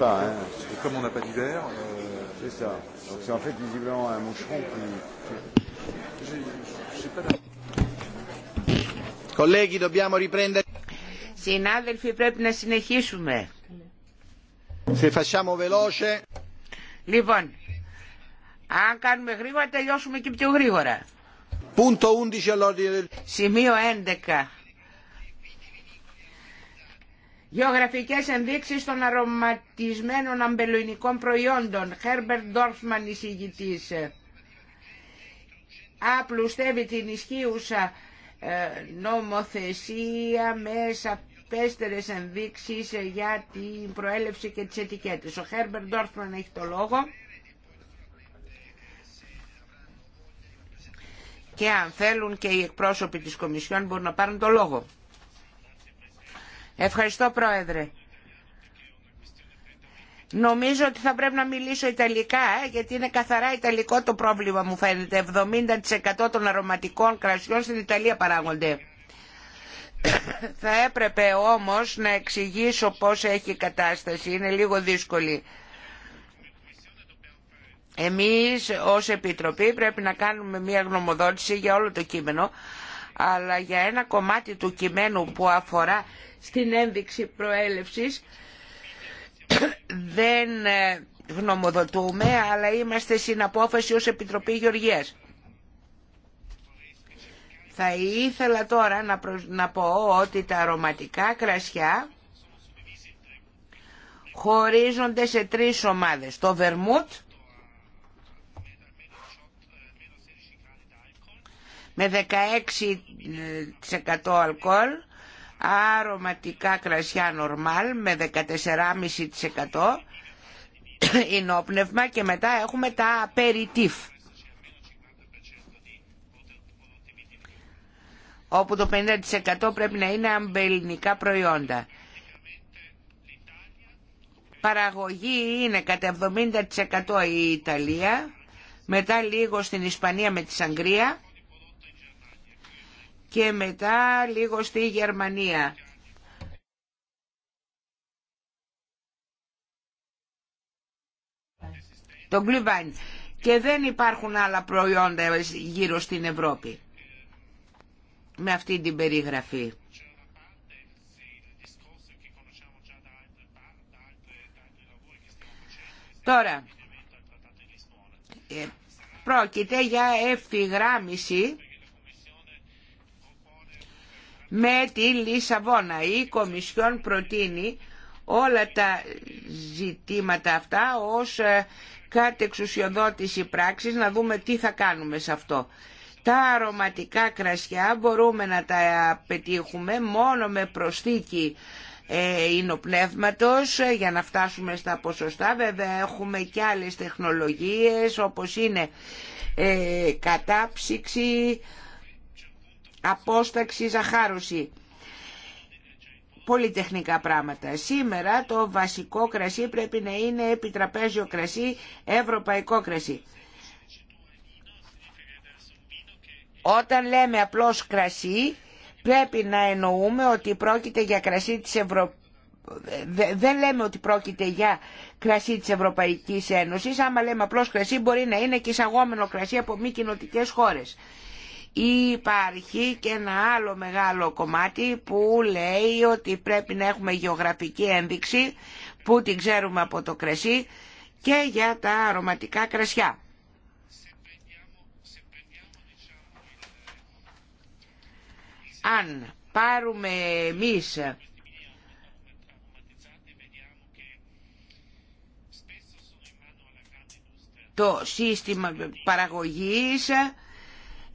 Pas, hein. Et comme on n'a pas d'hiver. Euh... C'est ça. Donc c'est en fait visiblement un moucheron qui. Colleghi, dobbiamo riprendere. Συνάδελφοι, πρέπει να συνεχίσουμε. Σε facciamo veloce. Λοιπόν, αν κάνουμε γρήγορα, τελειώσουμε και πιο γρήγορα. Punto 11 Σημείο 11. Γεωγραφικές ενδείξεις των αρωματισμένων αμπελοϊνικών προϊόντων. Χέρμπερτ Ντόρφμαν εισηγητής. Απλουστεύει την ισχύουσα ε, νομοθεσία με πέστερες ενδείξεις για την προέλευση και τις ετικέτες. Ο Χέρμπερτ Ντόρφμαν έχει το λόγο. Και αν θέλουν και οι εκπρόσωποι της Κομισιόν μπορούν να πάρουν το λόγο. Ευχαριστώ Πρόεδρε. Νομίζω ότι θα πρέπει να μιλήσω Ιταλικά, ε, γιατί είναι καθαρά Ιταλικό το πρόβλημα μου φαίνεται. 70% των αρωματικών κρασιών στην Ιταλία παράγονται. θα έπρεπε όμως να εξηγήσω πώς έχει η κατάσταση. Είναι λίγο δύσκολη. Εμείς ως Επιτροπή πρέπει να κάνουμε μια γνωμοδότηση για όλο το κείμενο αλλά για ένα κομμάτι του κειμένου που αφορά στην ένδειξη προέλευσης δεν ε, γνωμοδοτούμε, αλλά είμαστε στην απόφαση ως Επιτροπή Γεωργίας. Θα ήθελα τώρα να, πω ότι τα αρωματικά κρασιά χωρίζονται σε τρεις ομάδες. Το βερμούτ, με 16% αλκοόλ, αρωματικά κρασιά νορμάλ με 14,5% ενόπνευμα και μετά έχουμε τα απεριτίφ. όπου το 50% πρέπει να είναι αμπελινικά προϊόντα. Παραγωγή είναι κατά 70% η Ιταλία, μετά λίγο στην Ισπανία με τη Σαγκρία και μετά λίγο στη Γερμανία. Το Glühwein. Και δεν υπάρχουν άλλα προϊόντα γύρω στην Ευρώπη. Με αυτή την περιγραφή. Τώρα, ε, πρόκειται για ευθυγράμμιση με τη Λισαβόνα. Η Κομισιόν προτείνει όλα τα ζητήματα αυτά ως ε, κατεξουσιοδότηση πράξης να δούμε τι θα κάνουμε σε αυτό. Τα αρωματικά κρασιά μπορούμε να τα πετύχουμε μόνο με προσθήκη εινοπνεύματος... Ε, για να φτάσουμε στα ποσοστά. Βέβαια έχουμε και άλλες τεχνολογίες όπως είναι ε, κατάψυξη, απόσταξη ζαχάρωση. Πολυτεχνικά πράγματα. Σήμερα το βασικό κρασί πρέπει να είναι επιτραπέζιο κρασί, ευρωπαϊκό κρασί. Όταν λέμε απλώς κρασί, πρέπει να εννοούμε ότι πρόκειται για κρασί της Ευρωπαϊκής δεν λέμε ότι πρόκειται για κρασί της Ευρωπαϊκής Ένωσης, άμα λέμε απλώς κρασί μπορεί να είναι και εισαγόμενο κρασί από μη κοινοτικές χώρες. Υπάρχει και ένα άλλο μεγάλο κομμάτι που λέει ότι πρέπει να έχουμε γεωγραφική ένδειξη που την ξέρουμε από το κρεσί και για τα αρωματικά κρασιά. Αν πάρουμε εμείς το σύστημα παραγωγής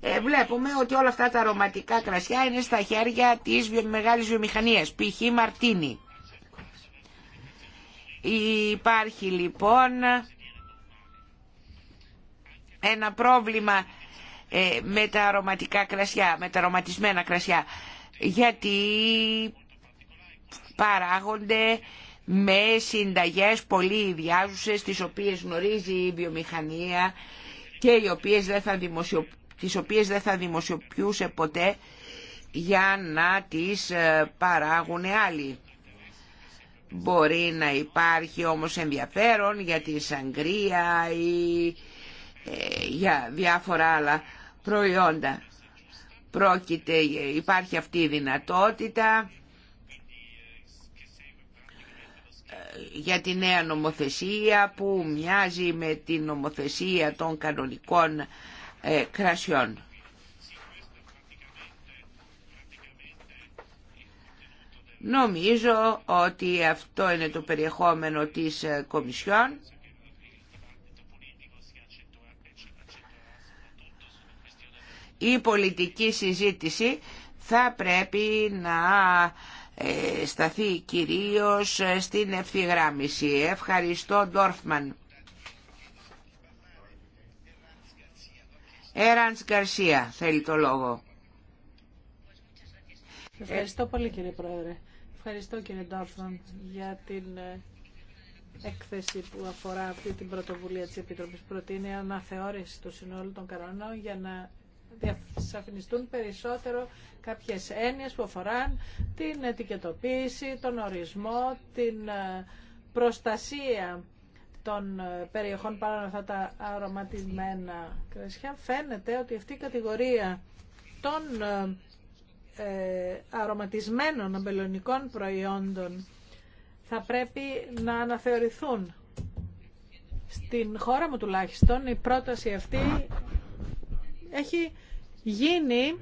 ε, βλέπουμε ότι όλα αυτά τα αρωματικά κρασιά είναι στα χέρια της μεγάλης βιομηχανίας, π.χ. Μαρτίνι. Υπάρχει λοιπόν ένα πρόβλημα ε, με τα αρωματικά κρασιά, με τα αρωματισμένα κρασιά, γιατί παράγονται με συνταγές πολύ ιδιάζουσες, τις οποίες γνωρίζει η βιομηχανία και οι οποίες δεν θα δημοσιοποιηθούν τις οποίες δεν θα δημοσιοποιούσε ποτέ για να τις ε, παράγουν άλλοι. Μπορεί να υπάρχει όμως ενδιαφέρον για τη σαγκρία ή ε, για διάφορα άλλα προϊόντα. Πρόκειται, υπάρχει αυτή η δυνατότητα ε, για τη νέα νομοθεσία που μοιάζει με την νομοθεσία των κανονικών ε, Νομίζω ότι αυτό είναι το περιεχόμενο της ε, Κομισιόν. Η πολιτική συζήτηση θα πρέπει να ε, σταθεί κυρίως στην ευθυγράμμιση. Ευχαριστώ Ντόρφμαν. Έραντς Γκαρσία θέλει το λόγο. Ευχαριστώ πολύ κύριε Πρόεδρε. Ευχαριστώ κύριε Ντόρφμαν για την ε, έκθεση που αφορά αυτή την πρωτοβουλία της Επιτροπής. Προτείνει αναθεώρηση του συνόλου των κανονών για να διασαφινιστούν περισσότερο κάποιες έννοιες που αφοράν την ετικετοποίηση, τον ορισμό, την ε, προστασία των ε, περιοχών πάνω αυτά τα αρωματισμένα κρασιά, φαίνεται ότι αυτή η κατηγορία των ε, ε, αρωματισμένων αμπελονικών προϊόντων θα πρέπει να αναθεωρηθούν. Στην χώρα μου τουλάχιστον η πρόταση αυτή έχει γίνει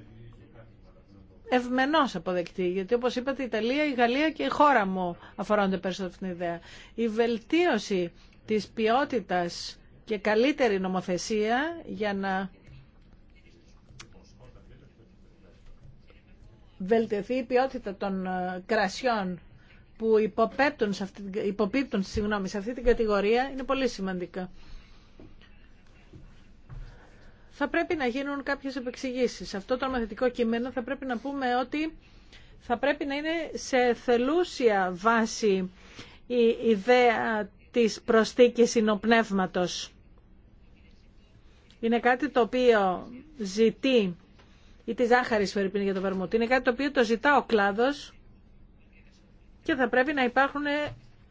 ευμενώς αποδεκτή, γιατί όπως είπατε η Ιταλία, η Γαλλία και η χώρα μου αφορώνται περισσότερο αυτήν την ιδέα. Η βελτίωση της ποιότητας και καλύτερη νομοθεσία για να βελτιωθεί η ποιότητα των ε, κρασιών που υποπέπτουν σε αυτή, υποπίπτουν συγγνώμη, σε αυτή την κατηγορία είναι πολύ σημαντικά. Θα πρέπει να γίνουν κάποιες επεξηγήσεις. Σε αυτό το νομοθετικό κείμενο θα πρέπει να πούμε ότι θα πρέπει να είναι σε θελούσια βάση η ιδέα της προσθήκης συνοπνεύματος. Είναι κάτι το οποίο ζητεί ή τη ζάχαρη φερρυπίνη για το βερμούτι. Είναι κάτι το οποίο το ζητά ο κλάδος και θα πρέπει να υπάρχουν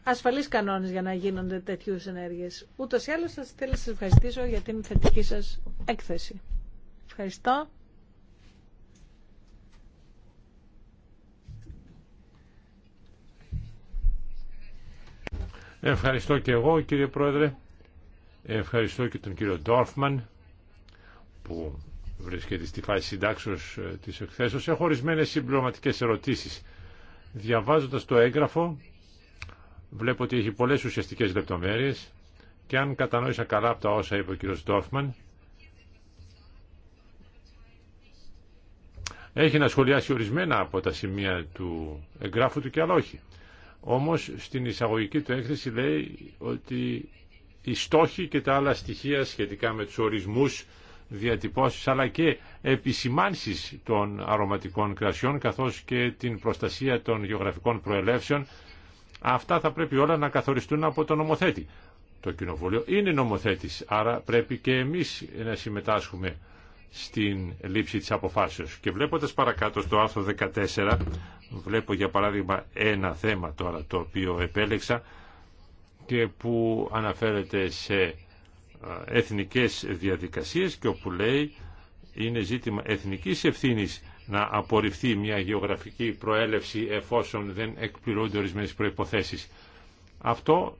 ασφαλείς κανόνες για να γίνονται τέτοιου ενέργειες. Ούτως ή άλλως σας θέλω να σας ευχαριστήσω για την θετική σας έκθεση. Ευχαριστώ. Ευχαριστώ και εγώ κύριε Πρόεδρε. Ευχαριστώ και τον κύριο Ντόρφμαν που βρίσκεται στη φάση συντάξεως ε, της εκθέσεως. Έχω ορισμένες συμπληρωματικές ερωτήσεις. Διαβάζοντας το έγγραφο βλέπω ότι έχει πολλές ουσιαστικές λεπτομέρειες και αν κατανόησα καλά από τα όσα είπε ο κύριος Ντόρφμαν έχει να σχολιάσει ορισμένα από τα σημεία του εγγράφου του και άλλα όχι. Όμως στην εισαγωγική του έκθεση λέει ότι οι στόχοι και τα άλλα στοιχεία σχετικά με τους ορισμούς διατυπώσεις αλλά και επισημάνσεις των αρωματικών κρασιών καθώς και την προστασία των γεωγραφικών προελεύσεων αυτά θα πρέπει όλα να καθοριστούν από τον νομοθέτη. Το Κοινοβούλιο είναι νομοθέτης άρα πρέπει και εμείς να συμμετάσχουμε στην λήψη της αποφάσεως. Και βλέποντας παρακάτω στο άρθρο 14, βλέπω για παράδειγμα ένα θέμα τώρα το οποίο επέλεξα και που αναφέρεται σε εθνικές διαδικασίες και όπου λέει είναι ζήτημα εθνικής ευθύνης να απορριφθεί μια γεωγραφική προέλευση εφόσον δεν εκπληρώνται ορισμένε προϋποθέσεις. Αυτό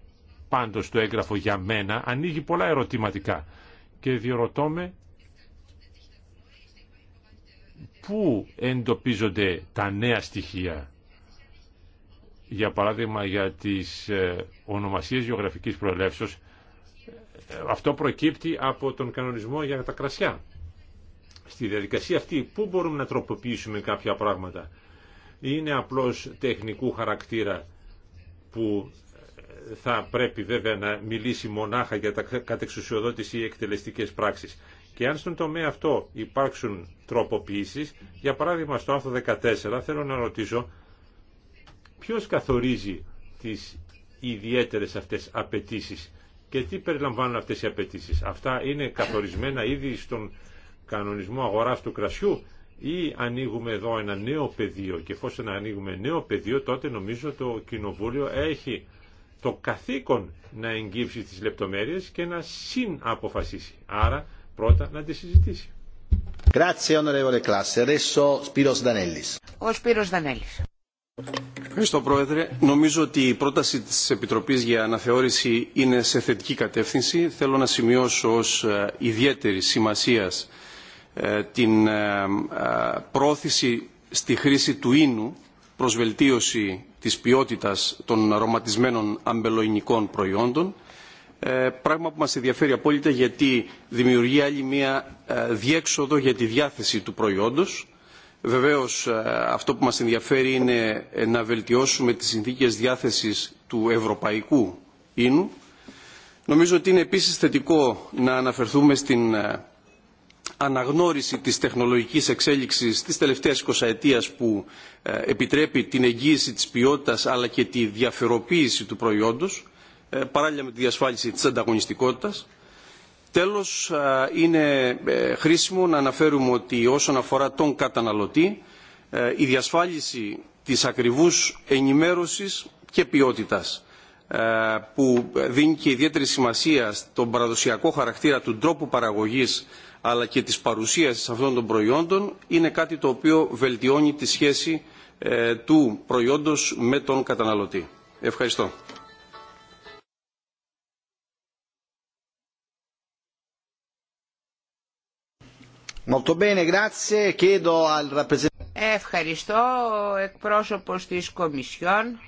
πάντως το έγγραφο για μένα ανοίγει πολλά ερωτηματικά και διορωτώ πού εντοπίζονται τα νέα στοιχεία. Για παράδειγμα για τις ε, ονομασίες γεωγραφικής προελεύσεως, ε, αυτό προκύπτει από τον κανονισμό για τα κρασιά. Στη διαδικασία αυτή πού μπορούμε να τροποποιήσουμε κάποια πράγματα. Είναι απλώς τεχνικού χαρακτήρα που ε, θα πρέπει βέβαια να μιλήσει μονάχα για τα κατεξουσιοδότηση ή εκτελεστικές πράξεις. Και αν στον τομέα αυτό υπάρξουν τροποποιήσεις, για παράδειγμα στο άρθρο 14 θέλω να ρωτήσω ποιος καθορίζει τις ιδιαίτερες αυτές απαιτήσεις και τι περιλαμβάνουν αυτές οι απαιτήσεις. Αυτά είναι καθορισμένα ήδη στον κανονισμό αγοράς του κρασιού ή ανοίγουμε εδώ ένα νέο πεδίο και εφόσον ανοίγουμε νέο πεδίο τότε νομίζω το Κοινοβούλιο έχει το καθήκον να εγγύψει τις λεπτομέρειες και να συναποφασίσει. Άρα πρώτα να τη συζητήσει. Ευχαριστώ Πρόεδρε. Νομίζω ότι η πρόταση της Επιτροπής για αναθεώρηση είναι σε θετική κατεύθυνση. Θέλω να σημειώσω ως ε, ιδιαίτερη σημασία ε, την ε, πρόθεση στη χρήση του ίνου προς βελτίωση της ποιότητας των αρωματισμένων αμπελοϊνικών προϊόντων ε, πράγμα που μας ενδιαφέρει απόλυτα γιατί δημιουργεί άλλη μία ε, διέξοδο για τη διάθεση του προϊόντος. Βεβαίως ε, αυτό που μας ενδιαφέρει είναι να βελτιώσουμε τις συνθήκες διάθεσης του ευρωπαϊκού ίνου. Νομίζω ότι είναι επίσης θετικό να αναφερθούμε στην αναγνώριση της τεχνολογικής εξέλιξης της τελευταίας 20 που επιτρέπει την εγγύηση της ποιότητας αλλά και τη διαφεροποίηση του προϊόντος ε, παράλληλα με τη διασφάλιση της ανταγωνιστικότητας. Τέλος, ε, είναι ε, χρήσιμο να αναφέρουμε ότι όσον αφορά τον καταναλωτή, η διασφάλιση της ακριβούς ενημέρωσης και ποιότητας που δίνει και ιδιαίτερη σημασία στον παραδοσιακό χαρακτήρα του τρόπου παραγωγής αλλά και της παρουσίας αυτών των προϊόντων είναι κάτι το οποίο βελτιώνει τη σχέση του προϊόντος με τον καταναλωτή. Ευχαριστώ. Ευχαριστώ ο εκπρόσωπος της Κομισιόν,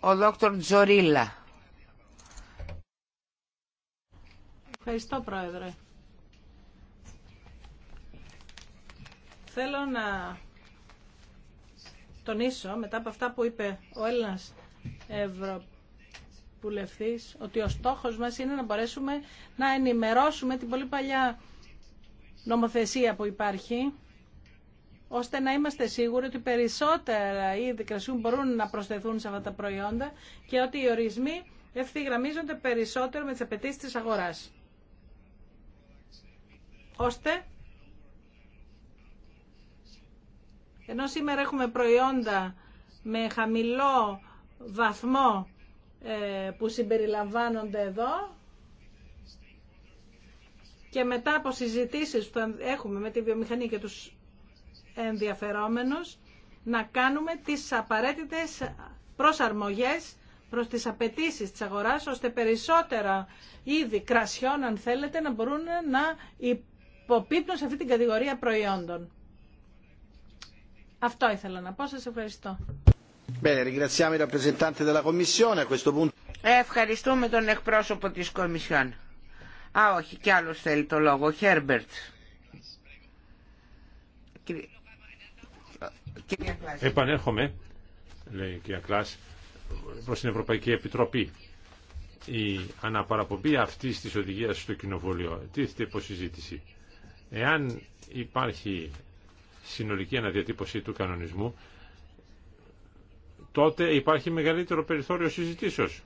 ο Δόκτωρ Τζορίλα. Ευχαριστώ Πρόεδρε. Θέλω να τονίσω μετά από αυτά που είπε ο Έλληνας Ευρωπαϊκός βουλευτής ότι ο στόχος μας είναι να μπορέσουμε να ενημερώσουμε την πολύ παλιά νομοθεσία που υπάρχει ώστε να είμαστε σίγουροι ότι περισσότερα είδη κρασιού μπορούν να προσθεθούν σε αυτά τα προϊόντα και ότι οι ορισμοί ευθυγραμμίζονται περισσότερο με τις απαιτήσει της αγοράς. Ώστε, ενώ σήμερα έχουμε προϊόντα με χαμηλό βαθμό ε, που συμπεριλαμβάνονται εδώ και μετά από συζητήσεις που έχουμε με τη βιομηχανία και τους ενδιαφερόμενους να κάνουμε τις απαραίτητες προσαρμογές προς τις απαιτήσει της αγοράς ώστε περισσότερα είδη κρασιών αν θέλετε να μπορούν να υποπίπτουν σε αυτή την κατηγορία προϊόντων. Αυτό ήθελα να πω. Σας ευχαριστώ. Ε, ευχαριστούμε τον εκπρόσωπο της Κομισιόν. Α, όχι, κι άλλος θέλει το λόγο. Χέρμπερτ. Επανέρχομαι, λέει η κυρία Κλάς, προς την Ευρωπαϊκή Επιτροπή. Η αναπαραπομπή αυτής της οδηγίας στο Κοινοβούλιο τίθεται υπό συζήτηση. Εάν υπάρχει συνολική αναδιατύπωση του κανονισμού, τότε υπάρχει μεγαλύτερο περιθώριο συζητήσεως.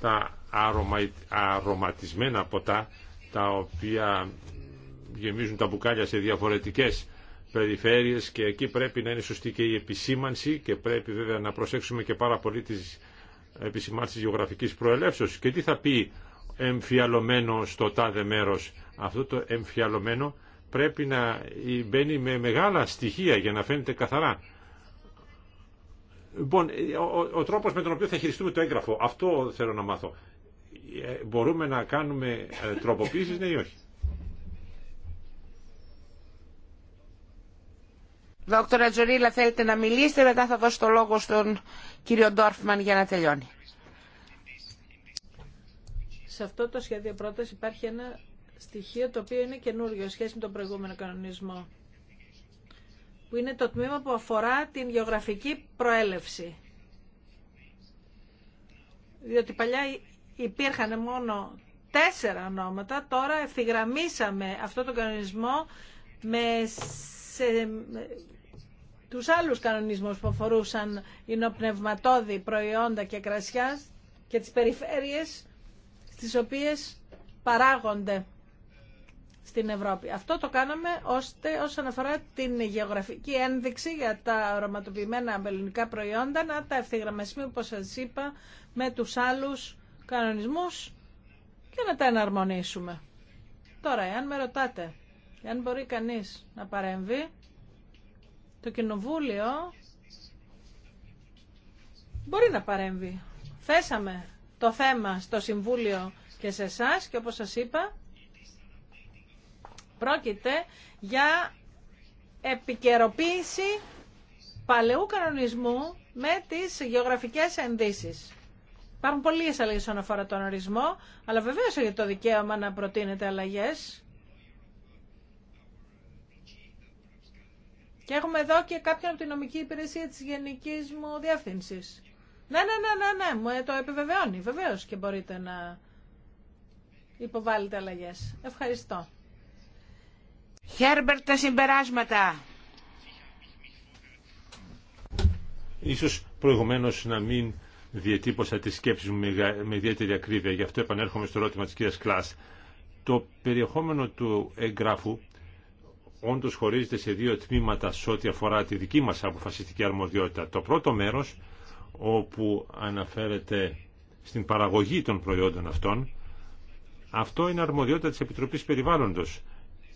Τα αρωμα, αρωματισμένα ποτά, τα οποία γεμίζουν τα μπουκάλια σε διαφορετικές περιφέρειες και εκεί πρέπει να είναι σωστή και η επισήμανση και πρέπει βέβαια να προσέξουμε και πάρα πολύ τις επισημάνσεις γεωγραφικής προελεύσεως. Και τι θα πει εμφιαλωμένο στο τάδε μέρος. Αυτό το εμφιαλωμένο πρέπει να μπαίνει με μεγάλα στοιχεία για να φαίνεται καθαρά. Λοιπόν, ε, ο, ο τρόπος με τον οποίο θα χειριστούμε το έγγραφο, αυτό θέλω να μάθω. Ε, μπορούμε να κάνουμε ε, τροποποίησεις, ναι ή όχι. Δόκτωρα Τζορίλα, θέλετε να μιλήσετε, μετά θα δώσω το λόγο στον κύριο Ντόρφμαν για να τελειώνει. Σε αυτό το σχέδιο πρόταση υπάρχει ένα στοιχείο το οποίο είναι καινούριο σχέση με τον προηγούμενο κανονισμό που είναι το τμήμα που αφορά την γεωγραφική προέλευση. Διότι παλιά υπήρχαν μόνο τέσσερα ονόματα, τώρα ευθυγραμμίσαμε αυτό το κανονισμό με σε, τους άλλους κανονισμούς που αφορούσαν υνοπνευματόδη προϊόντα και κρασιά και τις περιφέρειες στις οποίες παράγονται στην Ευρώπη. Αυτό το κάναμε ώστε όσον αφορά την γεωγραφική ένδειξη για τα αρωματοποιημένα αμπελονικά προϊόντα να τα ευθυγραμμίσουμε όπως σας είπα με τους άλλους κανονισμούς και να τα εναρμονίσουμε. Τώρα, εάν με ρωτάτε, εάν μπορεί κανείς να παρέμβει, το Κοινοβούλιο μπορεί να παρέμβει. Φέσαμε το θέμα στο Συμβούλιο και σε εσά και όπως σας είπα, Πρόκειται για επικαιροποίηση παλαιού κανονισμού με τις γεωγραφικές ενδύσεις. Υπάρχουν πολλέ αλλαγέ όσον αφορά τον ορισμό, αλλά βεβαίω έχει το δικαίωμα να προτείνετε αλλαγέ. Και έχουμε εδώ και κάποιον από την νομική υπηρεσία της Γενικής μου διεύθυνση. Ναι, ναι, ναι, ναι, ναι, μου ε, το επιβεβαιώνει, βεβαίως και μπορείτε να υποβάλλετε αλλαγές. Ευχαριστώ. Χέρμπερτ, τα συμπεράσματα. Ίσως προηγουμένως να μην διατύπωσα τις σκέψεις μου με ιδιαίτερη ακρίβεια, γι' αυτό επανέρχομαι στο ερώτημα της κυρίας Κλάς. Το περιεχόμενο του εγγράφου όντως χωρίζεται σε δύο τμήματα σε ό,τι αφορά τη δική μας αποφασιστική αρμοδιότητα. Το πρώτο μέρος, όπου αναφέρεται στην παραγωγή των προϊόντων αυτών, αυτό είναι αρμοδιότητα της Επιτροπής Περιβάλλοντος.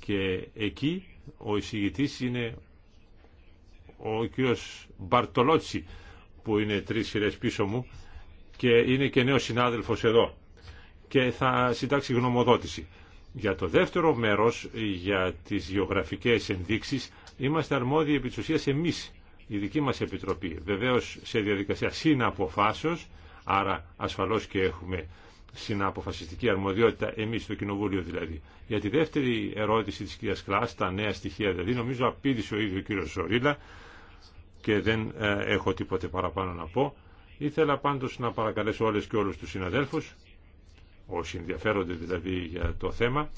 Και εκεί ο εισηγητής είναι ο κύριος Μπαρτολότσι που είναι τρεις σειρές πίσω μου και είναι και νέος συνάδελφος εδώ και θα συντάξει γνωμοδότηση. Για το δεύτερο μέρος, για τις γεωγραφικές ενδείξεις, είμαστε αρμόδιοι επί της εμείς, η δική μας Επιτροπή. Βεβαίως σε διαδικασία συναποφάσεως, άρα ασφαλώς και έχουμε συναποφασιστική αρμοδιότητα εμείς στο Κοινοβούλιο δηλαδή. Για τη δεύτερη ερώτηση της κυρίας Κλάς, τα νέα στοιχεία δηλαδή, νομίζω απήντησε ο ίδιο ο κύριος Σορίλα και δεν ε, έχω τίποτε παραπάνω να πω. Ήθελα πάντως να παρακαλέσω όλες και όλους τους συναδέλφους, όσοι ενδιαφέρονται δηλαδή για το θέμα,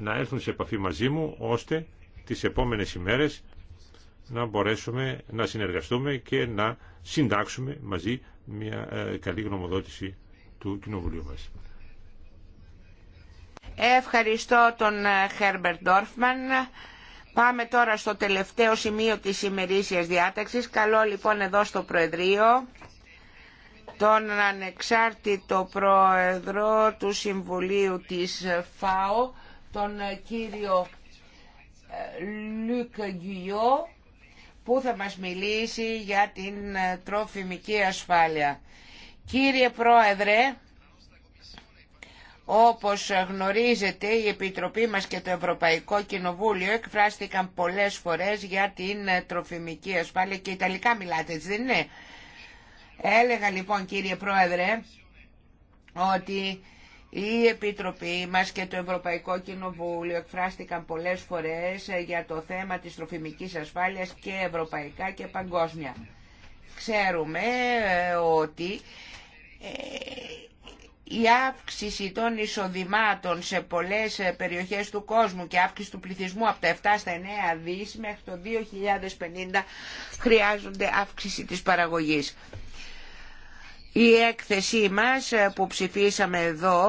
να έρθουν σε επαφή μαζί μου, ώστε τις επόμενες ημέρες να μπορέσουμε να συνεργαστούμε και να συντάξουμε μαζί μια ε, καλή γνωμοδότηση του Κοινοβουλίου μας. Ευχαριστώ τον Χέρμπερτ Ντόρφμαν. Πάμε τώρα στο τελευταίο σημείο της ημερήσιας διάταξης. Καλό λοιπόν εδώ στο Προεδρείο τον ανεξάρτητο Πρόεδρο του Συμβουλίου της ΦΑΟ, τον ε, κύριο ε, Λουκ Γκιό, που θα μας μιλήσει για την ε, τροφιμική ασφάλεια. Κύριε Πρόεδρε, όπως γνωρίζετε, η Επιτροπή μας και το Ευρωπαϊκό Κοινοβούλιο εκφράστηκαν πολλές φορές για την τροφιμική ασφάλεια και Ιταλικά μιλάτε, έτσι δεν είναι. Έλεγα λοιπόν κύριε Πρόεδρε ότι η Επιτροπή μας και το Ευρωπαϊκό Κοινοβούλιο εκφράστηκαν πολλές φορές για το θέμα της τροφιμικής ασφάλειας και ευρωπαϊκά και παγκόσμια. Ξέρουμε ε, ότι ε, η αύξηση των εισοδημάτων σε πολλές ε, περιοχές του κόσμου και αύξηση του πληθυσμού από τα 7 στα 9 δις μέχρι το 2050 χρειάζονται αύξηση της παραγωγής. Η έκθεσή μας ε, που ψηφίσαμε εδώ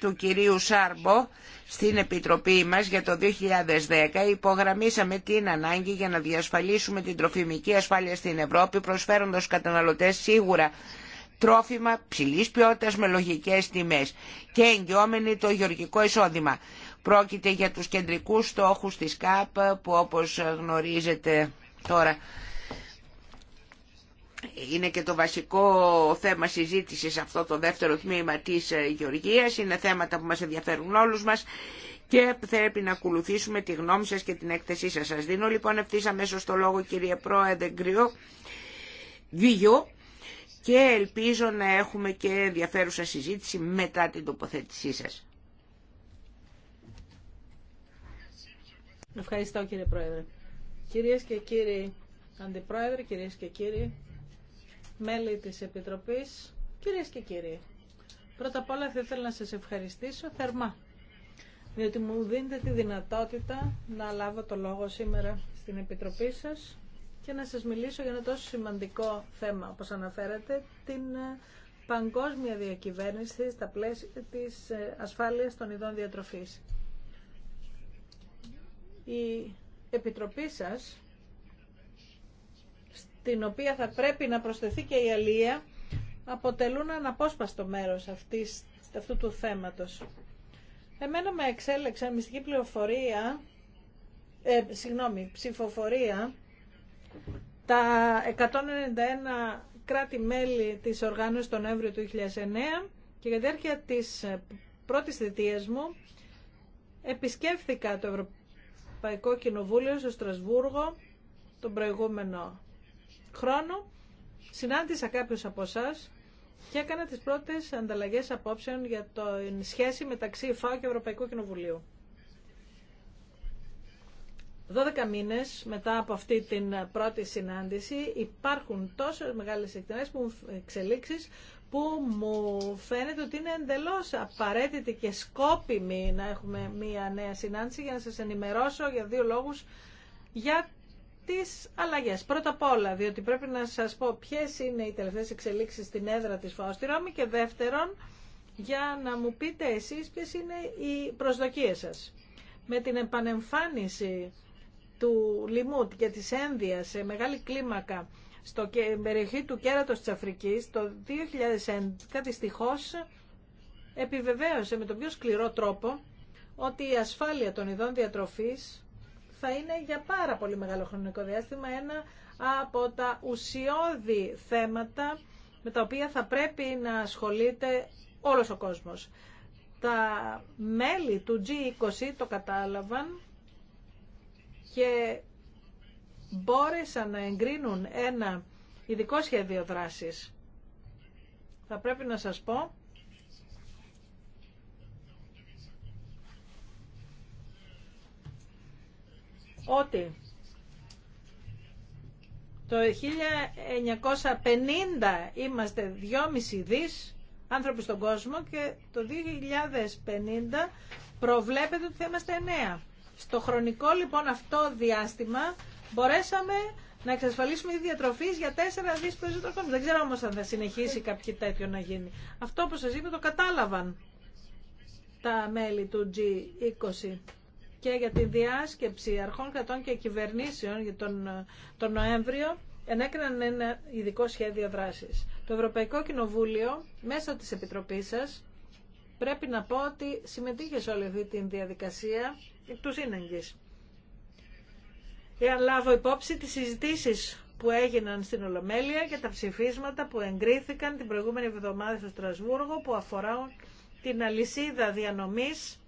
του κυρίου Σάρμπο στην Επιτροπή μας για το 2010 υπογραμμίσαμε την ανάγκη για να διασφαλίσουμε την τροφιμική ασφάλεια στην Ευρώπη προσφέροντας στους καταναλωτές σίγουρα τρόφιμα ψηλής ποιότητας με λογικές τιμές και εγγυόμενοι το γεωργικό εισόδημα. Πρόκειται για τους κεντρικούς στόχους της ΚΑΠ που όπως γνωρίζετε τώρα είναι και το βασικό θέμα συζήτησης αυτό το δεύτερο τμήμα της Γεωργίας. Είναι θέματα που μας ενδιαφέρουν όλους μας και πρέπει να ακολουθήσουμε τη γνώμη σας και την έκθεσή σας. Σας δίνω λοιπόν ευθύς αμέσως το λόγο κύριε Πρόεδρε Γκριό και ελπίζω να έχουμε και ενδιαφέρουσα συζήτηση μετά την τοποθέτησή σας. Ευχαριστώ κύριε Πρόεδρε. Κυρίες και κύριοι Αντιπρόεδροι, κυρίες και κύριοι μέλη της Επιτροπής, κυρίες και κύριοι. Πρώτα απ' όλα θα ήθελα να σας ευχαριστήσω θερμά, διότι μου δίνετε τη δυνατότητα να λάβω το λόγο σήμερα στην Επιτροπή σας και να σας μιλήσω για ένα τόσο σημαντικό θέμα, όπως αναφέρατε, την ε, παγκόσμια διακυβέρνηση στα πλαίσια της ε, ασφάλειας των ειδών διατροφής. Η Επιτροπή σας, στην οποία θα πρέπει να προσθεθεί και η Αλία, αποτελούν αναπόσπαστο μέρος αυτής, αυτού του θέματος. Εμένα με εξέλεξαν μυστική πληροφορία, ε, συγγνώμη, ψηφοφορία, τα 191 κράτη-μέλη της οργάνωσης τον Νοέμβριο του 2009 και για διάρκεια της πρώτης θητείας μου επισκέφθηκα το Ευρωπαϊκό Κοινοβούλιο στο Στρασβούργο τον προηγούμενο χρόνο. Συνάντησα κάποιους από εσά και έκανα τις πρώτες ανταλλαγές απόψεων για το σχέση μεταξύ ΦΑΟ και Ευρωπαϊκού Κοινοβουλίου. 12 μήνες μετά από αυτή την πρώτη συνάντηση υπάρχουν τόσο μεγάλες εκτενές που, εξελίξεις που μου φαίνεται ότι είναι εντελώς απαραίτητη και σκόπιμη να έχουμε μία νέα συνάντηση για να σας ενημερώσω για δύο λόγους για τις αλλαγές. Πρώτα απ' όλα, διότι πρέπει να σας πω ποιες είναι οι τελευταίες εξελίξεις στην έδρα της ΦΑΟ στη Ρώμη και δεύτερον, για να μου πείτε εσείς ποιες είναι οι προσδοκίες σας. Με την επανεμφάνιση του λιμού και της ένδυας σε μεγάλη κλίμακα στο περιοχή του κέρατος της Αφρικής το 2011 δυστυχώς επιβεβαίωσε με τον πιο σκληρό τρόπο ότι η ασφάλεια των ειδών διατροφής θα είναι για πάρα πολύ μεγάλο χρονικό διάστημα ένα από τα ουσιώδη θέματα με τα οποία θα πρέπει να ασχολείται όλος ο κόσμος. Τα μέλη του G20 το κατάλαβαν και μπόρεσαν να εγκρίνουν ένα ειδικό σχέδιο δράσης. Θα πρέπει να σας πω ότι το 1950 είμαστε 2,5 δις άνθρωποι στον κόσμο και το 2050 προβλέπεται ότι θα είμαστε 9. Στο χρονικό λοιπόν αυτό διάστημα μπορέσαμε να εξασφαλίσουμε η διατροφή για τέσσερα δις περισσότερο Δεν ξέρω όμως αν θα συνεχίσει κάποιο τέτοιο να γίνει. Αυτό που σας είπα το κατάλαβαν τα μέλη του G20 και για τη διάσκεψη αρχών κρατών και κυβερνήσεων για τον, τον Νοέμβριο ενέκριναν ένα ειδικό σχέδιο δράσης. Το Ευρωπαϊκό Κοινοβούλιο μέσα της Επιτροπής σας πρέπει να πω ότι συμμετείχε σε όλη αυτή τη διαδικασία του σύναγγης. Εάν λάβω υπόψη τις συζητήσεις που έγιναν στην Ολομέλεια και τα ψηφίσματα που εγκρίθηκαν την προηγούμενη εβδομάδα στο Στρασβούργο που αφορά την αλυσίδα διανομής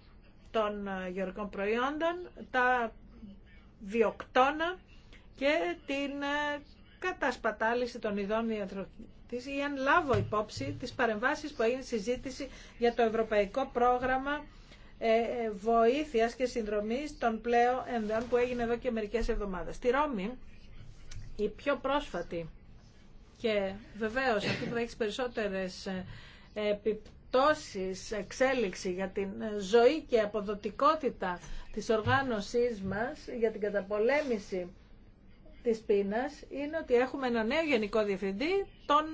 των ε, γεωργικών προϊόντων, τα διοκτώνα και την ε, κατασπατάληση των ειδών διατροφής ή αν λάβω υπόψη τις παρεμβάσεις που έγινε συζήτηση για το Ευρωπαϊκό Πρόγραμμα ε, ε, βοήθειας και συνδρομής των πλέον ενδεών που έγινε εδώ και μερικές εβδομάδες. Στη Ρώμη, η πιο πρόσφατη και βεβαίως αυτή που θα έχει περισσότερες ε, επιπτώσεις, εξέλιξη για την ζωή και αποδοτικότητα της οργάνωσής μας για την καταπολέμηση της πείνας είναι ότι έχουμε ένα νέο γενικό διευθυντή, τον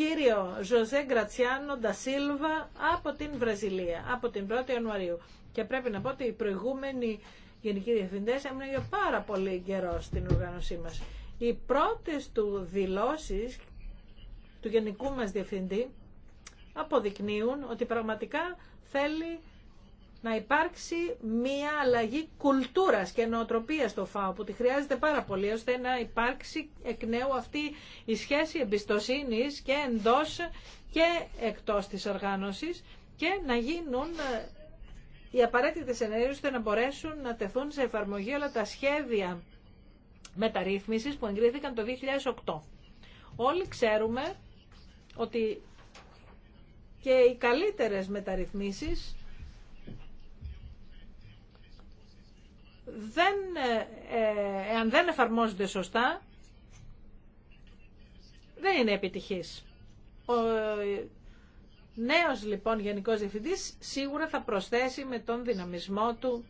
κύριο Ζωζέ Γκρατσιάνο Ντασίλβα από την Βραζιλία, από την 1η Ιανουαρίου. Και πρέπει να πω ότι οι προηγούμενοι γενικοί διευθυντέ έμειναν για πάρα πολύ καιρό στην οργάνωσή μα. Οι πρώτε του δηλώσει του γενικού μα διευθυντή αποδεικνύουν ότι πραγματικά θέλει να υπάρξει μία αλλαγή κουλτούρας και νοοτροπίας στο ΦΑΟ που τη χρειάζεται πάρα πολύ ώστε να υπάρξει εκ νέου αυτή η σχέση εμπιστοσύνης και εντός και εκτός της οργάνωσης και να γίνουν ε, οι απαραίτητες ενέργειες ώστε να μπορέσουν να τεθούν σε εφαρμογή όλα τα σχέδια μεταρρύθμισης που εγκρίθηκαν το 2008. Όλοι ξέρουμε ότι και οι καλύτερες μεταρρυθμίσεις δεν, ε, ε, εάν δεν εφαρμόζονται σωστά, δεν είναι επιτυχής. Ο ε, νέος λοιπόν Γενικός Διευθυντής σίγουρα θα προσθέσει με τον δυναμισμό του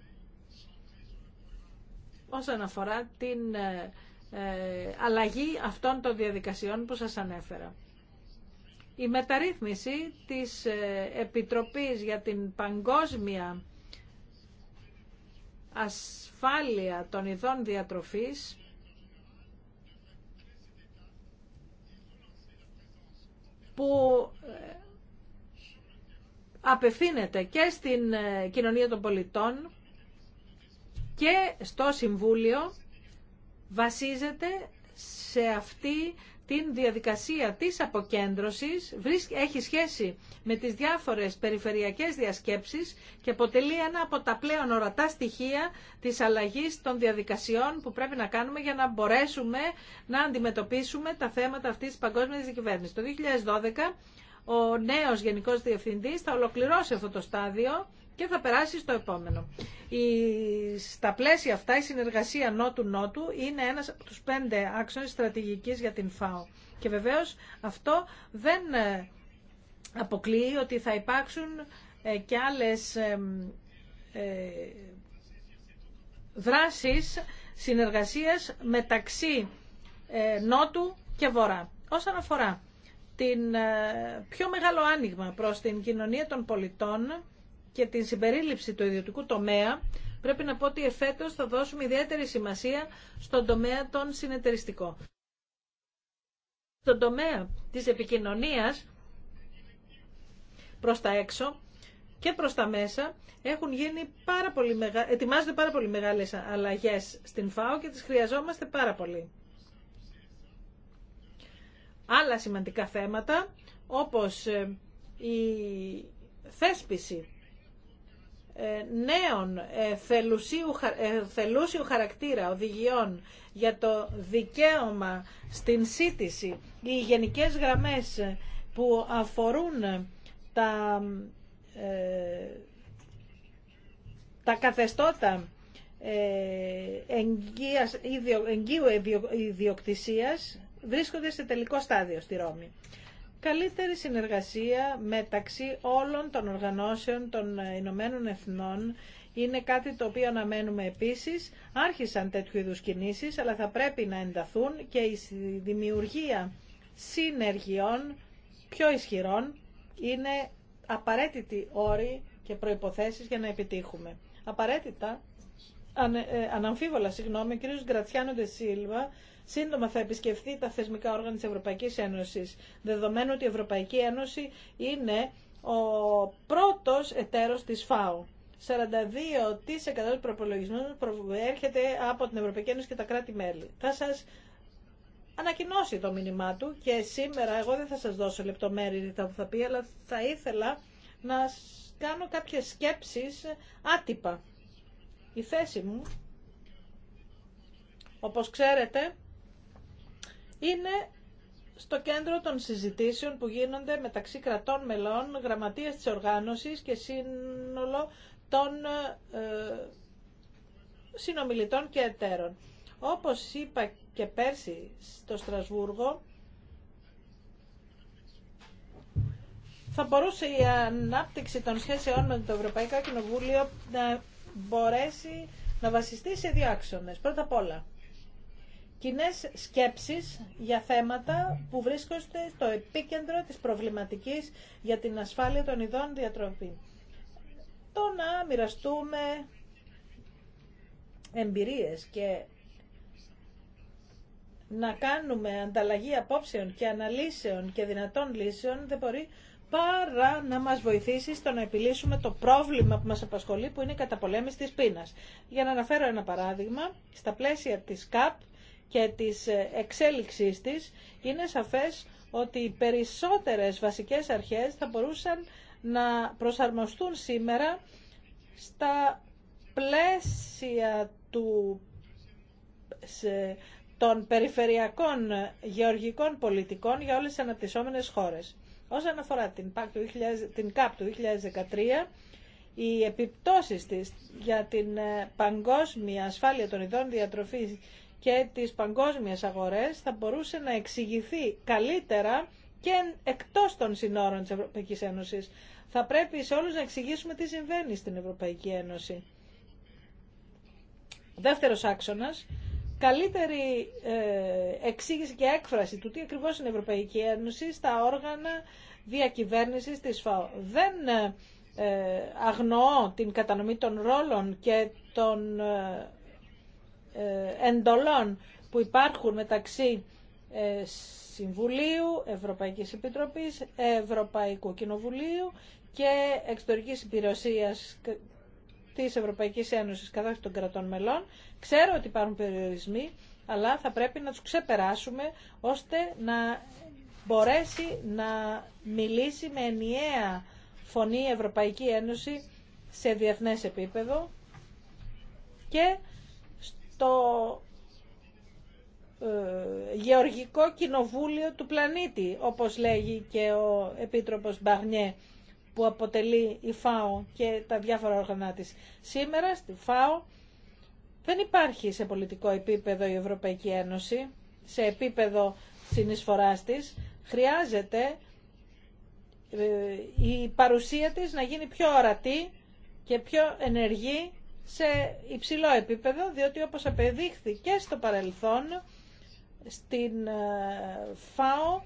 όσον αφορά την αλλαγή αυτών των διαδικασιών που σας ανέφερα. Η μεταρρύθμιση της Επιτροπής για την Παγκόσμια ασφάλεια των ειδών διατροφής που ε, απευθύνεται και στην ε, κοινωνία των πολιτών και στο Συμβούλιο βασίζεται σε αυτή την διαδικασία της αποκέντρωσης έχει σχέση με τις διάφορες περιφερειακές διασκέψεις και αποτελεί ένα από τα πλέον ορατά στοιχεία της αλλαγής των διαδικασιών που πρέπει να κάνουμε για να μπορέσουμε να αντιμετωπίσουμε τα θέματα αυτής της παγκόσμιας διακυβέρνησης. Το 2012 ο νέος Γενικός Διευθυντής θα ολοκληρώσει αυτό το στάδιο και θα περάσει στο επόμενο. Η, στα πλαίσια αυτά η συνεργασία νότου-νότου είναι ένας από τους πέντε άξονες στρατηγικής για την ΦΑΟ. Και βεβαίως αυτό δεν ε, αποκλείει ότι θα υπάρξουν ε, και άλλες ε, δράσεις συνεργασίας μεταξύ Νότου και Βορρά. Όσον αφορά την πιο μεγάλο άνοιγμα προς την κοινωνία των πολιτών και την συμπερίληψη του ιδιωτικού τομέα, πρέπει να πω ότι εφέτος θα δώσουμε ιδιαίτερη σημασία στον τομέα των συνεταιριστικών. Στον τομέα της επικοινωνίας προς τα έξω και προς τα μέσα έχουν γίνει πάρα πολύ μεγα... ετοιμάζονται πάρα πολύ μεγάλες αλλαγές στην ΦΑΟ και τις χρειαζόμαστε πάρα πολύ. Άλλα σημαντικά θέματα όπως ε, η θέσπιση ε, νέων ε, ε, θελούσιου χαρακτήρα οδηγιών για το δικαίωμα στην σύντηση, οι γενικές γραμμές που αφορούν τα, τα καθεστώτα εγγύου ιδιοκτησίας βρίσκονται σε τελικό στάδιο στη Ρώμη καλύτερη συνεργασία μεταξύ όλων των οργανώσεων των Ηνωμένων Εθνών είναι κάτι το οποίο αναμένουμε επίσης. Άρχισαν τέτοιου είδους κινήσεις, αλλά θα πρέπει να ενταθούν και η δημιουργία συνεργειών πιο ισχυρών είναι απαραίτητη όρη και προϋποθέσεις για να επιτύχουμε. Απαραίτητα, ε, αναμφίβολα, συγγνώμη, κ. Γκρατσιάνο σύντομα θα επισκεφθεί τα θεσμικά όργανα της Ευρωπαϊκής Ένωσης, δεδομένου ότι η Ευρωπαϊκή Ένωση είναι ο πρώτος εταίρος της ΦΑΟ. 42% του προπολογισμού έρχεται από την Ευρωπαϊκή Ένωση και τα κράτη-μέλη. Θα σας ανακοινώσει το μήνυμά του και σήμερα εγώ δεν θα σας δώσω λεπτομέρειες που θα πει, αλλά θα ήθελα να κάνω κάποιες σκέψεις άτυπα. Η θέση μου, όπως ξέρετε, είναι στο κέντρο των συζητήσεων που γίνονται μεταξύ κρατών μελών, γραμματείας της οργάνωσης και σύνολο των ε, συνομιλητών και εταίρων. Όπως είπα και πέρσι στο Στρασβούργο, θα μπορούσε η ανάπτυξη των σχέσεων με το Ευρωπαϊκό Κοινοβούλιο να μπορέσει να βασιστεί σε δύο άξονες. Πρώτα απ' όλα, κοινέ σκέψεις για θέματα που βρίσκονται στο επίκεντρο της προβληματικής για την ασφάλεια των ειδών διατροφή. Το να μοιραστούμε εμπειρίες και να κάνουμε ανταλλαγή απόψεων και αναλύσεων και δυνατών λύσεων δεν μπορεί παρά να μας βοηθήσει στο να επιλύσουμε το πρόβλημα που μας απασχολεί που είναι η καταπολέμηση της πείνας. Για να αναφέρω ένα παράδειγμα, στα πλαίσια της ΚΑΠ και της ε, εξέλιξής της, είναι σαφές ότι οι περισσότερες βασικές αρχές θα μπορούσαν να προσαρμοστούν σήμερα στα πλαίσια του, των περιφερειακών γεωργικών πολιτικών για όλες τις αναπτυσσόμενες χώρες. Όσον αφορά την, ΚΑΠ του 2013, οι επιπτώσεις της για την ε, παγκόσμια ασφάλεια των ειδών διατροφής και τις παγκόσμιες αγορές θα μπορούσε να εξηγηθεί καλύτερα και εκτός των συνόρων της Ευρωπαϊκής Ένωσης. Θα πρέπει σε όλους να εξηγήσουμε τι συμβαίνει στην Ευρωπαϊκή Ένωση. δεύτερος άξονας, καλύτερη ε, εξήγηση και έκφραση του τι ακριβώς είναι η Ευρωπαϊκή Ένωση στα όργανα διακυβέρνησης της ΦΑΟ. Δεν ε, αγνοώ την κατανομή των ρόλων και των ε, ε, εντολών που υπάρχουν μεταξύ ε, Συμβουλίου, Ευρωπαϊκής Επιτροπής, Ευρωπαϊκού Κοινοβουλίου και εξωτερικής υπηρεσίας της Ευρωπαϊκής Ένωσης κατά των κρατών μελών. Ξέρω ότι υπάρχουν περιορισμοί, αλλά θα πρέπει να τους ξεπεράσουμε ώστε να μπορέσει να μιλήσει με ενιαία φωνή η Ευρωπαϊκή Ένωση σε διεθνές επίπεδο και το ε, γεωργικό κοινοβούλιο του πλανήτη, όπως λέγει και ο Επίτροπος Μπαρνιέ που αποτελεί η ΦΑΟ και τα διάφορα όργανα της. Σήμερα στη ΦΑΟ δεν υπάρχει σε πολιτικό επίπεδο η Ευρωπαϊκή Ένωση, σε επίπεδο συνεισφοράς της. Χρειάζεται ε, η παρουσία της να γίνει πιο ορατή και πιο ενεργή σε υψηλό επίπεδο, διότι όπως απεδείχθη και στο παρελθόν, στην ε, ΦΑΟ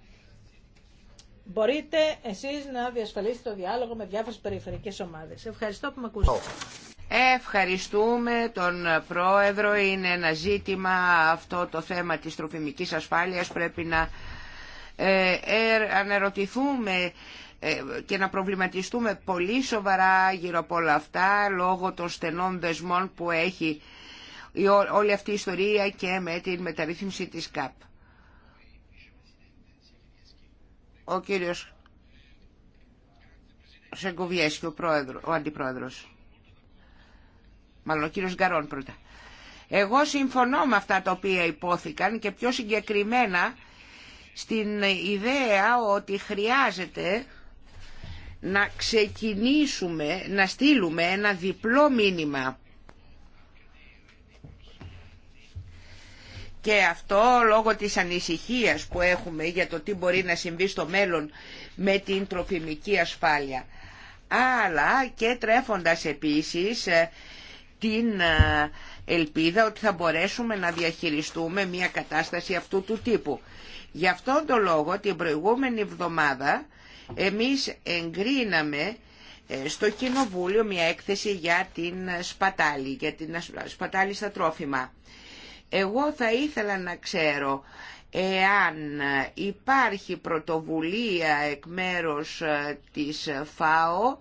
μπορείτε εσείς να διασφαλίσετε το διάλογο με διάφορες περιφερειακές ομάδες. Ευχαριστώ που με ακούσατε. Ευχαριστούμε τον Πρόεδρο. Είναι ένα ζήτημα αυτό το θέμα της τροφιμικής ασφάλειας. Πρέπει να ε, ε αναρωτηθούμε ε, και να προβληματιστούμε πολύ σοβαρά γύρω από όλα αυτά λόγω των στενών δεσμών που έχει όλη αυτή η ιστορία και με την μεταρρύθμιση της ΚΑΠ. Ο κύριος Σεγκοβιέσκη, ο, πρόεδρος, ο αντιπρόεδρος. Μάλλον ο κύριος Γκαρόν πρώτα. Εγώ συμφωνώ με αυτά τα οποία υπόθηκαν και πιο συγκεκριμένα στην ιδέα ότι χρειάζεται να ξεκινήσουμε, να στείλουμε ένα διπλό μήνυμα. Και αυτό λόγω της ανησυχίας που έχουμε για το τι μπορεί να συμβεί στο μέλλον με την τροφιμική ασφάλεια. Αλλά και τρέφοντας επίσης ε, την ε, ελπίδα ότι θα μπορέσουμε να διαχειριστούμε μια κατάσταση αυτού του τύπου. Γι' αυτόν τον λόγο την προηγούμενη εβδομάδα εμείς εγκρίναμε ε, στο Κοινοβούλιο μια έκθεση για την σπατάλη, για την σπατάλη στα τρόφιμα. Εγώ θα ήθελα να ξέρω εάν υπάρχει πρωτοβουλία εκ μέρους ε, της ΦΑΟ,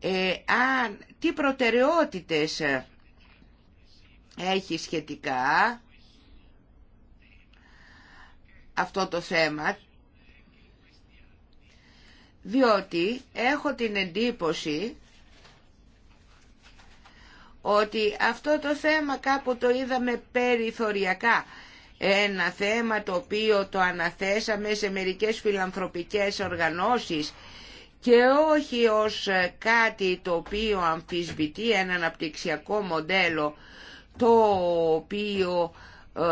εάν, τι προτεραιότητες ε, έχει σχετικά αυτό το θέμα, διότι έχω την εντύπωση ότι αυτό το θέμα κάπου το είδαμε περιθωριακά. Ένα θέμα το οποίο το αναθέσαμε σε μερικές φιλανθρωπικές οργανώσεις και όχι ως κάτι το οποίο αμφισβητεί ένα αναπτυξιακό μοντέλο το οποίο ε,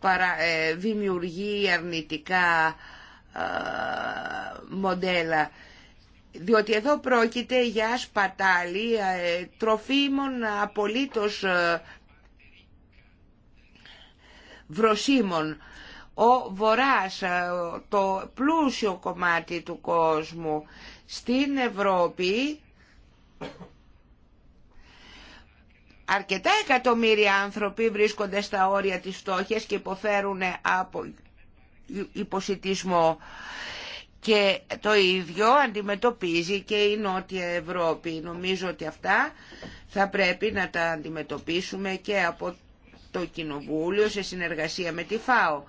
παρα, ε, δημιουργεί αρνητικά ε, μοντέλα. Διότι εδώ πρόκειται για σπατάλη ε, τροφίμων απολύτως ε, βροσίμων. Ο Βοράς, το πλούσιο κομμάτι του κόσμου στην Ευρώπη, αρκετά εκατομμύρια άνθρωποι βρίσκονται στα όρια της φτώχειας και υποφέρουν από και το ίδιο αντιμετωπίζει και η Νότια Ευρώπη. Νομίζω ότι αυτά θα πρέπει να τα αντιμετωπίσουμε και από το Κοινοβούλιο σε συνεργασία με τη ΦΑΟ.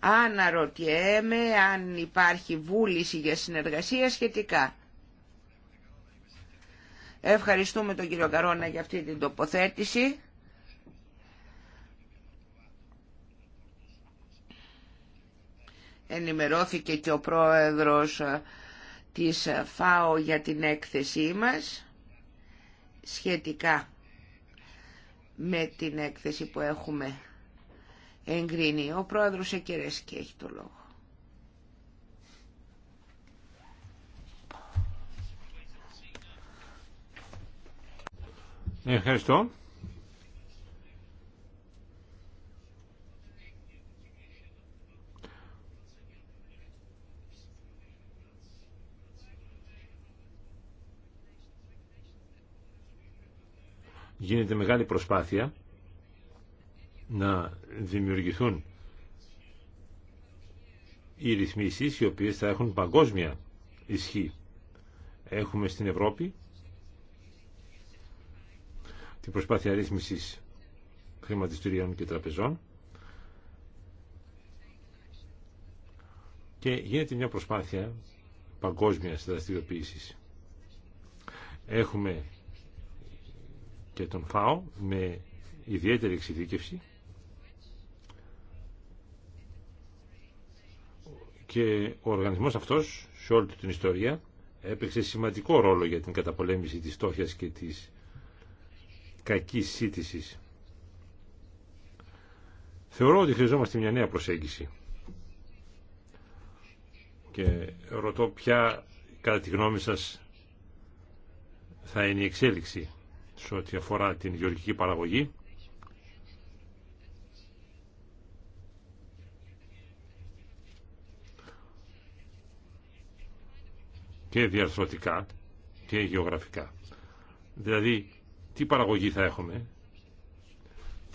Αναρωτιέμαι αν υπάρχει βούληση για συνεργασία σχετικά. Ευχαριστούμε τον κύριο Καρόνα για αυτή την τοποθέτηση. ενημερώθηκε και ο πρόεδρος ε, της ΦΑΟ για την έκθεσή μας σχετικά με την έκθεση που έχουμε εγκρίνει. Ο πρόεδρος Εκερέσκη έχει το λόγο. Ευχαριστώ. γίνεται μεγάλη προσπάθεια να δημιουργηθούν οι ρυθμίσεις οι οποίες θα έχουν παγκόσμια ισχύ. Έχουμε στην Ευρώπη την προσπάθεια ρύθμισης χρηματιστηριών και τραπεζών και γίνεται μια προσπάθεια παγκόσμιας δραστηριοποίηση. Έχουμε και τον ΦΑΟ με ιδιαίτερη εξειδίκευση και ο οργανισμός αυτός σε όλη την ιστορία έπαιξε σημαντικό ρόλο για την καταπολέμηση της στόχιας και της κακής σύντησης. Θεωρώ ότι χρειαζόμαστε μια νέα προσέγγιση και ρωτώ ποια κατά τη γνώμη σας θα είναι η εξέλιξη σε ό,τι αφορά την γεωργική παραγωγή. και διαρθρωτικά και γεωγραφικά. Δηλαδή, τι παραγωγή θα έχουμε,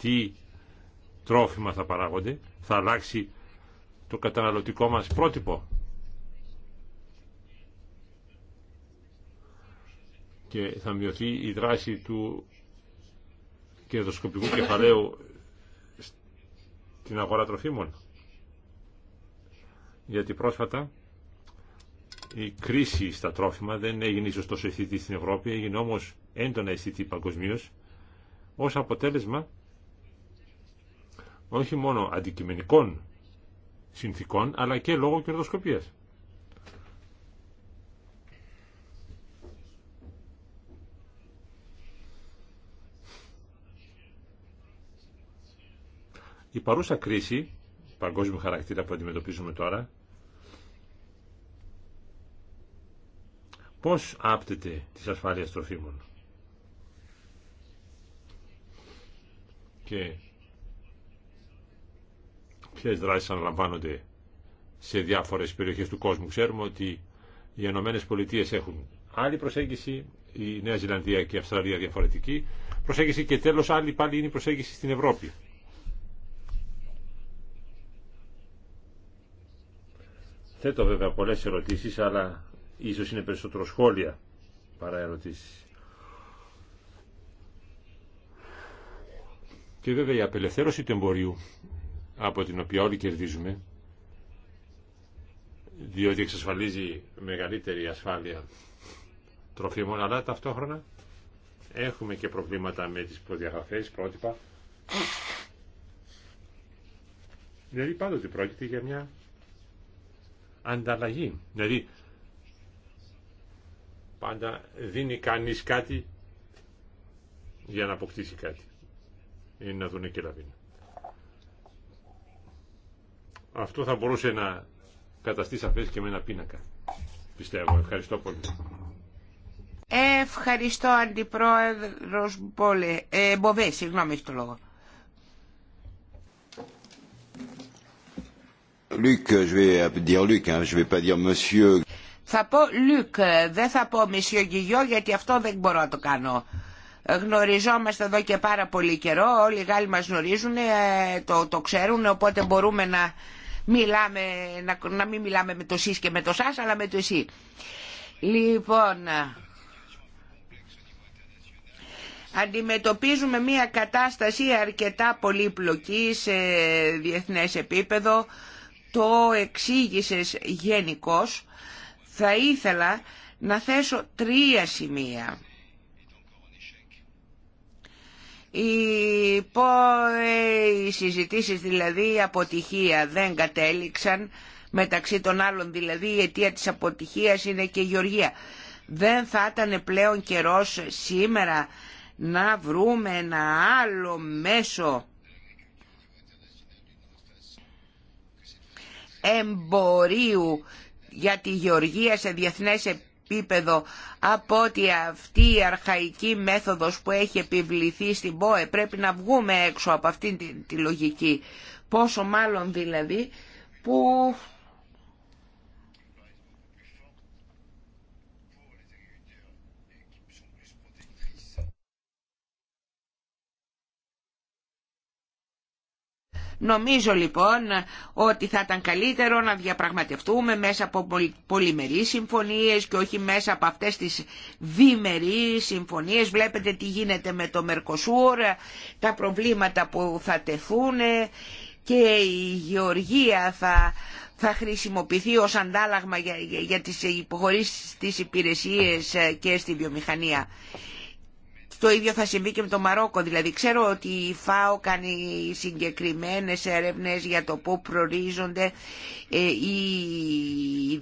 τι τρόφιμα θα παράγονται, θα αλλάξει το καταναλωτικό μας πρότυπο. και θα μειωθεί η δράση του κερδοσκοπικού κεφαλαίου στην αγορά τροφίμων. Γιατί πρόσφατα η κρίση στα τρόφιμα δεν έγινε ίσως τόσο αισθητή στην Ευρώπη, έγινε όμως έντονα αισθητή παγκοσμίω, ως αποτέλεσμα όχι μόνο αντικειμενικών συνθήκων, αλλά και λόγω κερδοσκοπίας. Η παρούσα κρίση, παγκόσμιο χαρακτήρα που αντιμετωπίζουμε τώρα, πώς άπτεται της ασφάλειας τροφίμων. Και ποιες δράσεις αναλαμβάνονται σε διάφορες περιοχές του κόσμου. Ξέρουμε ότι οι Ηνωμένε Πολιτείε έχουν άλλη προσέγγιση, η Νέα Ζηλανδία και η Αυστραλία διαφορετική προσέγγιση και τέλος άλλη πάλι είναι η προσέγγιση στην Ευρώπη. Θέτω βέβαια πολλές ερωτήσεις, αλλά ίσως είναι περισσότερο σχόλια παρά ερωτήσεις. Και βέβαια η απελευθέρωση του εμπορίου, από την οποία όλοι κερδίζουμε, διότι εξασφαλίζει μεγαλύτερη ασφάλεια τροφίμων, αλλά ταυτόχρονα έχουμε και προβλήματα με τις προδιαγραφές, πρότυπα. Δηλαδή πάντοτε πρόκειται για μια ανταλλαγή. Δηλαδή, πάντα δίνει κανείς κάτι για να αποκτήσει κάτι. ή να δουν και λαβίνα. Αυτό θα μπορούσε να καταστεί σαφέ και με ένα πίνακα. Πιστεύω. Ευχαριστώ πολύ. Ευχαριστώ Αντιπρόεδρος Μπολε, ε, Μποβέ, συγγνώμη στο λόγο. Θα πω Λουκ, δεν θα πω μισιο γιατί αυτό δεν μπορώ να το κάνω. Γνωριζόμαστε εδώ και πάρα πολύ καιρό, όλοι οι Γάλλοι μας γνωρίζουν, ε, το, το ξέρουν, οπότε μπορούμε να, μιλάμε, να, να μην μιλάμε με το ΣΥΣ και με το σας, αλλά με το εσύ. Λοιπόν, αντιμετωπίζουμε μια κατάσταση αρκετά πολύπλοκη σε διεθνές επίπεδο, το εξήγησες γενικώ, θα ήθελα να θέσω τρία σημεία. Οι, ε, οι συζητήσεις δηλαδή αποτυχία δεν κατέληξαν μεταξύ των άλλων δηλαδή η αιτία της αποτυχίας είναι και η Γεωργία. Δεν θα ήταν πλέον καιρός σήμερα να βρούμε ένα άλλο μέσο εμπορίου για τη γεωργία σε διεθνές επίπεδο από ότι αυτή η αρχαϊκή μέθοδος που έχει επιβληθεί στην ΠΟΕ πρέπει να βγούμε έξω από αυτή τη, τη λογική. Πόσο μάλλον δηλαδή που Νομίζω λοιπόν ότι θα ήταν καλύτερο να διαπραγματευτούμε μέσα από πολυμερείς συμφωνίες και όχι μέσα από αυτές τις διμερείς συμφωνίες. Βλέπετε τι γίνεται με το Μερκοσούρ, τα προβλήματα που θα τεθούν και η γεωργία θα, θα χρησιμοποιηθεί ως αντάλλαγμα για, για, για τις υποχωρήσεις υπηρεσίες και στη βιομηχανία. Το ίδιο θα συμβεί και με το Μαρόκο. Δηλαδή ξέρω ότι η ΦΑΟ κάνει συγκεκριμένες έρευνες για το πού προρίζονται ε, οι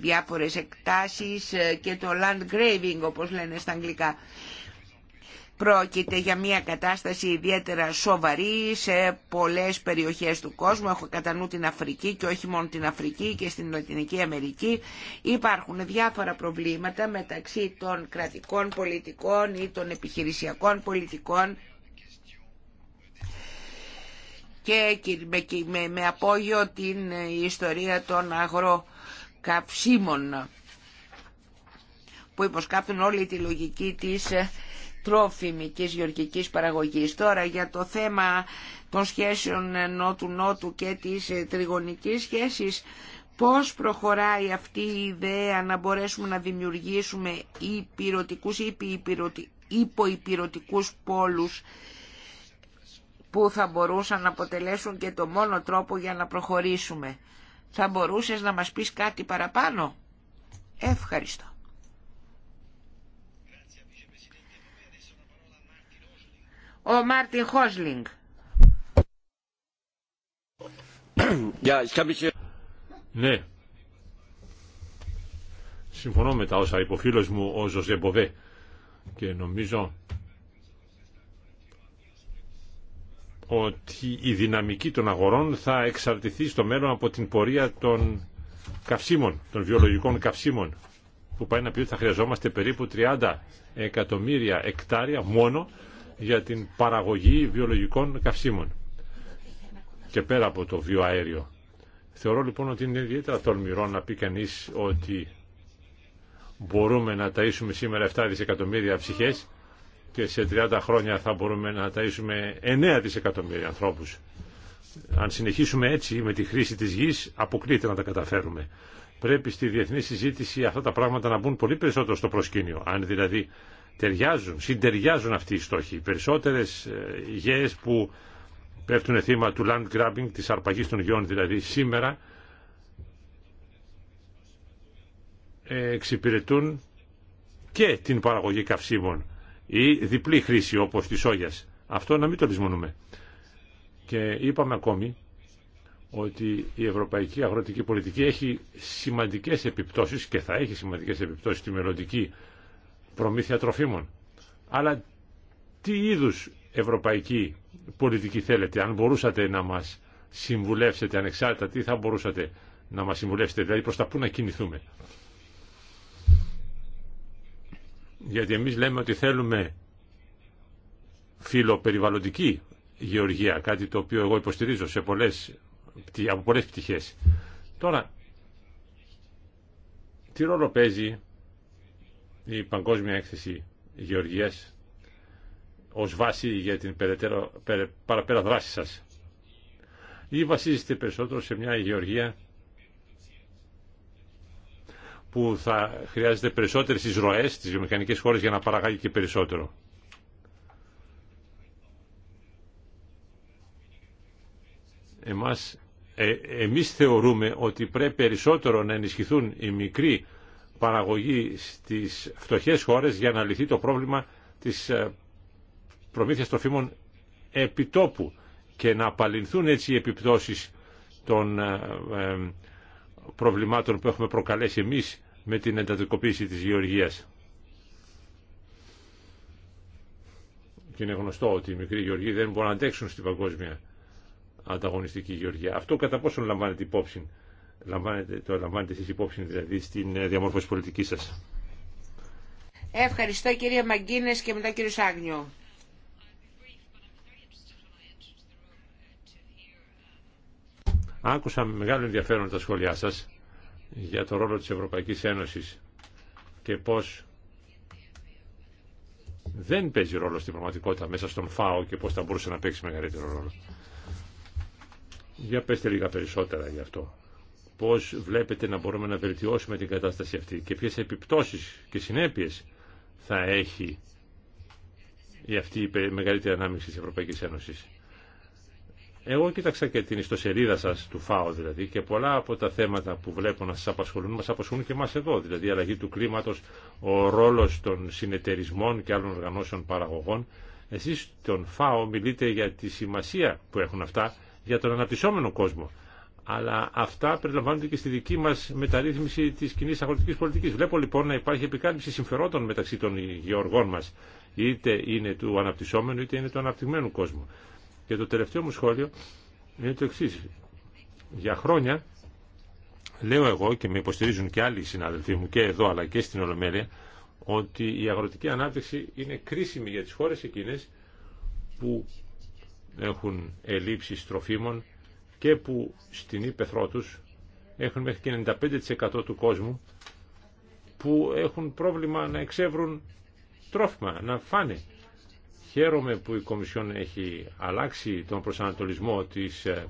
διάφορες εκτάσεις ε, και το land graving όπως λένε στα αγγλικά. Πρόκειται για μια κατάσταση ιδιαίτερα σοβαρή σε πολλές περιοχές του κόσμου. Έχω κατά νου την Αφρική και όχι μόνο την Αφρική και στην Λατινική Αμερική. Υπάρχουν διάφορα προβλήματα μεταξύ των κρατικών πολιτικών ή των επιχειρησιακών πολιτικών και με απόγειο την ιστορία των αγροκαυσίμων που υποσκάπτουν όλη τη λογική της τρόφιμικής γεωργικής παραγωγής. Τώρα για το θέμα των σχέσεων νότου-νότου και της ε, τριγωνικής σχέσης, πώς προχωράει αυτή η ιδέα να μπορέσουμε να δημιουργήσουμε υπηρετικούς ή πόλους που θα μπορούσαν να αποτελέσουν και το μόνο τρόπο για να προχωρήσουμε. Θα μπορούσες να μας πεις κάτι παραπάνω. Ευχαριστώ. Ο Μάρτιν Χόσλινγκ. Ναι. Συμφωνώ με τα όσα είπε ο μου ο Ζωζέ Μποβέ και νομίζω ότι η δυναμική των αγορών θα εξαρτηθεί στο μέλλον από την πορεία των καυσίμων, των βιολογικών καυσίμων που πάει να πει ότι θα χρειαζόμαστε περίπου 30 εκατομμύρια εκτάρια μόνο για την παραγωγή βιολογικών καυσίμων και πέρα από το βιοαέριο. Θεωρώ λοιπόν ότι είναι ιδιαίτερα τολμηρό να πει κανείς ότι μπορούμε να ταΐσουμε σήμερα 7 δισεκατομμύρια ψυχές και σε 30 χρόνια θα μπορούμε να ταΐσουμε 9 δισεκατομμύρια ανθρώπους. Αν συνεχίσουμε έτσι με τη χρήση της γης αποκλείται να τα καταφέρουμε. Πρέπει στη διεθνή συζήτηση αυτά τα πράγματα να μπουν πολύ περισσότερο στο προσκήνιο. Αν δηλαδή ταιριάζουν, συντεριάζουν αυτοί οι στόχοι. Οι περισσότερες ε, γέε που πέφτουν θύμα του land grabbing, της αρπαγής των γεών δηλαδή σήμερα, ε, εξυπηρετούν και την παραγωγή καυσίμων ή διπλή χρήση όπως της σόγιας. Αυτό να μην το λησμονούμε. Και είπαμε ακόμη ότι η ευρωπαϊκή αγροτική πολιτική έχει σημαντικές επιπτώσεις και θα έχει σημαντικές επιπτώσεις στη μελλοντική προμήθεια τροφίμων. Αλλά τι είδους ευρωπαϊκή πολιτική θέλετε, αν μπορούσατε να μας συμβουλεύσετε ανεξάρτητα, τι θα μπορούσατε να μας συμβουλεύσετε, δηλαδή προς τα πού να κινηθούμε. Γιατί εμείς λέμε ότι θέλουμε φιλοπεριβαλλοντική γεωργία, κάτι το οποίο εγώ υποστηρίζω σε πολλές, από πολλές πτυχές. Τώρα, τι ρόλο παίζει η Παγκόσμια Έκθεση Γεωργίας ως βάση για την περαιτέρω, παραπέρα δράση σας ή βασίζεστε περισσότερο σε μια γεωργία που θα χρειάζεται περισσότερες εισρωές στις βιομηχανικές χώρες για να παραγάγει και περισσότερο. Εμάς, ε, εμείς θεωρούμε ότι πρέπει περισσότερο να ενισχυθούν οι μικροί παραγωγή στις φτωχές χώρες για να λυθεί το πρόβλημα της ε, προμήθειας τροφίμων επιτόπου και να απαλληλθούν έτσι οι επιπτώσεις των ε, ε, προβλημάτων που έχουμε προκαλέσει εμείς με την εντατικοποίηση της γεωργίας. Και είναι γνωστό ότι οι μικροί γεωργοί δεν μπορούν να αντέξουν στην παγκόσμια ανταγωνιστική γεωργία. Αυτό κατά πόσο λαμβάνεται υπόψη λαμβάνετε, το λαμβάνετε εσείς υπόψη δηλαδή στην ε, διαμόρφωση πολιτικής σας. Ευχαριστώ κυρία Μαγκίνες και μετά κύριο Σάγνιο. Άκουσα με μεγάλο ενδιαφέρον τα σχόλιά σας για το ρόλο της Ευρωπαϊκής Ένωσης και πώς δεν παίζει ρόλο στην πραγματικότητα μέσα στον ΦΑΟ και πώς θα μπορούσε να παίξει μεγαλύτερο ρόλο. Για πέστε λίγα περισσότερα γι' αυτό πώς βλέπετε να μπορούμε να βελτιώσουμε την κατάσταση αυτή και ποιες επιπτώσεις και συνέπειες θα έχει η αυτή η μεγαλύτερη ανάμειξη της Ευρωπαϊκής Ένωσης. Εγώ κοίταξα και την ιστοσελίδα σας του ΦΑΟ δηλαδή και πολλά από τα θέματα που βλέπω να σας απασχολούν μας απασχολούν και μας εδώ δηλαδή η αλλαγή του κλίματος, ο ρόλος των συνεταιρισμών και άλλων οργανώσεων παραγωγών. Εσείς τον ΦΑΟ μιλείτε για τη σημασία που έχουν αυτά για τον αναπτυσσόμενο κόσμο αλλά αυτά περιλαμβάνονται και στη δική μα μεταρρύθμιση τη κοινή αγροτική πολιτική. Βλέπω λοιπόν να υπάρχει επικάλυψη συμφερόντων μεταξύ των γεωργών μα, είτε είναι του αναπτυσσόμενου είτε είναι του αναπτυγμένου κόσμου. Και το τελευταίο μου σχόλιο είναι το εξή. Για χρόνια λέω εγώ και με υποστηρίζουν και άλλοι συναδελφοί μου και εδώ αλλά και στην Ολομέλεια ότι η αγροτική ανάπτυξη είναι κρίσιμη για τις χώρες εκείνες που έχουν ελλείψεις τροφίμων και που στην ύπεθρό του έχουν μέχρι και 95% του κόσμου που έχουν πρόβλημα να εξεύρουν τρόφιμα, να φάνε. Χαίρομαι που η Κομισιόν έχει αλλάξει τον προσανατολισμό της ε,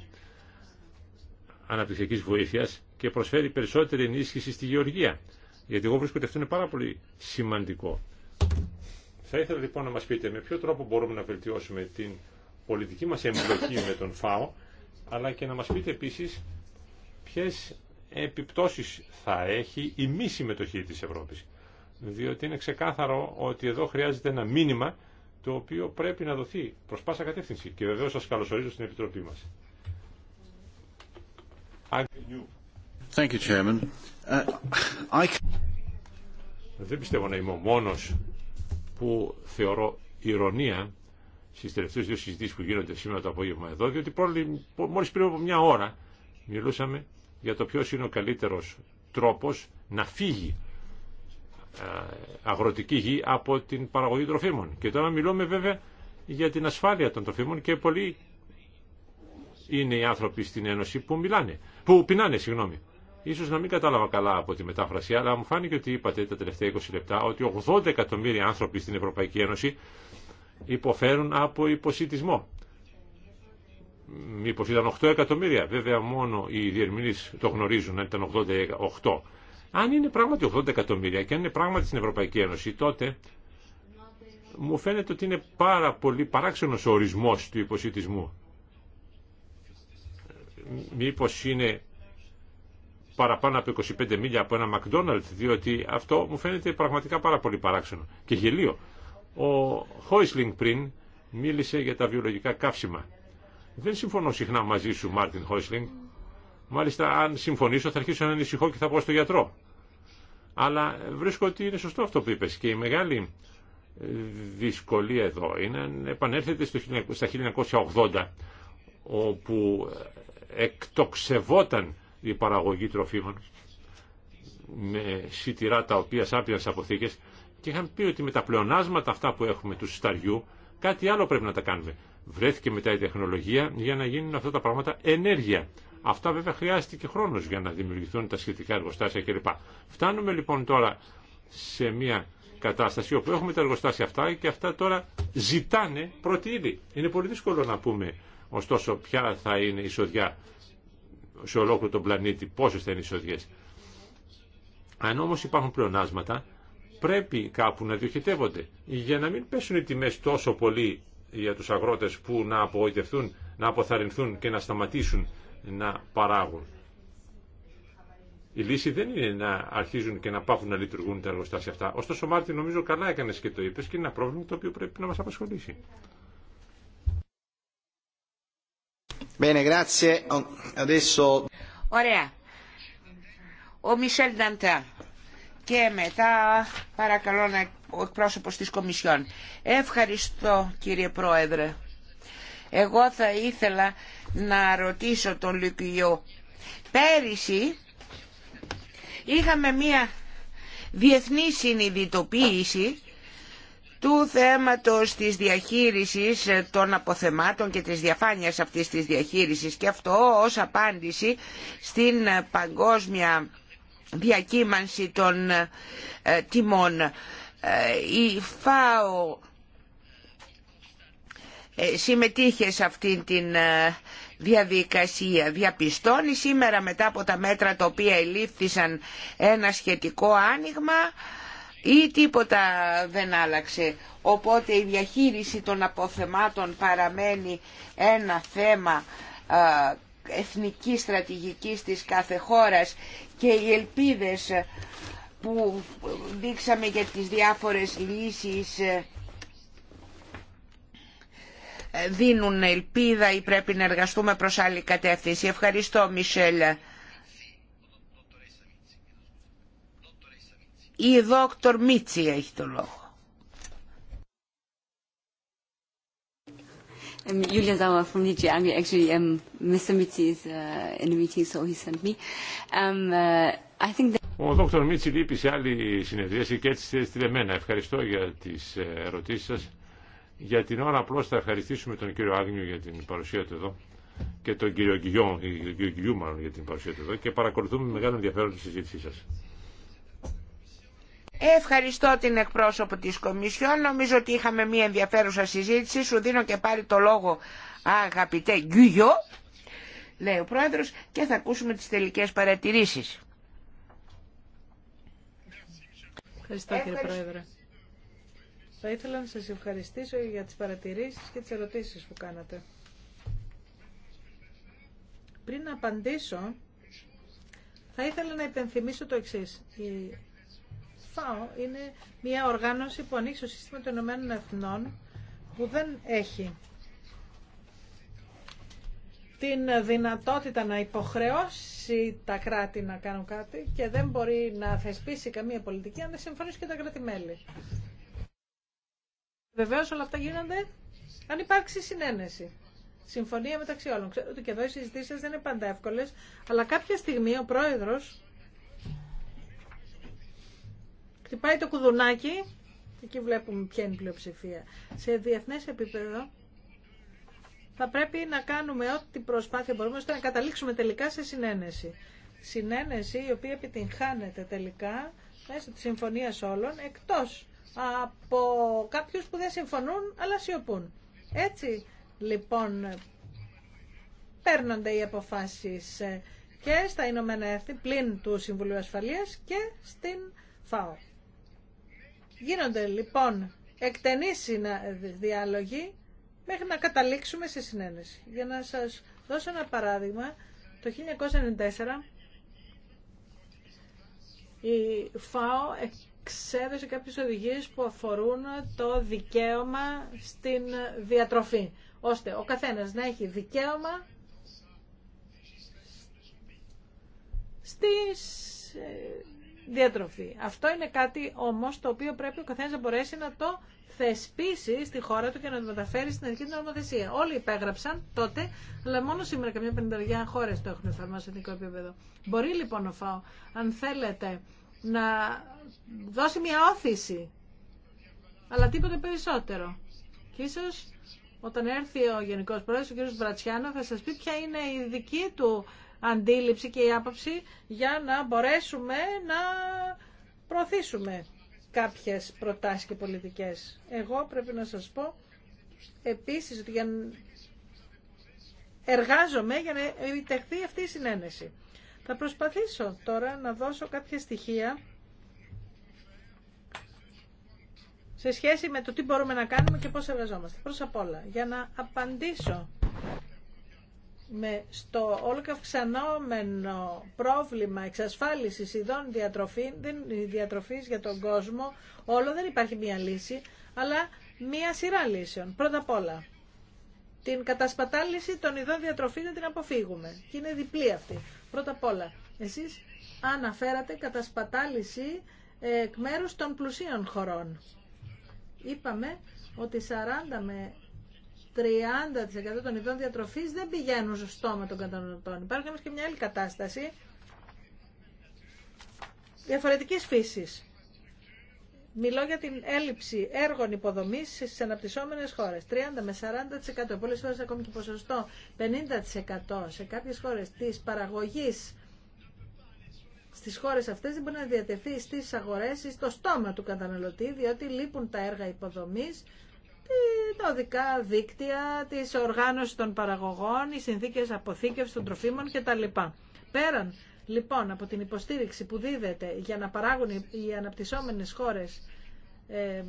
αναπτυξιακής βοήθειας και προσφέρει περισσότερη ενίσχυση στη γεωργία. Γιατί εγώ βρίσκω ότι αυτό είναι πάρα πολύ σημαντικό. Θα ήθελα λοιπόν να μας πείτε με ποιο τρόπο μπορούμε να βελτιώσουμε την πολιτική μας εμπλοκή με τον ΦΑΟ αλλά και να μας πείτε επίσης ποιες επιπτώσεις θα έχει η μη συμμετοχή της Ευρώπης. Διότι είναι ξεκάθαρο ότι εδώ χρειάζεται ένα μήνυμα το οποίο πρέπει να δοθεί προς πάσα κατεύθυνση. Και βεβαίως σας καλωσορίζω στην Επιτροπή μας. Thank you, uh, Δεν πιστεύω να είμαι ο μόνος που θεωρώ ηρωνία στις τελευταίες δύο συζητήσεις που γίνονται σήμερα το απόγευμα εδώ, διότι μόλις πριν από μια ώρα μιλούσαμε για το ποιος είναι ο καλύτερος τρόπος να φύγει ε, αγροτική γη από την παραγωγή τροφίμων. Και τώρα μιλούμε βέβαια για την ασφάλεια των τροφίμων και πολλοί είναι οι άνθρωποι στην Ένωση που μιλάνε, που πεινάνε, συγγνώμη. Ίσως να μην κατάλαβα καλά από τη μετάφραση, αλλά μου φάνηκε ότι είπατε τα τελευταία 20 λεπτά ότι 80 εκατομμύρια άνθρωποι στην Ευρωπαϊκή Ένωση υποφέρουν από υποσυτισμό. Μήπω ήταν 8 εκατομμύρια, βέβαια μόνο οι διερμηνείς το γνωρίζουν αν ήταν 88. Αν είναι πράγματι 80 εκατομμύρια και αν είναι πράγματι στην Ευρωπαϊκή Ένωση, τότε μου φαίνεται ότι είναι πάρα πολύ παράξενος ο ορισμός του υποσυτισμού. Μήπως είναι παραπάνω από 25 μίλια από ένα McDonald's, διότι αυτό μου φαίνεται πραγματικά πάρα πολύ παράξενο και γελίο. Ο Χόισλινγκ πριν μίλησε για τα βιολογικά καύσιμα. Δεν συμφωνώ συχνά μαζί σου, Μάρτιν Χόισλινγκ. Μάλιστα, αν συμφωνήσω, θα αρχίσω να ανησυχώ και θα πω στον γιατρό. Αλλά βρίσκω ότι είναι σωστό αυτό που είπε. και η μεγάλη ε, δυσκολία εδώ είναι αν επανέρχεται στο, στα 1980 όπου ε, εκτοξευόταν η παραγωγή τροφίμων με σιτηρά τα οποία σάπιαν αποθήκες και είχαν πει ότι με τα πλεονάσματα αυτά που έχουμε του σταριού κάτι άλλο πρέπει να τα κάνουμε. Βρέθηκε μετά η τεχνολογία για να γίνουν αυτά τα πράγματα ενέργεια. Αυτά βέβαια χρειάστηκε χρόνο για να δημιουργηθούν τα σχετικά εργοστάσια κλπ. Φτάνουμε λοιπόν τώρα σε μια κατάσταση όπου έχουμε τα εργοστάσια αυτά και αυτά τώρα ζητάνε πρώτη ύλη. Είναι πολύ δύσκολο να πούμε ωστόσο ποια θα είναι η σοδιά σε ολόκληρο τον πλανήτη, πόσε θα είναι οι σοδιές. Αν όμω υπάρχουν πλεονάσματα, πρέπει κάπου να διοχετεύονται για να μην πέσουν οι τιμές τόσο πολύ για τους αγρότες που να απογοητευτούν, να αποθαρρυνθούν και να σταματήσουν να παράγουν. Η λύση δεν είναι να αρχίζουν και να πάθουν να λειτουργούν τα εργοστάσια αυτά. Ωστόσο, Μάρτιν, νομίζω καλά έκανε και το είπε και είναι ένα πρόβλημα το οποίο πρέπει να μα απασχολήσει. Ωραία. Ο Μισελ Νταντά και μετά παρακαλώ να ο εκπρόσωπος της Κομισιόν. Ευχαριστώ κύριε Πρόεδρε. Εγώ θα ήθελα να ρωτήσω τον Λυκειό. Πέρυσι είχαμε μία διεθνή συνειδητοποίηση του θέματος της διαχείρισης των αποθεμάτων και της διαφάνειας αυτής της διαχείρισης και αυτό ως απάντηση στην παγκόσμια διακύμανση των ε, τιμών. Ε, η ΦΑΟ ε, συμμετείχε σε αυτήν την διαδικασία. Διαπιστώνει σήμερα μετά από τα μέτρα τα οποία ελήφθησαν ένα σχετικό άνοιγμα ή τίποτα δεν άλλαξε. Οπότε η διαχείριση των αποθεμάτων παραμένει ένα θέμα εθνικής στρατηγικής της κάθε χώρας και οι ελπίδες που δείξαμε για τις διάφορες λύσεις ε, δίνουν ελπίδα ή πρέπει να εργαστούμε προς άλλη κατεύθυνση. Ευχαριστώ Μισελ. Η δόκτωρ Μίτσι έχει το λόγο. Um, from Ο Δόκτωρ Μίτσι λείπει σε άλλη συνεδρίαση και έτσι εμένα. Ευχαριστώ για τις ε, ερωτήσεις σας. Για την ώρα απλώς θα ευχαριστήσουμε τον κύριο Άγνιου για την παρουσία του εδώ και τον κύριο ε, μάλλον για την παρουσία του εδώ και παρακολουθούμε μεγάλο ενδιαφέρον τη συζήτησή σας. Ευχαριστώ την εκπρόσωπο της Κομισιόν. Νομίζω ότι είχαμε μια ενδιαφέρουσα συζήτηση. Σου δίνω και πάλι το λόγο αγαπητέ Γκουγιό, λέει ο πρόεδρος, και θα ακούσουμε τις τελικές παρατηρήσεις. Ευχαριστώ κύριε πρόεδρε. Θα ήθελα να σας ευχαριστήσω για τις παρατηρήσεις και τις ερωτήσεις που κάνατε. Πριν απαντήσω, θα ήθελα να υπενθυμίσω το εξής. Η είναι μια οργάνωση που ανοίξει το σύστημα των Ηνωμένων Εθνών που δεν έχει την δυνατότητα να υποχρεώσει τα κράτη να κάνουν κάτι και δεν μπορεί να θεσπίσει καμία πολιτική αν δεν συμφωνήσουν και τα κράτη-μέλη. Βεβαίω όλα αυτά γίνονται αν υπάρξει συνένεση. Συμφωνία μεταξύ όλων. Ξέρω ότι και εδώ οι συζητήσει δεν είναι πάντα εύκολε, αλλά κάποια στιγμή ο πρόεδρο χτυπάει το κουδουνάκι, εκεί βλέπουμε ποια είναι η πλειοψηφία. Σε διεθνές επίπεδο θα πρέπει να κάνουμε ό,τι προσπάθεια μπορούμε ώστε να καταλήξουμε τελικά σε συνένεση. Συνένεση η οποία επιτυγχάνεται τελικά μέσα τη συμφωνία όλων, εκτός από κάποιους που δεν συμφωνούν αλλά σιωπούν. Έτσι λοιπόν παίρνονται οι αποφάσεις ε, και στα Ηνωμένα Έθνη πλην του Συμβουλίου Ασφαλείας και στην ΦΑΟ. Γίνονται λοιπόν εκτενείς διάλογοι μέχρι να καταλήξουμε σε συνένεση. Για να σας δώσω ένα παράδειγμα, το 1994 η ΦΑΟ εξέδωσε κάποιες οδηγίες που αφορούν το δικαίωμα στην διατροφή, ώστε ο καθένας να έχει δικαίωμα στις ε, διατροφή. Αυτό είναι κάτι όμως το οποίο πρέπει ο καθένας να μπορέσει να το θεσπίσει στη χώρα του και να το μεταφέρει στην αρχή την νομοθεσία. Όλοι υπέγραψαν τότε, αλλά μόνο σήμερα καμιά πενταριά χώρε το έχουν εφαρμόσει σε εθνικό επίπεδο. Μπορεί λοιπόν ο ΦΑΟ, αν θέλετε, να δώσει μια όθηση, αλλά τίποτε περισσότερο. Και ίσως όταν έρθει ο Γενικός Πρόεδρος, ο κ. Βρατσιάνο, θα σας πει ποια είναι η δική του αντίληψη και η άποψη για να μπορέσουμε να προωθήσουμε κάποιες προτάσεις και πολιτικές. Εγώ πρέπει να σας πω επίσης ότι για εργάζομαι για να επιτεχθεί αυτή η συνένεση. Θα προσπαθήσω τώρα να δώσω κάποια στοιχεία σε σχέση με το τι μπορούμε να κάνουμε και πώς εργαζόμαστε. Πρώτα απ' όλα, για να απαντήσω με στο όλο και αυξανόμενο πρόβλημα εξασφάλισης ειδών διατροφή, διατροφής για τον κόσμο, όλο δεν υπάρχει μία λύση, αλλά μία σειρά λύσεων. Πρώτα απ' όλα, την κατασπατάληση των ειδών διατροφής να την αποφύγουμε. Και είναι διπλή αυτή. Πρώτα απ' όλα, εσείς αναφέρατε κατασπατάληση εκ μέρους των πλουσίων χωρών. Είπαμε ότι 40 με 30% των ειδών διατροφή δεν πηγαίνουν στο στόμα των καταναλωτών. Υπάρχει όμω και μια άλλη κατάσταση Διαφορετική φύση. Μιλώ για την έλλειψη έργων υποδομή στι αναπτυσσόμενε χώρε. 30 με 40%, πολλέ φορέ ακόμη και ποσοστό 50% σε κάποιε χώρε τη παραγωγή στι χώρε αυτέ δεν μπορεί να διατεθεί στι αγορέ ή στο στόμα του καταναλωτή, διότι λείπουν τα έργα υποδομή τα οδικά δίκτυα, τις οργάνωση των παραγωγών, οι συνθήκες αποθήκευσης των τροφίμων κτλ. Πέραν λοιπόν από την υποστήριξη που δίδεται για να παράγουν οι αναπτυσσόμενες χώρες ε,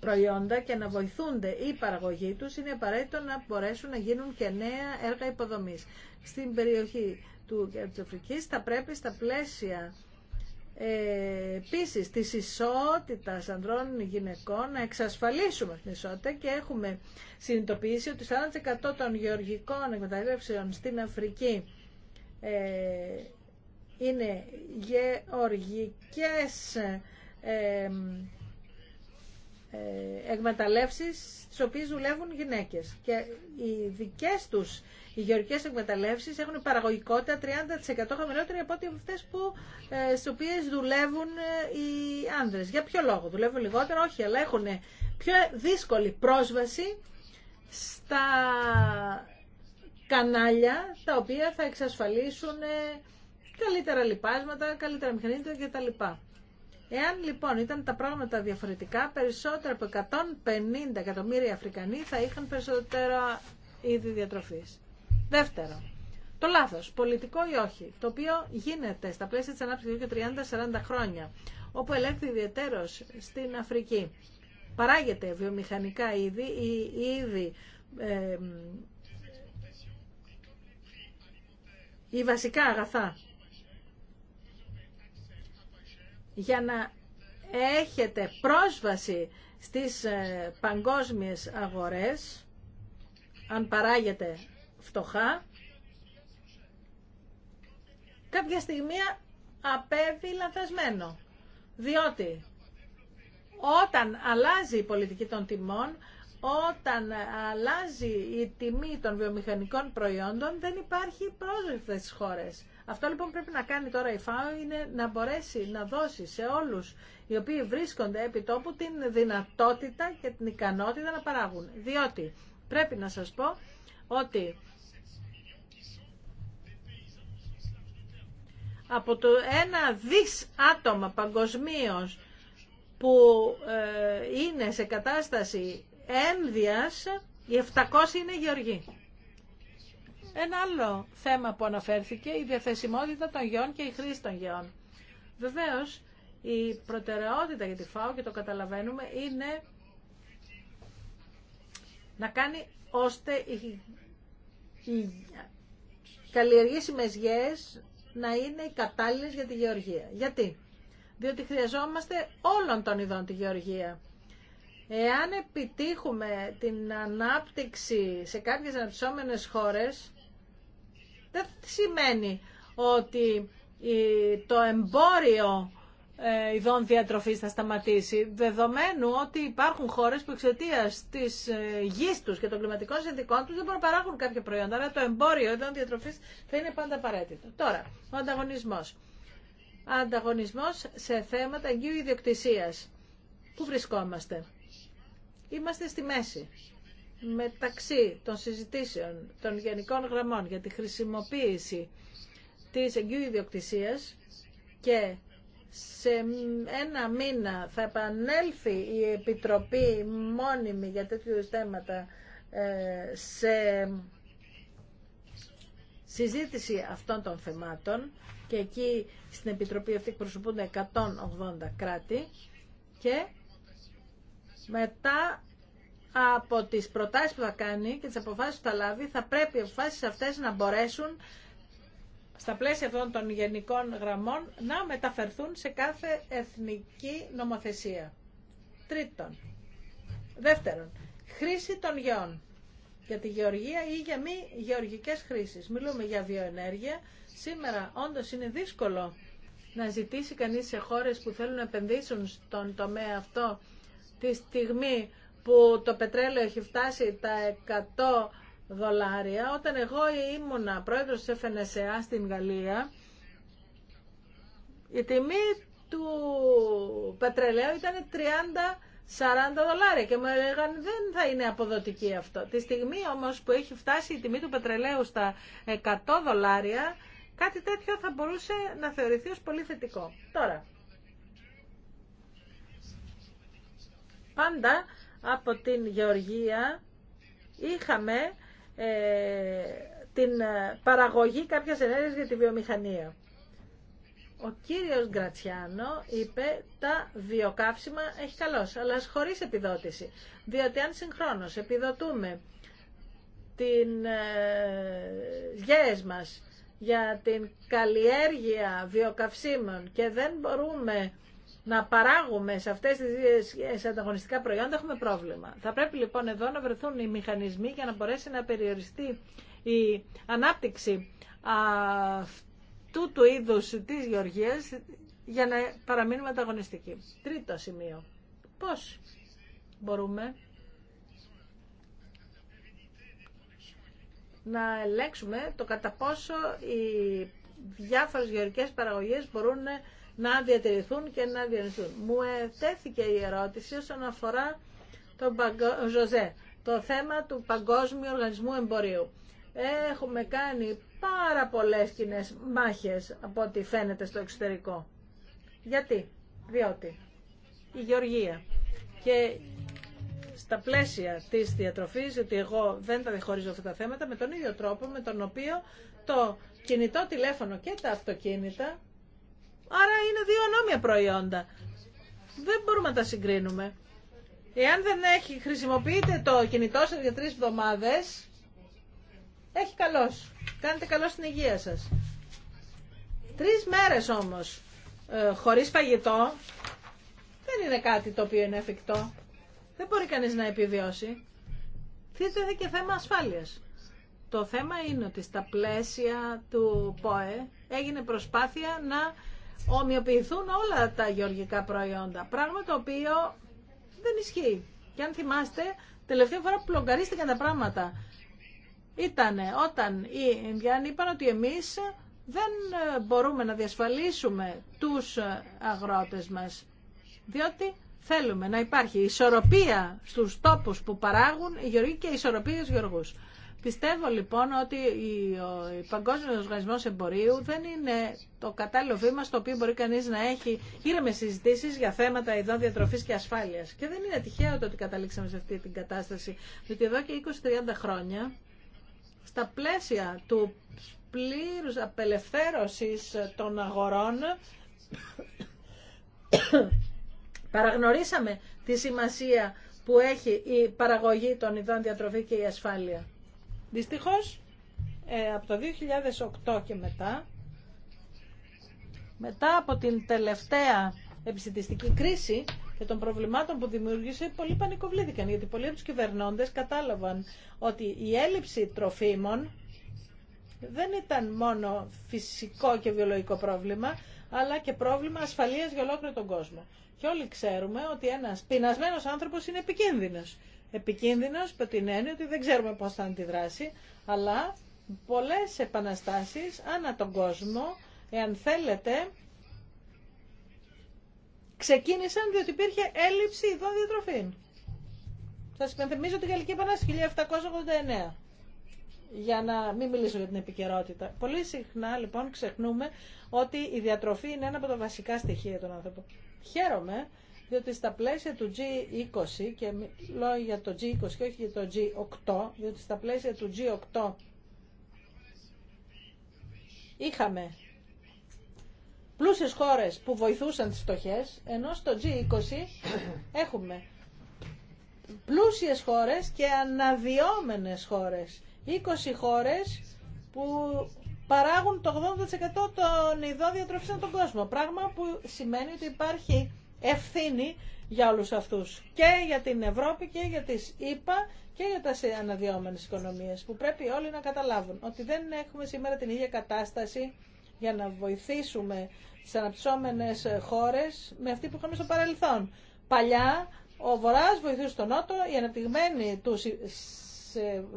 προϊόντα και να βοηθούνται οι παραγωγοί τους, είναι απαραίτητο να μπορέσουν να γίνουν και νέα έργα υποδομής. Στην περιοχή του Κέρτης θα πρέπει στα πλαίσια ε, επίσης της ισότητας ανδρών γυναικών να εξασφαλίσουμε την ισότητα και έχουμε συνειδητοποιήσει ότι 40% των γεωργικών εκμεταλλεύσεων στην Αφρική ε, είναι γεωργικές ε, ε, εκμεταλλεύσεις στις οποίες δουλεύουν γυναίκες και οι δικές τους οι γεωργικέ εκμεταλλευσει έχουν παραγωγικότητα 30% χαμηλότερη από ό,τι αυτές που, ε, στις οποίες δουλεύουν ε, οι άνδρες. Για ποιο λόγο δουλεύουν λιγότερο, όχι, αλλά έχουν πιο δύσκολη πρόσβαση στα κανάλια τα οποία θα εξασφαλίσουν ε, καλύτερα λοιπάσματα, καλύτερα μηχανήματα κτλ. Εάν λοιπόν ήταν τα πράγματα διαφορετικά, περισσότερο από 150 εκατομμύρια Αφρικανοί θα είχαν περισσότερα είδη διατροφής. Δεύτερο, το λάθος, πολιτικό ή όχι, το οποίο γίνεται στα πλαίσια τη ανάπτυξη και 30-40 χρόνια, όπου ελέγχεται ιδιαίτερω στην Αφρική. Παράγεται βιομηχανικά ηδη ή βασικά αγαθά. Για να έχετε πρόσβαση στις ε, παγκόσμιες αγορές, αν παράγετε φτωχά, κάποια στιγμή απέβει λανθασμένο. Διότι όταν αλλάζει η πολιτική των τιμών, όταν αλλάζει η τιμή των βιομηχανικών προϊόντων, δεν υπάρχει πρόσβαση στις χώρες. Αυτό λοιπόν πρέπει να κάνει τώρα η ΦΑΟ είναι να μπορέσει να δώσει σε όλους οι οποίοι βρίσκονται επί τόπου την δυνατότητα και την ικανότητα να παράγουν. Διότι πρέπει να σας πω ότι από το ένα δις άτομα παγκοσμίως που ε, είναι σε κατάσταση ένδυας, οι 700 είναι γεωργοί. Ένα άλλο θέμα που αναφέρθηκε, η διαθεσιμότητα των γεών και η χρήση των γεών. Βεβαίως, η προτεραιότητα για τη ΦΑΟ, και το καταλαβαίνουμε, είναι να κάνει ώστε οι καλλιεργήσιμες γεές να είναι οι κατάλληλες για τη γεωργία. Γιατί? Διότι χρειαζόμαστε όλων των ειδών τη γεωργία. Εάν επιτύχουμε την ανάπτυξη σε κάποιες αναπτυσσόμενες χώρες, δεν σημαίνει ότι το εμπόριο ε, ειδών διατροφής θα σταματήσει, δεδομένου ότι υπάρχουν χώρες που εξαιτία της ε, γης τους και των κλιματικών συνδικών τους δεν μπορούν να παράγουν κάποια προϊόντα, αλλά το εμπόριο ειδών διατροφής θα είναι πάντα απαραίτητο. Τώρα, ο ανταγωνισμός. Ανταγωνισμός σε θέματα εγγύου ιδιοκτησίας. Πού βρισκόμαστε. Είμαστε στη μέση μεταξύ των συζητήσεων των γενικών γραμμών για τη χρησιμοποίηση της εγγύου ιδιοκτησίας και σε ένα μήνα θα επανέλθει η Επιτροπή μόνιμη για τέτοιου θέματα ε, σε συζήτηση αυτών των θεμάτων και εκεί στην Επιτροπή αυτή προσωπούνται 180 κράτη και μετά από τις προτάσεις που θα κάνει και τις αποφάσεις που θα λάβει θα πρέπει οι αποφάσεις αυτές να μπορέσουν στα πλαίσια αυτών των γενικών γραμμών να μεταφερθούν σε κάθε εθνική νομοθεσία. Τρίτον. Δεύτερον, χρήση των γεών για τη γεωργία ή για μη γεωργικές χρήσεις. Μιλούμε για βιοενέργεια. Σήμερα όντως είναι δύσκολο να ζητήσει κανείς σε χώρες που θέλουν να επενδύσουν στον τομέα αυτό τη στιγμή που το πετρέλαιο έχει φτάσει τα 100 δολάρια. Όταν εγώ ήμουνα πρόεδρος της FNSA e στην Γαλλία, η τιμή του πετρελαίου ήταν 30 40 δολάρια και μου έλεγαν δεν θα είναι αποδοτική αυτό. Τη στιγμή όμως που έχει φτάσει η τιμή του πετρελαίου στα 100 δολάρια, κάτι τέτοιο θα μπορούσε να θεωρηθεί ως πολύ θετικό. Τώρα, πάντα από την Γεωργία είχαμε ε, την ε, παραγωγή κάποιας ενέργειας για τη βιομηχανία. Ο κύριος Γκρατσιάνο είπε τα βιοκαύσιμα έχει καλώς, αλλά χωρίς επιδότηση. Διότι αν συγχρόνως επιδοτούμε την ε, γέες μας για την καλλιέργεια βιοκαυσίμων και δεν μπορούμε να παράγουμε σε αυτές τις σε ανταγωνιστικά προϊόντα έχουμε πρόβλημα. Θα πρέπει λοιπόν εδώ να βρεθούν οι μηχανισμοί για να μπορέσει να περιοριστεί η ανάπτυξη αυτού του είδους της γεωργίας για να παραμείνουμε ανταγωνιστικοί. Τρίτο σημείο. Πώς μπορούμε να ελέγξουμε το κατά πόσο οι διάφορες γεωργικές παραγωγές μπορούν να διατηρηθούν και να διατηρηθούν. Μου θέθηκε η ερώτηση όσον αφορά τον το θέμα του Παγκόσμιου Οργανισμού Εμπορίου. Έχουμε κάνει πάρα πολλές κοινέ μάχες από ό,τι φαίνεται στο εξωτερικό. Γιατί, διότι η Γεωργία και στα πλαίσια της διατροφής, ότι εγώ δεν τα διχωρίζω αυτά τα θέματα, με τον ίδιο τρόπο με τον οποίο το κινητό τηλέφωνο και τα αυτοκίνητα Άρα είναι δύο νόμια προϊόντα. Δεν μπορούμε να τα συγκρίνουμε. Εάν δεν έχει, χρησιμοποιείτε το κινητό σας για τρεις εβδομάδες, έχει καλός. Κάνετε καλό στην υγεία σας. Τρεις μέρες όμως ε, χωρίς φαγητό δεν είναι κάτι το οποίο είναι εφικτό. Δεν μπορεί κανείς να επιβιώσει. Θίζεται και θέμα ασφάλειας. Το θέμα είναι ότι στα πλαίσια του ΠΟΕ έγινε προσπάθεια να ομοιοποιηθούν όλα τα γεωργικά προϊόντα. Πράγμα το οποίο δεν ισχύει. Και αν θυμάστε, τελευταία φορά που πλογκαρίστηκαν τα πράγματα ήταν όταν οι Ινδιάνοι είπαν ότι εμείς δεν μπορούμε να διασφαλίσουμε τους αγρότες μας, διότι θέλουμε να υπάρχει ισορροπία στους τόπους που παράγουν οι γεωργοί και ισορροπία Πιστεύω λοιπόν ότι ο Παγκόσμιο Οργανισμό Εμπορίου δεν είναι το κατάλληλο βήμα στο οποίο μπορεί κανεί να έχει ήρεμε συζητήσει για θέματα ειδών διατροφή και ασφάλεια. Και δεν είναι τυχαίο το ότι καταλήξαμε σε αυτή την κατάσταση. Διότι εδώ και 20-30 χρόνια, στα πλαίσια του πλήρους απελευθέρωσης των αγορών, παραγνωρίσαμε τη σημασία που έχει η παραγωγή των ειδών διατροφή και η ασφάλεια. Δυστυχώς, ε, από το 2008 και μετά, μετά από την τελευταία επιστημιστική κρίση και των προβλημάτων που δημιούργησε, πολλοί πανικοβλήθηκαν, γιατί πολλοί από τους κυβερνώντες κατάλαβαν ότι η έλλειψη τροφίμων δεν ήταν μόνο φυσικό και βιολογικό πρόβλημα, αλλά και πρόβλημα ασφαλείας για ολόκληρο τον κόσμο. Και όλοι ξέρουμε ότι ένας πεινασμένος άνθρωπος είναι επικίνδυνος επικίνδυνος που την έννοια ότι δεν ξέρουμε πώς θα αντιδράσει, αλλά πολλές επαναστάσεις ανά τον κόσμο, εάν θέλετε, ξεκίνησαν διότι υπήρχε έλλειψη ειδών διατροφή. Σας υπενθυμίζω την Γαλλική Επανάσταση 1789 για να μην μιλήσω για την επικαιρότητα. Πολύ συχνά λοιπόν ξεχνούμε ότι η διατροφή είναι ένα από τα βασικά στοιχεία των άνθρωπων. Χαίρομαι διότι στα πλαίσια του G20 και μιλώ για το G20 και όχι για το G8 διότι στα πλαίσια του G8 είχαμε πλούσιες χώρες που βοηθούσαν τις φτωχές ενώ στο G20 έχουμε πλούσιες χώρες και αναδυόμενες χώρες 20 χώρες που παράγουν το 80% των ειδών διατροφής στον κόσμο. Πράγμα που σημαίνει ότι υπάρχει ευθύνη για όλους αυτούς και για την Ευρώπη και για τις ΗΠΑ και για τα αναδυόμενες οικονομίες που πρέπει όλοι να καταλάβουν ότι δεν έχουμε σήμερα την ίδια κατάσταση για να βοηθήσουμε τις αναπτυσσόμενες χώρες με αυτή που είχαμε στο παρελθόν. Παλιά ο Βορράς βοηθούσε τον Νότο, οι αναπτυγμένοι τους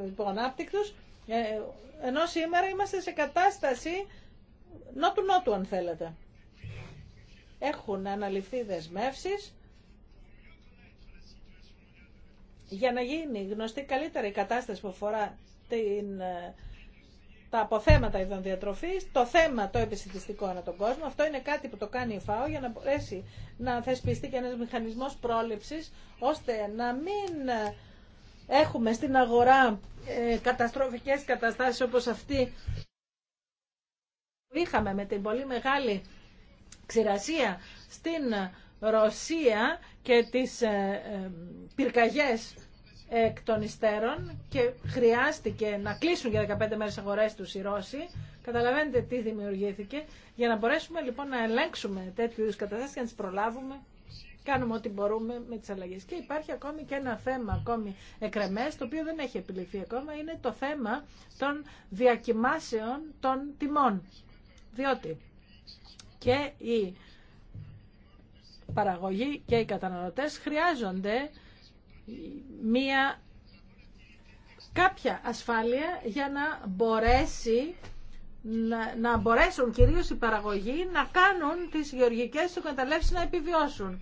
υποανάπτυκτους, λοιπόν, ε, ενώ σήμερα είμαστε σε κατάσταση νότου-νότου αν θέλετε έχουν αναλυθεί δεσμεύσει για να γίνει γνωστή καλύτερα η κατάσταση που αφορά την, ε, τα αποθέματα διατροφή το θέμα το επιστημιστικό ανά τον κόσμο. Αυτό είναι κάτι που το κάνει η ΦΑΟ για να μπορέσει να θεσπιστεί και ένα μηχανισμός πρόληψης, ώστε να μην ε, έχουμε στην αγορά ε, καταστροφικές καταστάσεις όπως αυτή που είχαμε με την πολύ μεγάλη ξηρασία στην Ρωσία και τις ε, ε, πυρκαγιές εκ των υστέρων και χρειάστηκε να κλείσουν για 15 μέρες αγορές τους οι Ρώσοι. Καταλαβαίνετε τι δημιουργήθηκε. Για να μπορέσουμε λοιπόν να ελέγξουμε τέτοιου είδου καταστάσεις και να τις προλάβουμε, κάνουμε ό,τι μπορούμε με τις αλλαγές. Και υπάρχει ακόμη και ένα θέμα ακόμη εκρεμές, το οποίο δεν έχει επιληθεί ακόμα, είναι το θέμα των διακοιμάσεων των τιμών. Διότι και οι παραγωγοί και οι καταναλωτές χρειάζονται μία κάποια ασφάλεια για να μπορέσει να, μπορέσουν κυρίως οι παραγωγοί να κάνουν τις γεωργικές του να επιβιώσουν.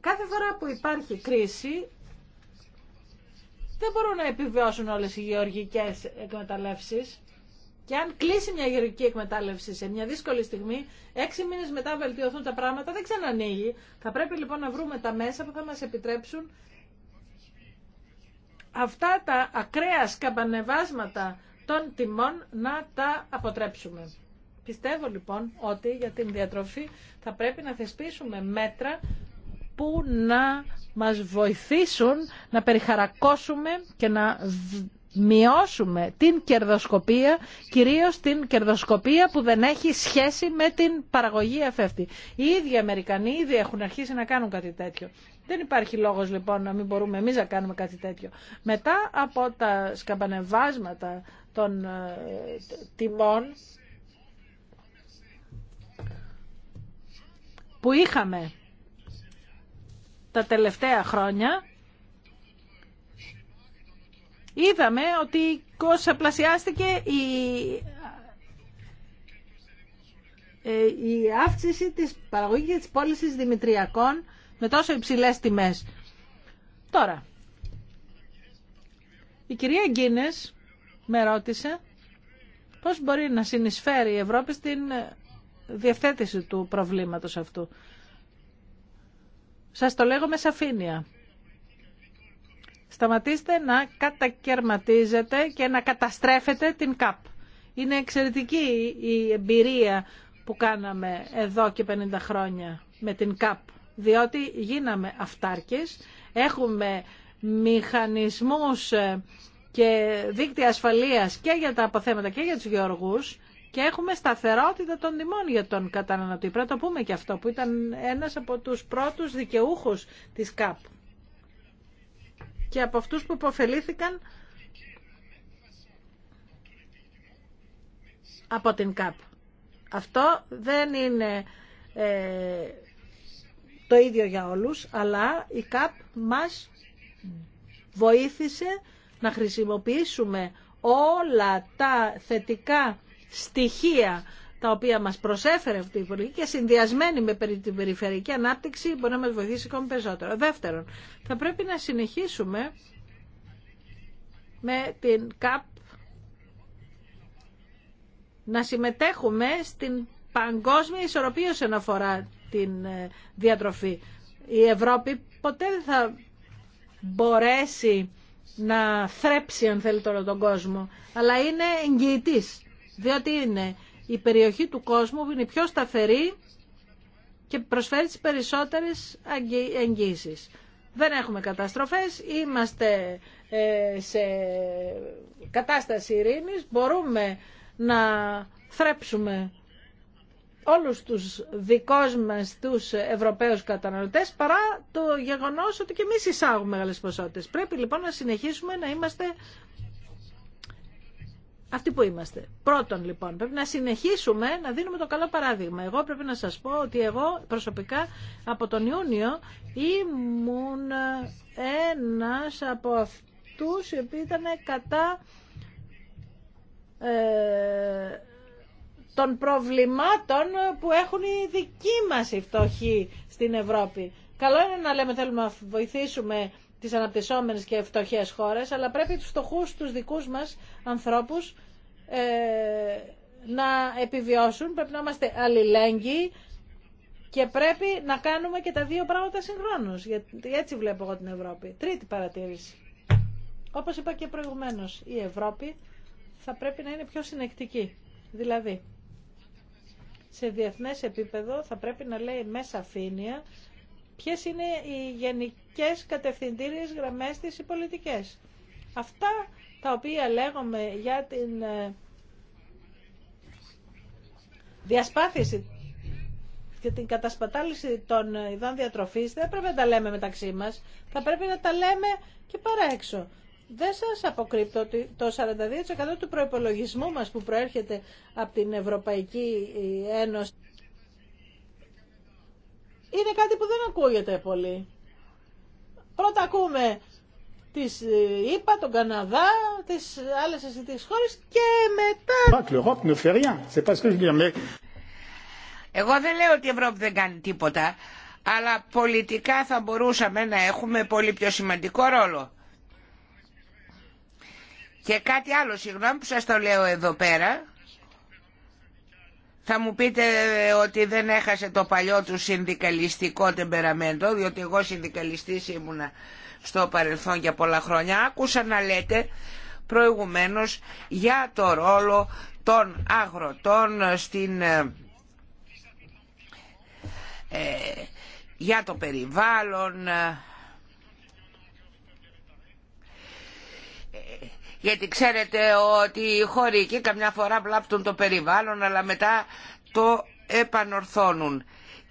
Κάθε φορά που υπάρχει κρίση δεν μπορούν να επιβιώσουν όλες οι γεωργικές εκμεταλλεύσεις. Και αν κλείσει μια γεωργική εκμετάλλευση σε μια δύσκολη στιγμή, έξι μήνε μετά βελτιωθούν τα πράγματα, δεν ξανανοίγει. Θα πρέπει λοιπόν να βρούμε τα μέσα που θα μα επιτρέψουν αυτά τα ακραία σκαμπανεβάσματα των τιμών να τα αποτρέψουμε. Πιστεύω λοιπόν ότι για την διατροφή θα πρέπει να θεσπίσουμε μέτρα που να μας βοηθήσουν να περιχαρακώσουμε και να μειώσουμε την κερδοσκοπία, κυρίως την κερδοσκοπία που δεν έχει σχέση με την παραγωγή αυτή. Οι ίδιοι Αμερικανοί ήδη έχουν αρχίσει να κάνουν κάτι τέτοιο. Δεν υπάρχει λόγος λοιπόν να μην μπορούμε εμείς να κάνουμε κάτι τέτοιο. Μετά από τα σκαμπανεβάσματα των ε, τιμών που είχαμε τα τελευταία χρόνια, Είδαμε ότι κοσαπλασιάστηκε η ε, η αύξηση της παραγωγής και της πώλησης δημητριακών με τόσο υψηλές τιμές. Τώρα, η κυρία Γκίνες με ρώτησε πώς μπορεί να συνεισφέρει η Ευρώπη στην διευθέτηση του προβλήματος αυτού. Σας το λέγω με σαφήνεια. Σταματήστε να κατακαιρματίζετε και να καταστρέφετε την ΚΑΠ. Είναι εξαιρετική η εμπειρία που κάναμε εδώ και 50 χρόνια με την ΚΑΠ, διότι γίναμε αυτάρκες, έχουμε μηχανισμούς ε, και δίκτυα ασφαλείας και για τα αποθέματα και για τους γεωργούς και έχουμε σταθερότητα των τιμών για τον καταναλωτή. Πρέπει να το πούμε και αυτό που ήταν ένας από τους πρώτους δικαιούχους της ΚΑΠ και από αυτούς που υποφελήθηκαν από την ΚΑΠ. Αυτό δεν είναι ε, το ίδιο για όλους, αλλά η ΚΑΠ μας βοήθησε να χρησιμοποιήσουμε όλα τα θετικά στοιχεία τα οποία μας προσέφερε αυτή η πολιτική και συνδυασμένη με την περιφερειακή ανάπτυξη μπορεί να μας βοηθήσει ακόμη περισσότερο. Δεύτερον, θα πρέπει να συνεχίσουμε με την ΚΑΠ να συμμετέχουμε στην παγκόσμια ισορροπία όσον αφορά την ε, διατροφή. Η Ευρώπη ποτέ δεν θα μπορέσει να θρέψει αν θέλει τώρα τον κόσμο, αλλά είναι εγγυητής, διότι είναι η περιοχή του κόσμου που είναι πιο σταθερή και προσφέρει τις περισσότερες εγγύσεις. Δεν έχουμε καταστροφές, είμαστε ε, σε κατάσταση ειρήνης, μπορούμε να θρέψουμε όλους τους δικός μας τους Ευρωπαίους καταναλωτές παρά το γεγονός ότι και εμείς εισάγουμε μεγάλες ποσότητες. Πρέπει λοιπόν να συνεχίσουμε να είμαστε αυτοί που είμαστε. Πρώτον λοιπόν, πρέπει να συνεχίσουμε να δίνουμε το καλό παράδειγμα. Εγώ πρέπει να σας πω ότι εγώ προσωπικά από τον Ιούνιο ήμουν ένας από αυτούς οι οποίοι ήταν κατά ε, των προβλημάτων που έχουν οι δικοί μας οι φτωχοί στην Ευρώπη. Καλό είναι να λέμε θέλουμε να βοηθήσουμε τις αναπτυσσόμενες και φτωχές χώρες, αλλά πρέπει τους φτωχούς, τους δικούς μας ανθρώπους ε, να επιβιώσουν, πρέπει να είμαστε αλληλέγγυοι και πρέπει να κάνουμε και τα δύο πράγματα συγχρόνως. Γιατί έτσι βλέπω εγώ την Ευρώπη. Τρίτη παρατήρηση. Όπως είπα και προηγουμένως, η Ευρώπη θα πρέπει να είναι πιο συνεκτική. Δηλαδή, σε διεθνές επίπεδο θα πρέπει να λέει μέσα σαφήνεια ποιες είναι οι γενικές κατευθυντήριες γραμμές της οι πολιτικές. Αυτά τα οποία λέγομαι για την ε, διασπάθηση και την κατασπατάληση των ε, ειδών διατροφής δεν πρέπει να τα λέμε μεταξύ μας, θα πρέπει να τα λέμε και παρά έξω. Δεν σας αποκρύπτω ότι το 42% του προϋπολογισμού μας που προέρχεται από την Ευρωπαϊκή ε, Ένωση είναι κάτι που δεν ακούγεται πολύ. Πρώτα ακούμε της ΕΠΑ, τον Καναδά, τις άλλες ασυντικές χώρες και μετά... Εγώ δεν λέω ότι η Ευρώπη δεν κάνει τίποτα, αλλά πολιτικά θα μπορούσαμε να έχουμε πολύ πιο σημαντικό ρόλο. Και κάτι άλλο, συγγνώμη που σας το λέω εδώ πέρα, θα μου πείτε ε, ότι δεν έχασε το παλιό του συνδικαλιστικό τεμπεραμέντο, διότι εγώ συνδικαλιστής ήμουνα στο παρελθόν για πολλά χρόνια. Άκουσα να λέτε προηγουμένως για το ρόλο των αγροτών στην, ε, ε, για το περιβάλλον, ε, γιατί ξέρετε ότι οι χωρικοί καμιά φορά βλάπτουν το περιβάλλον αλλά μετά το επανορθώνουν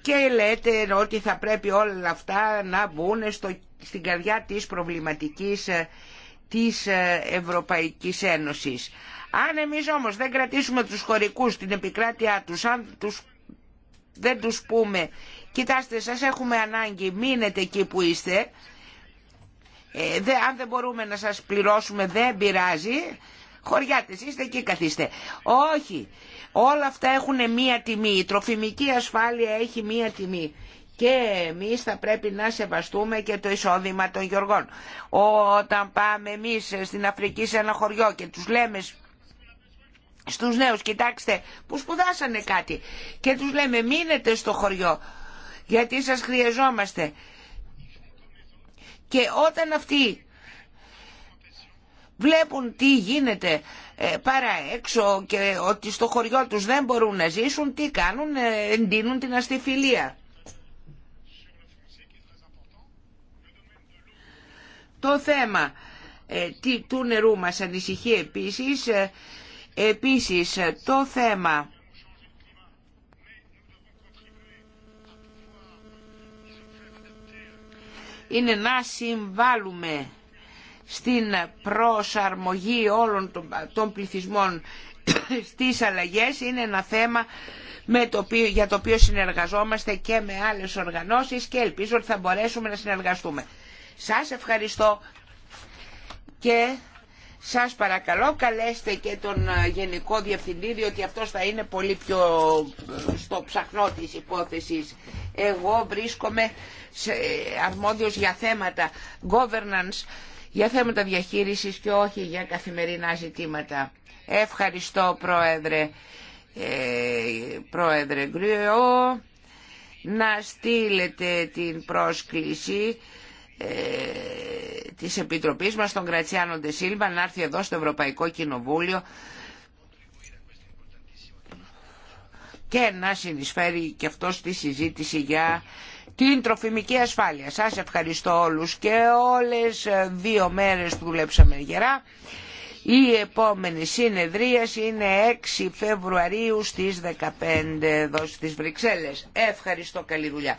και λέτε ότι θα πρέπει όλα αυτά να μπουν στο, στην καρδιά της προβληματικής ε, της ε, Ευρωπαϊκής Ένωσης. Αν εμείς όμως δεν κρατήσουμε τους χωρικούς την επικράτειά τους, αν τους, δεν τους πούμε «Κοιτάστε, σας έχουμε ανάγκη, μείνετε εκεί που είστε, ε, αν δεν μπορούμε να σας πληρώσουμε δεν πειράζει, χωριάτες είστε εκεί καθίστε». Όχι, Όλα αυτά έχουν μία τιμή. Η τροφιμική ασφάλεια έχει μία τιμή. Και εμείς θα πρέπει να σεβαστούμε και το εισόδημα των γεωργών. Όταν πάμε εμείς στην Αφρική σε ένα χωριό και τους λέμε στους νέους, κοιτάξτε, που σπουδάσανε κάτι και τους λέμε μείνετε στο χωριό γιατί σας χρειαζόμαστε. Και όταν αυτοί βλέπουν τι γίνεται ε, παρά έξω και ότι στο χωριό τους δεν μπορούν να ζήσουν, τι κάνουν, ε, εντείνουν την αστιφιλία. Το θέμα ε, τι του νερού μας ανησυχεί επίσης, επίσης το θέμα είναι να συμβάλλουμε στην προσαρμογή όλων των πληθυσμών στις αλλαγές είναι ένα θέμα με το οποίο, για το οποίο συνεργαζόμαστε και με άλλες οργανώσεις και ελπίζω ότι θα μπορέσουμε να συνεργαστούμε. Σας ευχαριστώ και σας παρακαλώ καλέστε και τον Γενικό Διευθυντή διότι αυτός θα είναι πολύ πιο στο ψαχνό της υπόθεσης. Εγώ βρίσκομαι αρμόδιος για θέματα governance για θέματα διαχείρισης και όχι για καθημερινά ζητήματα. Ευχαριστώ Πρόεδρε, ε, πρόεδρε Γκριό, να στείλετε την πρόσκληση ε, της Επιτροπής μας τον Κρατσιάνο Ντεσίλβα να έρθει εδώ στο Ευρωπαϊκό Κοινοβούλιο και να συνεισφέρει και αυτό στη συζήτηση για την τροφιμική ασφάλεια. Σας ευχαριστώ όλους και όλες. Ε, δύο μέρες δουλέψαμε γερά. Η επόμενη συνεδρίαση είναι 6 Φεβρουαρίου στις 15 εδώ στις Βρυξέλλες. Ευχαριστώ, καλή δουλειά.